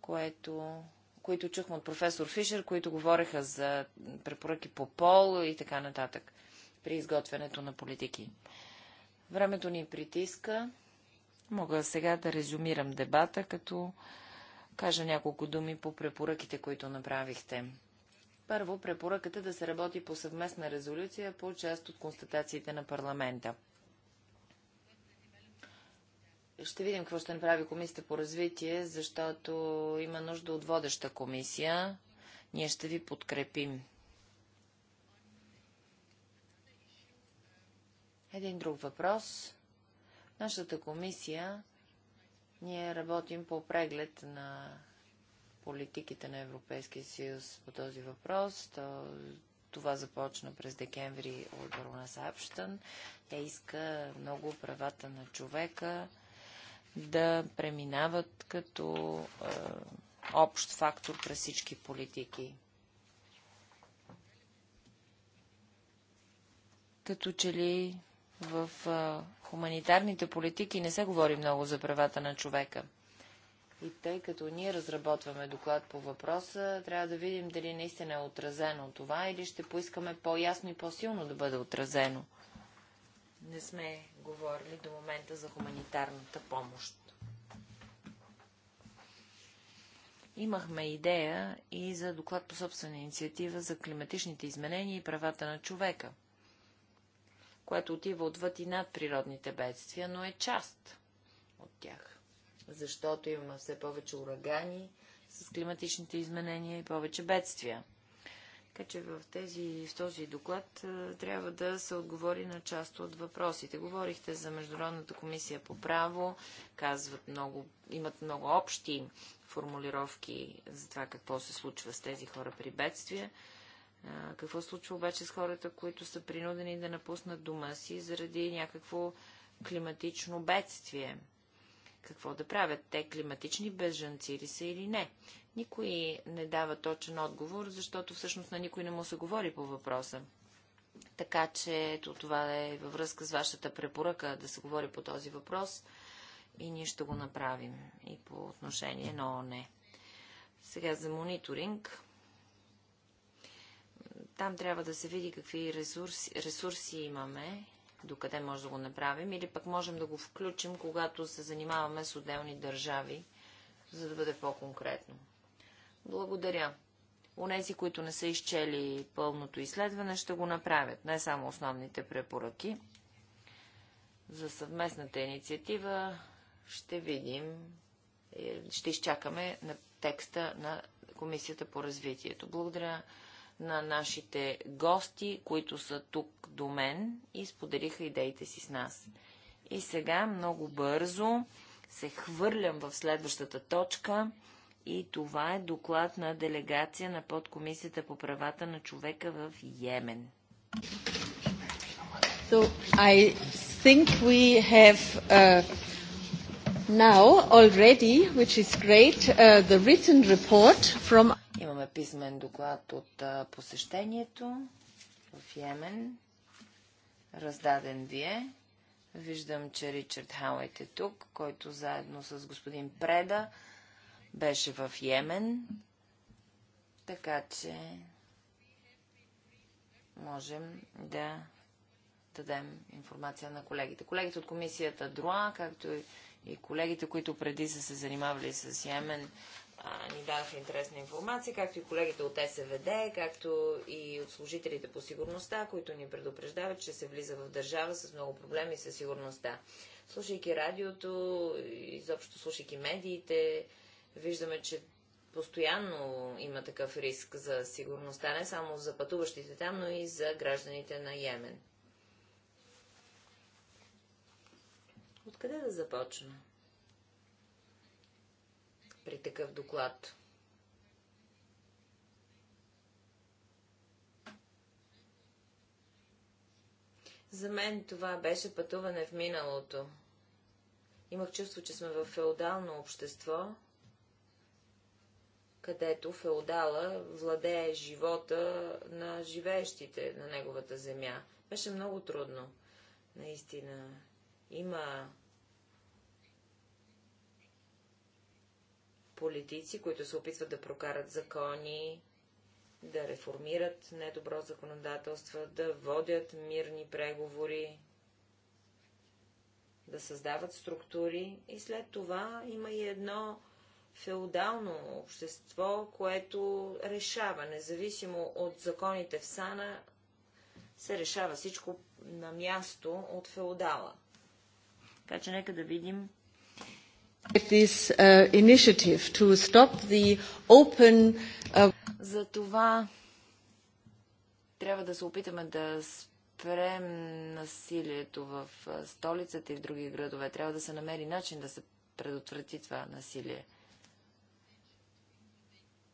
което, които чухме от професор Фишер, които говореха за препоръки по пол и така нататък при изготвянето на политики. Времето ни притиска. Мога сега да резюмирам дебата, като кажа няколко думи по препоръките, които направихте. Първо, препоръката да се работи по съвместна резолюция по част от констатациите на парламента. Ще видим какво ще направи комисията по развитие, защото има нужда от водеща комисия. Ние ще ви подкрепим. Един друг въпрос. Нашата комисия, ние работим по преглед на политиките на Европейския съюз по този въпрос. То, това започна през декември от баронес Апштън. Тя иска много правата на човека да преминават като е, общ фактор през всички политики. Като че ли в е, хуманитарните политики не се говори много за правата на човека – и тъй като ние разработваме доклад по въпроса, трябва да видим дали наистина е отразено това или ще поискаме по-ясно и по-силно да бъде отразено. Не сме говорили до момента за хуманитарната помощ. Имахме идея и за доклад по собствена инициатива за климатичните изменения и правата на човека, което отива отвъд и над природните бедствия, но е част от тях защото има все повече урагани с климатичните изменения и повече бедствия. Така че в, тези, в този доклад трябва да се отговори на част от въпросите. Говорихте за Международната комисия по право, казват много, имат много общи формулировки за това какво се случва с тези хора при бедствия. Какво случва обаче с хората, които са принудени да напуснат дома си заради някакво климатично бедствие? какво да правят. Те климатични бежанци ли са или не? Никой не дава точен отговор, защото всъщност на никой не му се говори по въпроса. Така че ето това е във връзка с вашата препоръка да се говори по този въпрос и ние ще го направим и по отношение на ОНЕ. Сега за мониторинг. Там трябва да се види какви ресурси, ресурси имаме докъде може да го направим, или пък можем да го включим, когато се занимаваме с отделни държави, за да бъде по-конкретно. Благодаря. Унези, които не са изчели пълното изследване, ще го направят. Не само основните препоръки. За съвместната инициатива ще видим, е, ще изчакаме на текста на Комисията по развитието. Благодаря на нашите гости, които са тук до мен и споделиха идеите си с нас. И сега много бързо се хвърлям в следващата точка и това е доклад на делегация на подкомисията по правата на човека в Йемен. So I think we have uh, Now, already, which is great, uh, the written report from... Имаме писмен доклад от uh, посещението в Йемен. Раздаден ви е. Виждам, че Ричард Хауайт е тук, който заедно с господин Преда беше в Йемен. Така че можем да дадем информация на колегите. Колегите от комисията ДРОА, както и и колегите, които преди са се занимавали с Йемен, а, ни даваха интересна информация, както и колегите от СВД, както и от служителите по сигурността, които ни предупреждават, че се влиза в държава с много проблеми със сигурността. Слушайки радиото, изобщо слушайки медиите, виждаме, че постоянно има такъв риск за сигурността, не само за пътуващите там, но и за гражданите на Йемен. Откъде да започна? При такъв доклад. За мен това беше пътуване в миналото. Имах чувство, че сме в феодално общество, където феодала владее живота на живеещите на неговата земя. Беше много трудно, наистина. Има политици, които се опитват да прокарат закони, да реформират недобро законодателство, да водят мирни преговори, да създават структури и след това има и едно феодално общество, което решава, независимо от законите в Сана, се решава всичко на място от феодала. Така че нека да видим This, uh, open, uh... За това трябва да се опитаме да спрем насилието в столицата и в други градове. Трябва да се намери начин да се предотврати това насилие.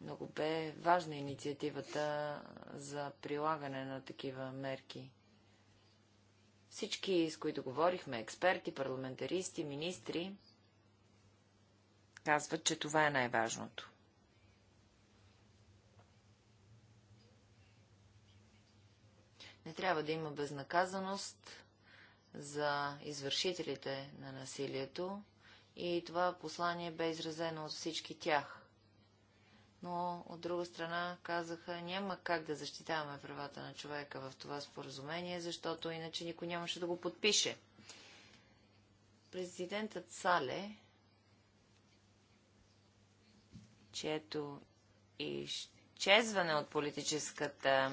Много бе важна инициативата за прилагане на такива мерки. Всички, с които говорихме, експерти, парламентаристи, министри, казват, че това е най-важното. Не трябва да има безнаказаност за извършителите на насилието и това послание бе изразено от всички тях но от друга страна казаха, няма как да защитаваме правата на човека в това споразумение, защото иначе никой нямаше да го подпише. Президентът Сале, чието изчезване от политическата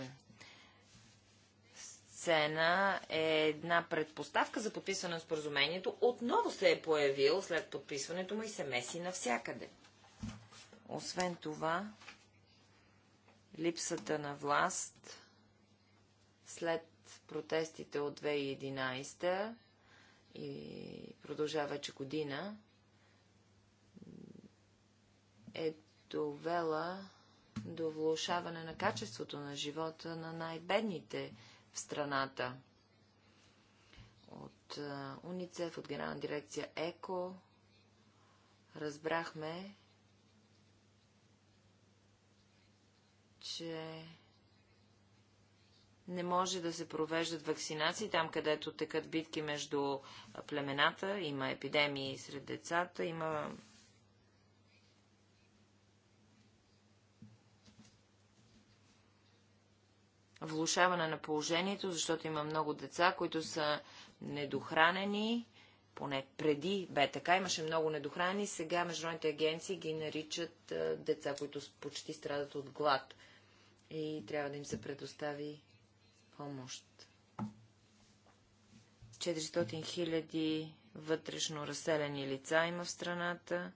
сцена е една предпоставка за подписване на споразумението, отново се е появил след подписването му и се меси навсякъде – освен това, липсата на власт след протестите от 2011 и продължава вече година, е довела до влушаване на качеството на живота на най-бедните в страната. От УНИЦЕФ, от Генерална дирекция ЕКО разбрахме, че не може да се провеждат вакцинации там, където текат битки между племената, има епидемии сред децата, има влушаване на положението, защото има много деца, които са недохранени, поне преди бе така, имаше много недохранени, сега международните агенции ги наричат деца, които почти страдат от глад и трябва да им се предостави помощ. 400 хиляди вътрешно разселени лица има в страната.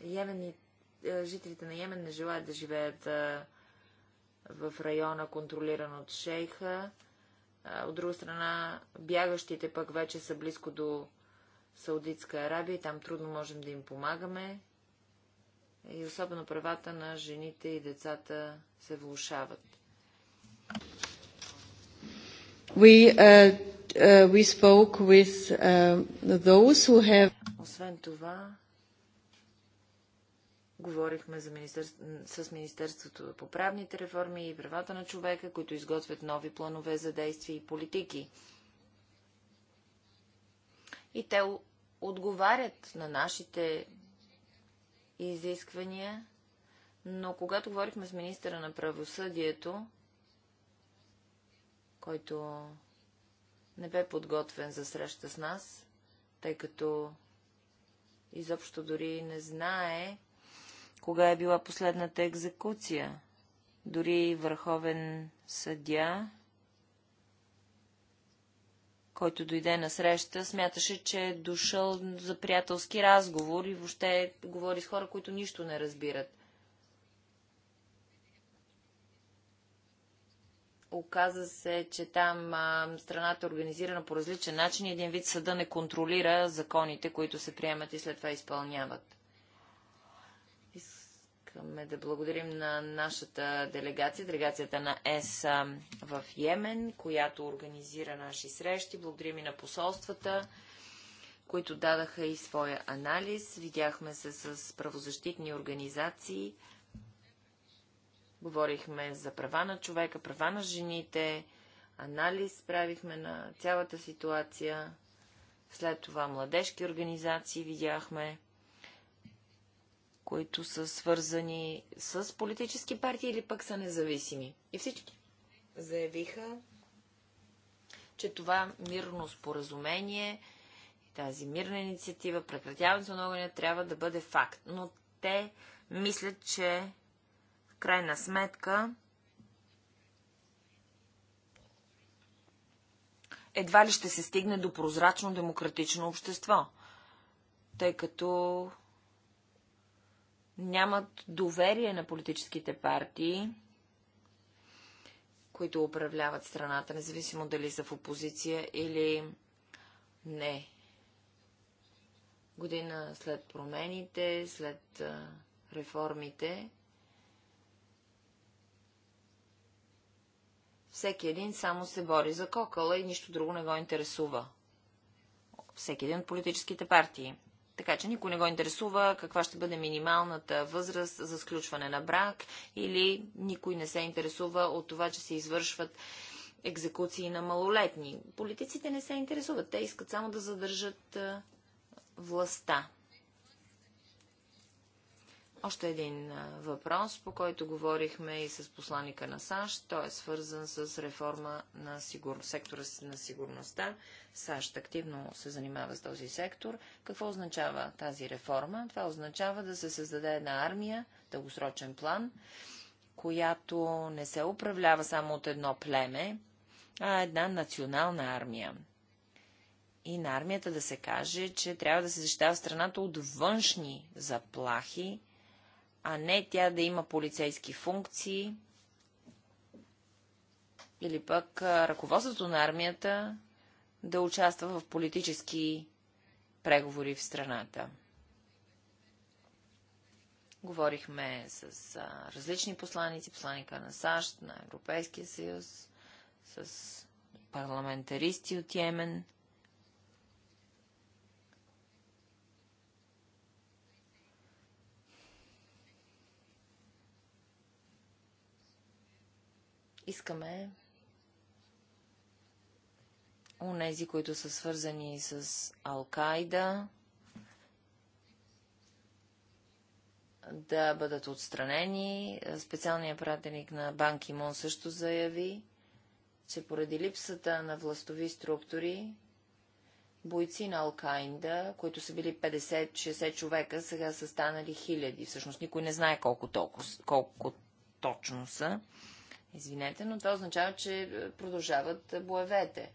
Йемени, е, жителите на Йемен не желаят да живеят е, в района, контролиран от шейха. От друга страна, бягащите пък вече са близко до Саудитска Арабия и там трудно можем да им помагаме. И особено правата на жените и децата се влушават. We, uh, uh, we spoke with, uh, those who have... Освен това, Говорихме за министерство, с Министерството по правните реформи и правата на човека, които изготвят нови планове за действия и политики. И те отговарят на нашите изисквания, но когато говорихме с министъра на правосъдието, който не бе подготвен за среща с нас, тъй като изобщо дори не знае кога е била последната екзекуция. Дори върховен съдя, който дойде на среща, смяташе, че е дошъл за приятелски разговор и въобще говори с хора, които нищо не разбират. Оказа се, че там а, страната е организирана по различен начин и един вид съда не контролира законите, които се приемат и след това изпълняват. Искаме да благодарим на нашата делегация, делегацията на ЕС в Йемен, която организира наши срещи. Благодарим и на посолствата, които дадаха и своя анализ. Видяхме се с правозащитни организации. Говорихме за права на човека, права на жените. Анализ правихме на цялата ситуация. След това младежки организации видяхме които са свързани с политически партии или пък са независими. И всички заявиха, че това мирно споразумение и тази мирна инициатива, прекратяването на огъня трябва да бъде факт. Но те мислят, че в крайна сметка едва ли ще се стигне до прозрачно демократично общество, тъй като нямат доверие на политическите партии, които управляват страната, независимо дали са в опозиция или не. Година след промените, след реформите, всеки един само се бори за кокала и нищо друго не го интересува. Всеки един от политическите партии. Така че никой не го интересува каква ще бъде минималната възраст за сключване на брак или никой не се интересува от това, че се извършват екзекуции на малолетни. Политиците не се интересуват. Те искат само да задържат властта. Още един въпрос, по който говорихме и с посланика на САЩ, той е свързан с реформа на сигур... сектора на сигурността. САЩ активно се занимава с този сектор. Какво означава тази реформа? Това означава да се създаде една армия, дългосрочен план, която не се управлява само от едно племе, а една национална армия. И на армията да се каже, че трябва да се защитава страната от външни заплахи, а не тя да има полицейски функции или пък ръководството на армията да участва в политически преговори в страната. Говорихме с различни посланици, посланика на САЩ, на Европейския съюз, с парламентаристи от Йемен – Искаме онези, които са свързани с Алкайда, да бъдат отстранени. Специалният пратеник на Банки Мон също заяви, че поради липсата на властови структури, бойци на Алкайнда, които са били 50-60 човека, сега са станали хиляди. Всъщност никой не знае колко, толкова, колко точно са. Извинете, но това означава, че е, продължават е, боевете.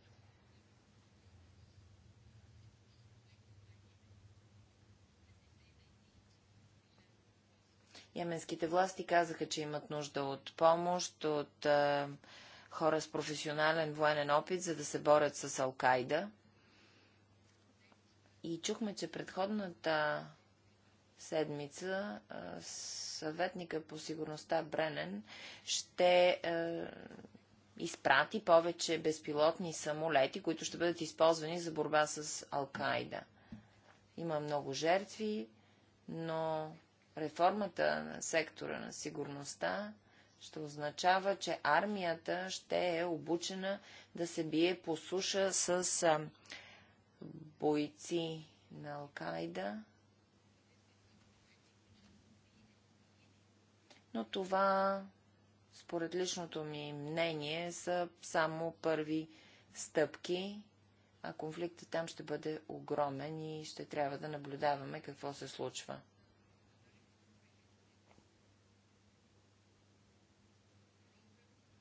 Йеменските власти казаха, че имат нужда от помощ, от е, хора с професионален военен опит, за да се борят с Алкайда. И чухме, че предходната седмица съветника по сигурността Бренен ще изпрати повече безпилотни самолети, които ще бъдат използвани за борба с Алкайда. Има много жертви, но реформата на сектора на сигурността ще означава, че армията ще е обучена да се бие по суша с бойци на Алкайда но това, според личното ми мнение, са само първи стъпки, а конфликтът там ще бъде огромен и ще трябва да наблюдаваме какво се случва.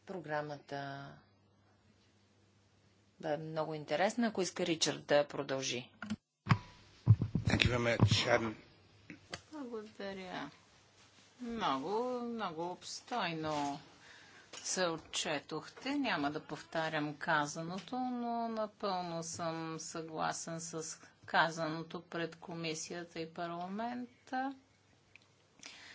Програмата бе много интересна, ако иска Ричард да продължи. Um, Благодаря. Много, много обстойно се отчетохте. Няма да повтарям казаното, но напълно съм съгласен с казаното пред комисията и парламента.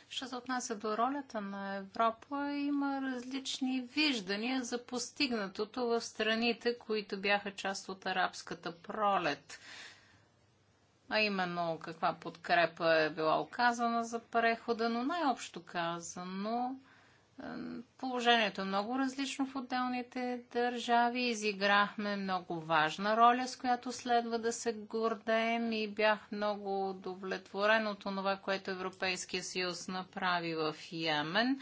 Що се отнася до ролята на Европа, има различни виждания за постигнатото в страните, които бяха част от арабската пролет – а именно каква подкрепа е била оказана за прехода, но най-общо казано е, положението е много различно в отделните държави. Изиграхме много важна роля, с която следва да се гордеем и бях много удовлетворен от това, което Европейския съюз направи в Йемен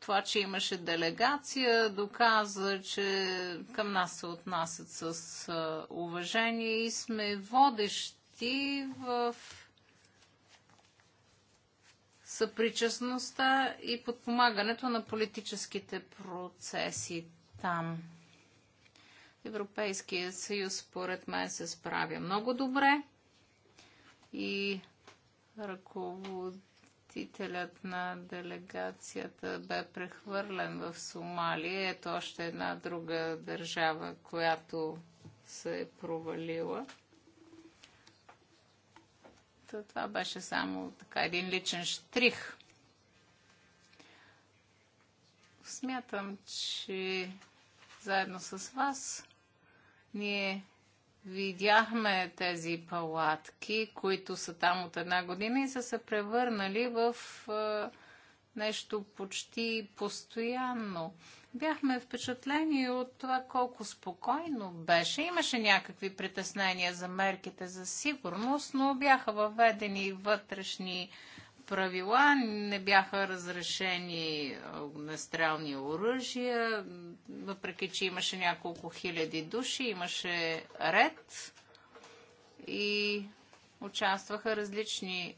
това, че имаше делегация, доказа, че към нас се отнасят с уважение и сме водещи в съпричастността и подпомагането на политическите процеси там. Европейския съюз, според мен, се справя много добре и ръководи ръководителят на делегацията бе прехвърлен в Сомалия. Ето още една друга държава, която се е провалила. То това беше само така един личен штрих. Смятам, че заедно с вас ние Видяхме тези палатки, които са там от една година и са се превърнали в е, нещо почти постоянно. Бяхме впечатлени от това колко спокойно беше. Имаше някакви притеснения за мерките за сигурност, но бяха въведени вътрешни правила, не бяха разрешени огнестрелни оръжия, въпреки че имаше няколко хиляди души, имаше ред и участваха различни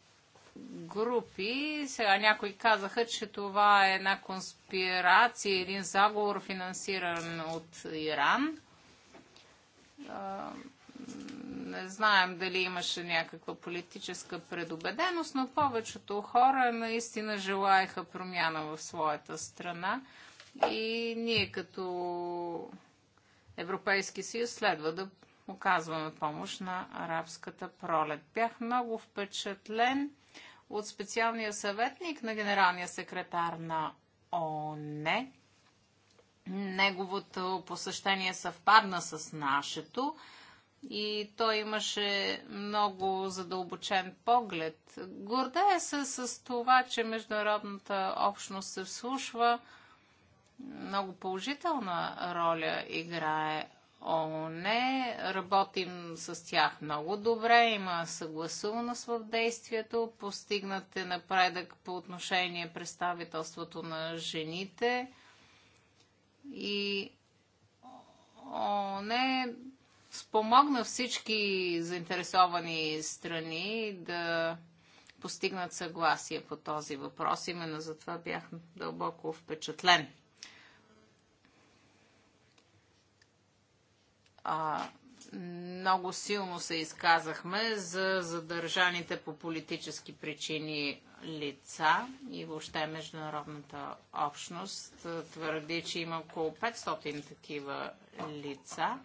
групи. Сега някои казаха, че това е една конспирация, един заговор, финансиран от Иран не знаем дали имаше някаква политическа предубеденост, но повечето хора наистина желаеха промяна в своята страна и ние като Европейски съюз следва да оказваме помощ на арабската пролет. Бях много впечатлен от специалния съветник на генералния секретар на ОНЕ. Неговото посещение съвпадна с нашето и той имаше много задълбочен поглед. Гордее се с това, че международната общност се вслушва. Много положителна роля играе ООН. Работим с тях много добре. Има съгласуваност в действието. Постигнат е напредък по отношение представителството на жените. И ООН спомогна всички заинтересовани страни да постигнат съгласие по този въпрос. Именно за това бях дълбоко впечатлен. А, много силно се изказахме за задържаните по политически причини лица и въобще международната общност твърди, че има около 500 такива лица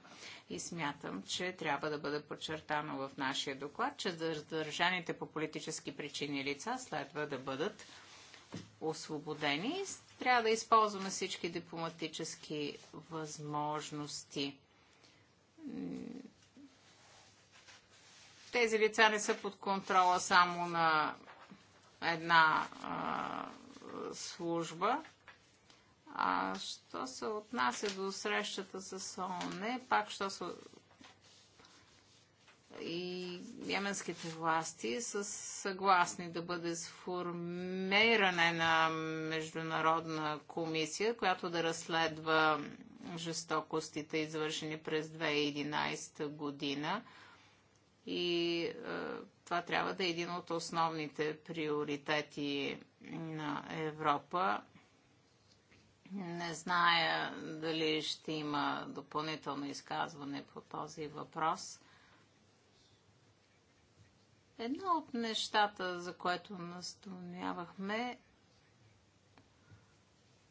и смятам, че трябва да бъде подчертано в нашия доклад, че задържаните по политически причини лица следва да бъдат освободени. Трябва да използваме всички дипломатически възможности. Тези лица не са под контрола само на една а, служба. А, що се отнася до срещата с ООН, пак що се и йеменските власти са съгласни да бъде сформиране на международна комисия, която да разследва жестокостите, извършени през 2011 година. И е, това трябва да е един от основните приоритети на Европа не зная дали ще има допълнително изказване по този въпрос. Едно от нещата, за което настоявахме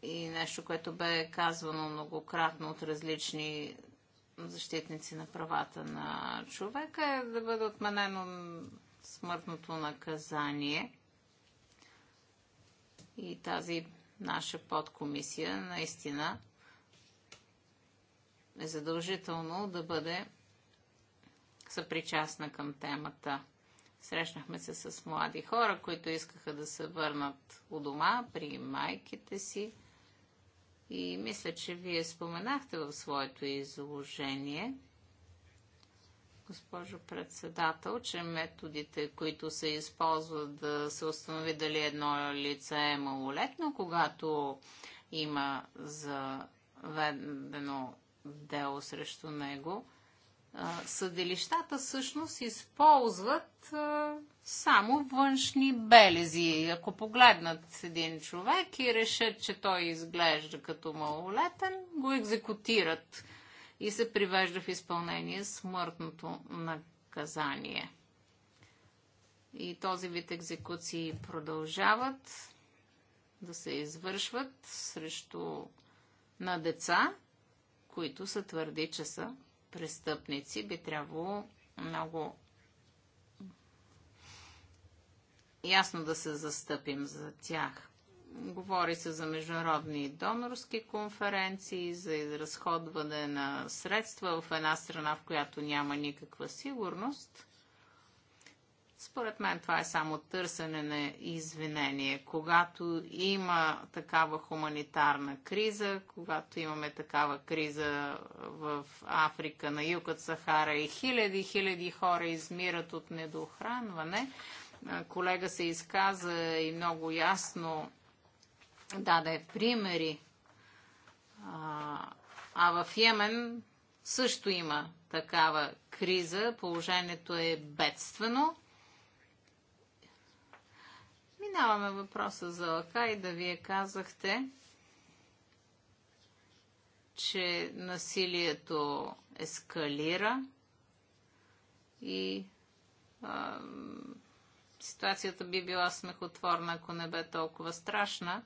и нещо, което бе казвано многократно от различни защитници на правата на човека, е да бъде отменено смъртното наказание. И тази наша подкомисия наистина е задължително да бъде съпричастна към темата. Срещнахме се с млади хора, които искаха да се върнат у дома при майките си. И мисля, че вие споменахте в своето изложение – госпожо председател, че методите, които се използват да се установи дали едно лице е малолетно, когато има заведено дело срещу него, съдилищата всъщност използват само външни белези. Ако погледнат един човек и решат, че той изглежда като малолетен, го екзекутират и се привежда в изпълнение смъртното наказание. И този вид екзекуции продължават да се извършват срещу на деца, които се твърди, че са престъпници. Би трябвало много ясно да се застъпим за тях. Говори се за международни донорски конференции, за изразходване на средства в една страна, в която няма никаква сигурност. Според мен това е само търсене на извинение. Когато има такава хуманитарна криза, когато имаме такава криза в Африка, на юг от Сахара и хиляди, хиляди хора измират от недохранване, колега се изказа и много ясно даде примери. А, а в Йемен също има такава криза. Положението е бедствено. Минаваме въпроса за и да Вие казахте, че насилието ескалира и а, ситуацията би била смехотворна, ако не бе толкова страшна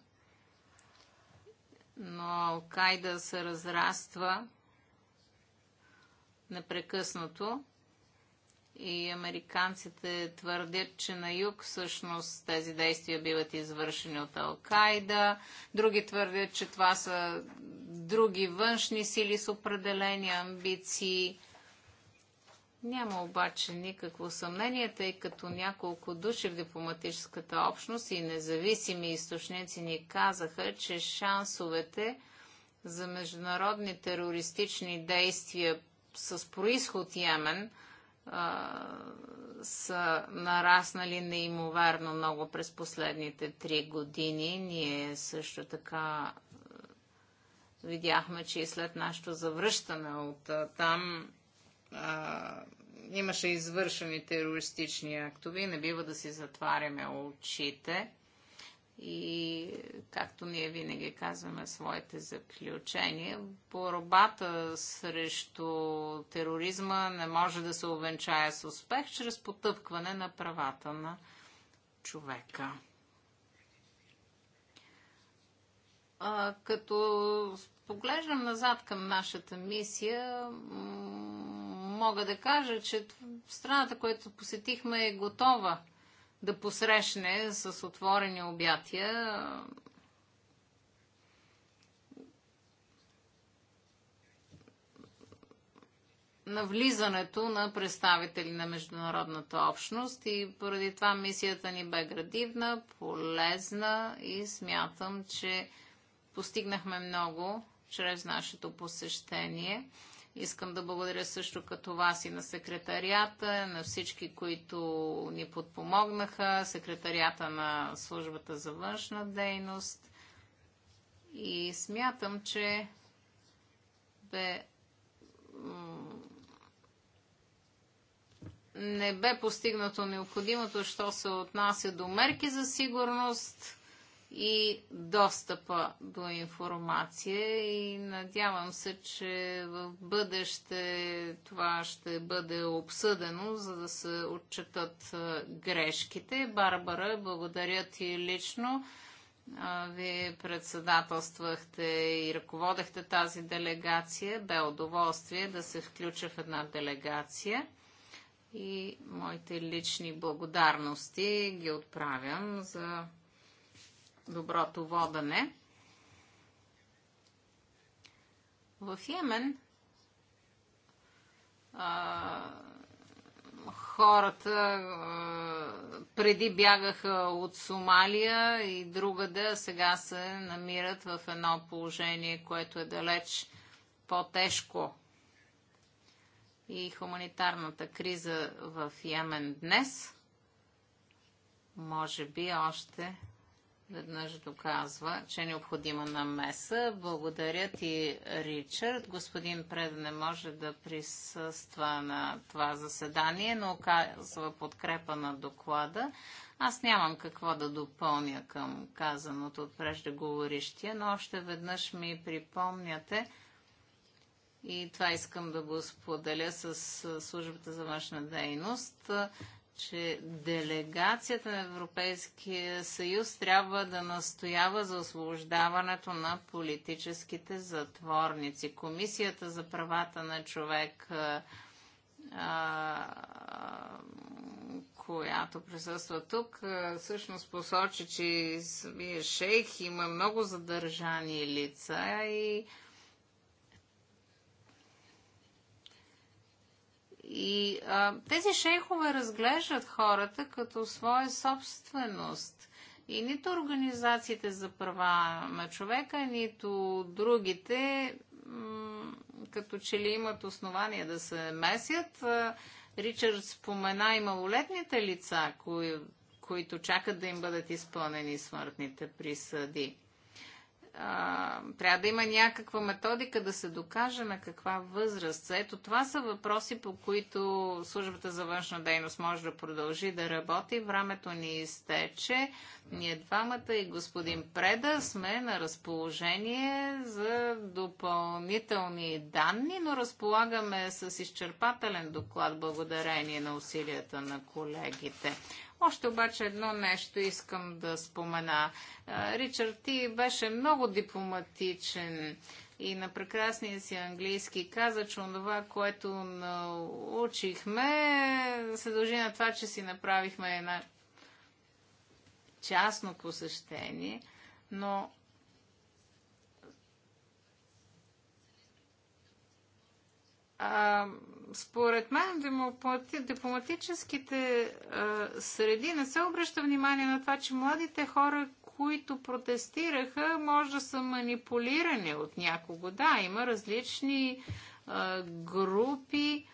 но Алкайда се разраства непрекъснато и американците твърдят, че на юг всъщност тези действия биват извършени от Алкайда. Други твърдят, че това са други външни сили с определени амбиции. Няма обаче никакво съмнение, тъй като няколко души в дипломатическата общност и независими източници ни казаха, че шансовете за международни терористични действия с происход Йемен а, са нараснали неимоверно много през последните три години. Ние също така видяхме, че и след нашето завръщане от там а, имаше извършени терористични актови, не бива да си затваряме очите. И, както ние винаги казваме своите заключения, борбата срещу тероризма не може да се увенчае с успех чрез потъпкване на правата на човека. А, като поглеждам назад към нашата мисия, мога да кажа, че страната, която посетихме, е готова да посрещне с отворени обятия на влизането на представители на международната общност и поради това мисията ни бе градивна, полезна и смятам, че постигнахме много чрез нашето посещение. Искам да благодаря също като вас и на секретарията, на всички, които ни подпомогнаха, секретарията на службата за външна дейност. И смятам, че бе не бе постигнато необходимото, що се отнася до мерки за сигурност и достъпа до информация и надявам се, че в бъдеще това ще бъде обсъдено, за да се отчетат грешките. Барбара, благодаря ти лично. Вие председателствахте и ръководехте тази делегация. Бе удоволствие да се включа в една делегация и моите лични благодарности ги отправям за доброто водене. В Йемен а, хората а, преди бягаха от Сомалия и другаде, а сега се намират в едно положение, което е далеч по-тежко. И хуманитарната криза в Йемен днес може би още веднъж доказва, че е необходима намеса. Благодаря ти, Ричард. Господин Пред не може да присъства на това заседание, но оказва подкрепа на доклада. Аз нямам какво да допълня към казаното от преждеговорищия, но още веднъж ми припомняте, и това искам да го споделя с службата за външна дейност, че делегацията на Европейския съюз трябва да настоява за освобождаването на политическите затворници. Комисията за правата на човек, а, а, която присъства тук, всъщност посочи, че самия шейх има много задържани лица и И а, тези шейхове разглеждат хората като своя собственост. И нито организациите за права на човека, нито другите, като че ли имат основания да се месят. Ричард спомена и малолетните лица, кои, които чакат да им бъдат изпълнени смъртните присъди а, трябва да има някаква методика да се докаже на каква възраст. Ето това са въпроси, по които службата за външна дейност може да продължи да работи. Времето ни изтече. Ние двамата и господин Преда сме на разположение за допълнителни данни, но разполагаме с изчерпателен доклад благодарение на усилията на колегите. Още обаче едно нещо искам да спомена. Ричард Ти беше много дипломатичен и на прекрасния си английски каза, че това, което научихме, се дължи на това, че си направихме една частно посещение, но а, според мен дипломатическите среди не се обръща внимание на това, че младите хора, които протестираха, може да са манипулирани от някого. Да, има различни групи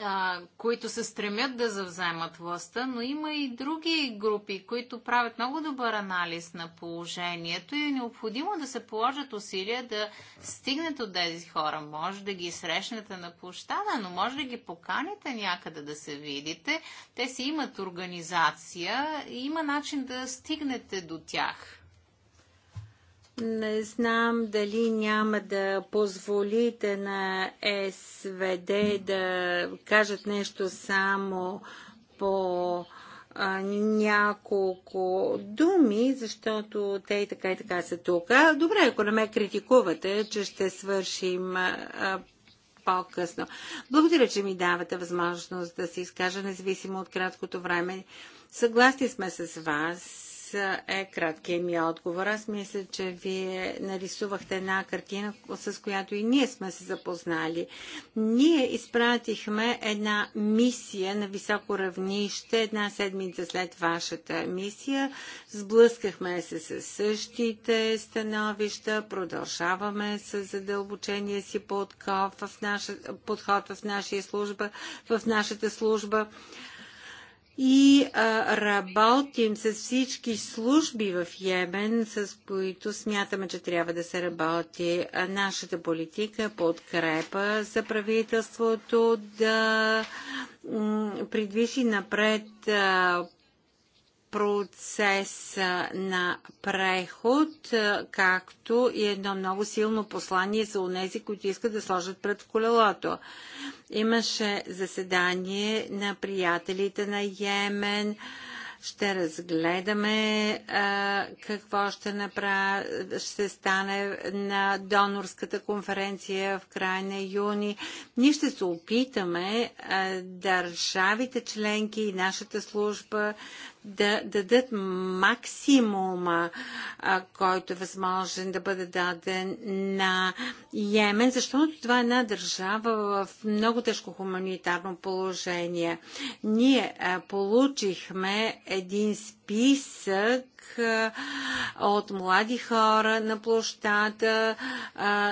а, които се стремят да завземат властта, но има и други групи, които правят много добър анализ на положението и е необходимо да се положат усилия да стигнат от тези хора. Може да ги срещнете на площада, но може да ги поканите някъде да се видите. Те си имат организация и има начин да стигнете до тях. Не знам дали няма да позволите на СВД да кажат нещо само по няколко думи, защото те и така и така са тук. добре, ако не ме критикувате, че ще свършим по-късно. Благодаря, че ми давате възможност да се изкажа, независимо от краткото време. Съгласни сме с вас за е краткият ми отговор. Аз мисля, че вие нарисувахте една картина, с която и ние сме се запознали. Ние изпратихме една мисия на високо равнище, една седмица след вашата мисия. Сблъскахме се с същите становища, продължаваме с задълбочения си подход в, наша, подход в нашия служба, в нашата служба и а, работим с всички служби в Йемен, с които смятаме, че трябва да се работи. А нашата политика подкрепа за правителството да придвижи напред а, процеса на преход, е, както и едно много силно послание за унези, които искат да сложат пред колелото. Имаше заседание на приятелите на Йемен. Ще разгледаме а, е, какво ще, направ... ще стане на донорската конференция в края на юни. Ние ще се опитаме а, е, държавите членки и нашата служба да дадат максимума, който е възможен да бъде даден на Йемен, защото това е една държава в много тежко хуманитарно положение. Ние получихме един списък списък от млади хора на площата,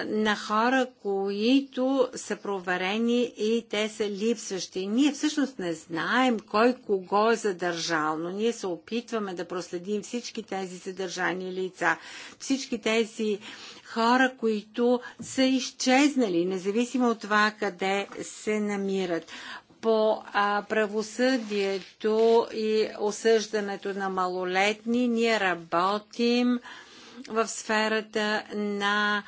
на хора, които са проверени и те са липсващи. Ние всъщност не знаем кой кого е задържал, но ние се опитваме да проследим всички тези задържани лица, всички тези хора, които са изчезнали, независимо от това къде се намират по правосъдието и осъждането на малолетни. Ние работим в сферата на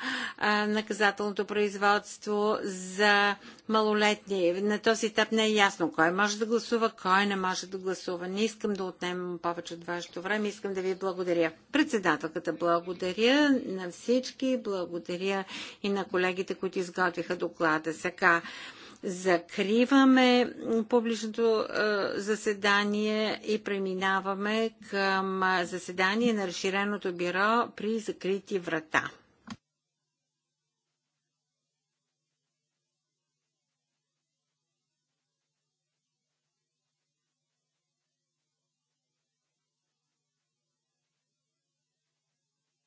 наказателното производство за малолетни. На този етап не е ясно кой може да гласува, кой не може да гласува. Не искам да отнемам повече от вашето време. Искам да ви благодаря. Председателката благодаря на всички. Благодаря и на колегите, които изготвиха доклада. Сега Закриваме публичното заседание и преминаваме към заседание на разширеното бюро при закрити врата.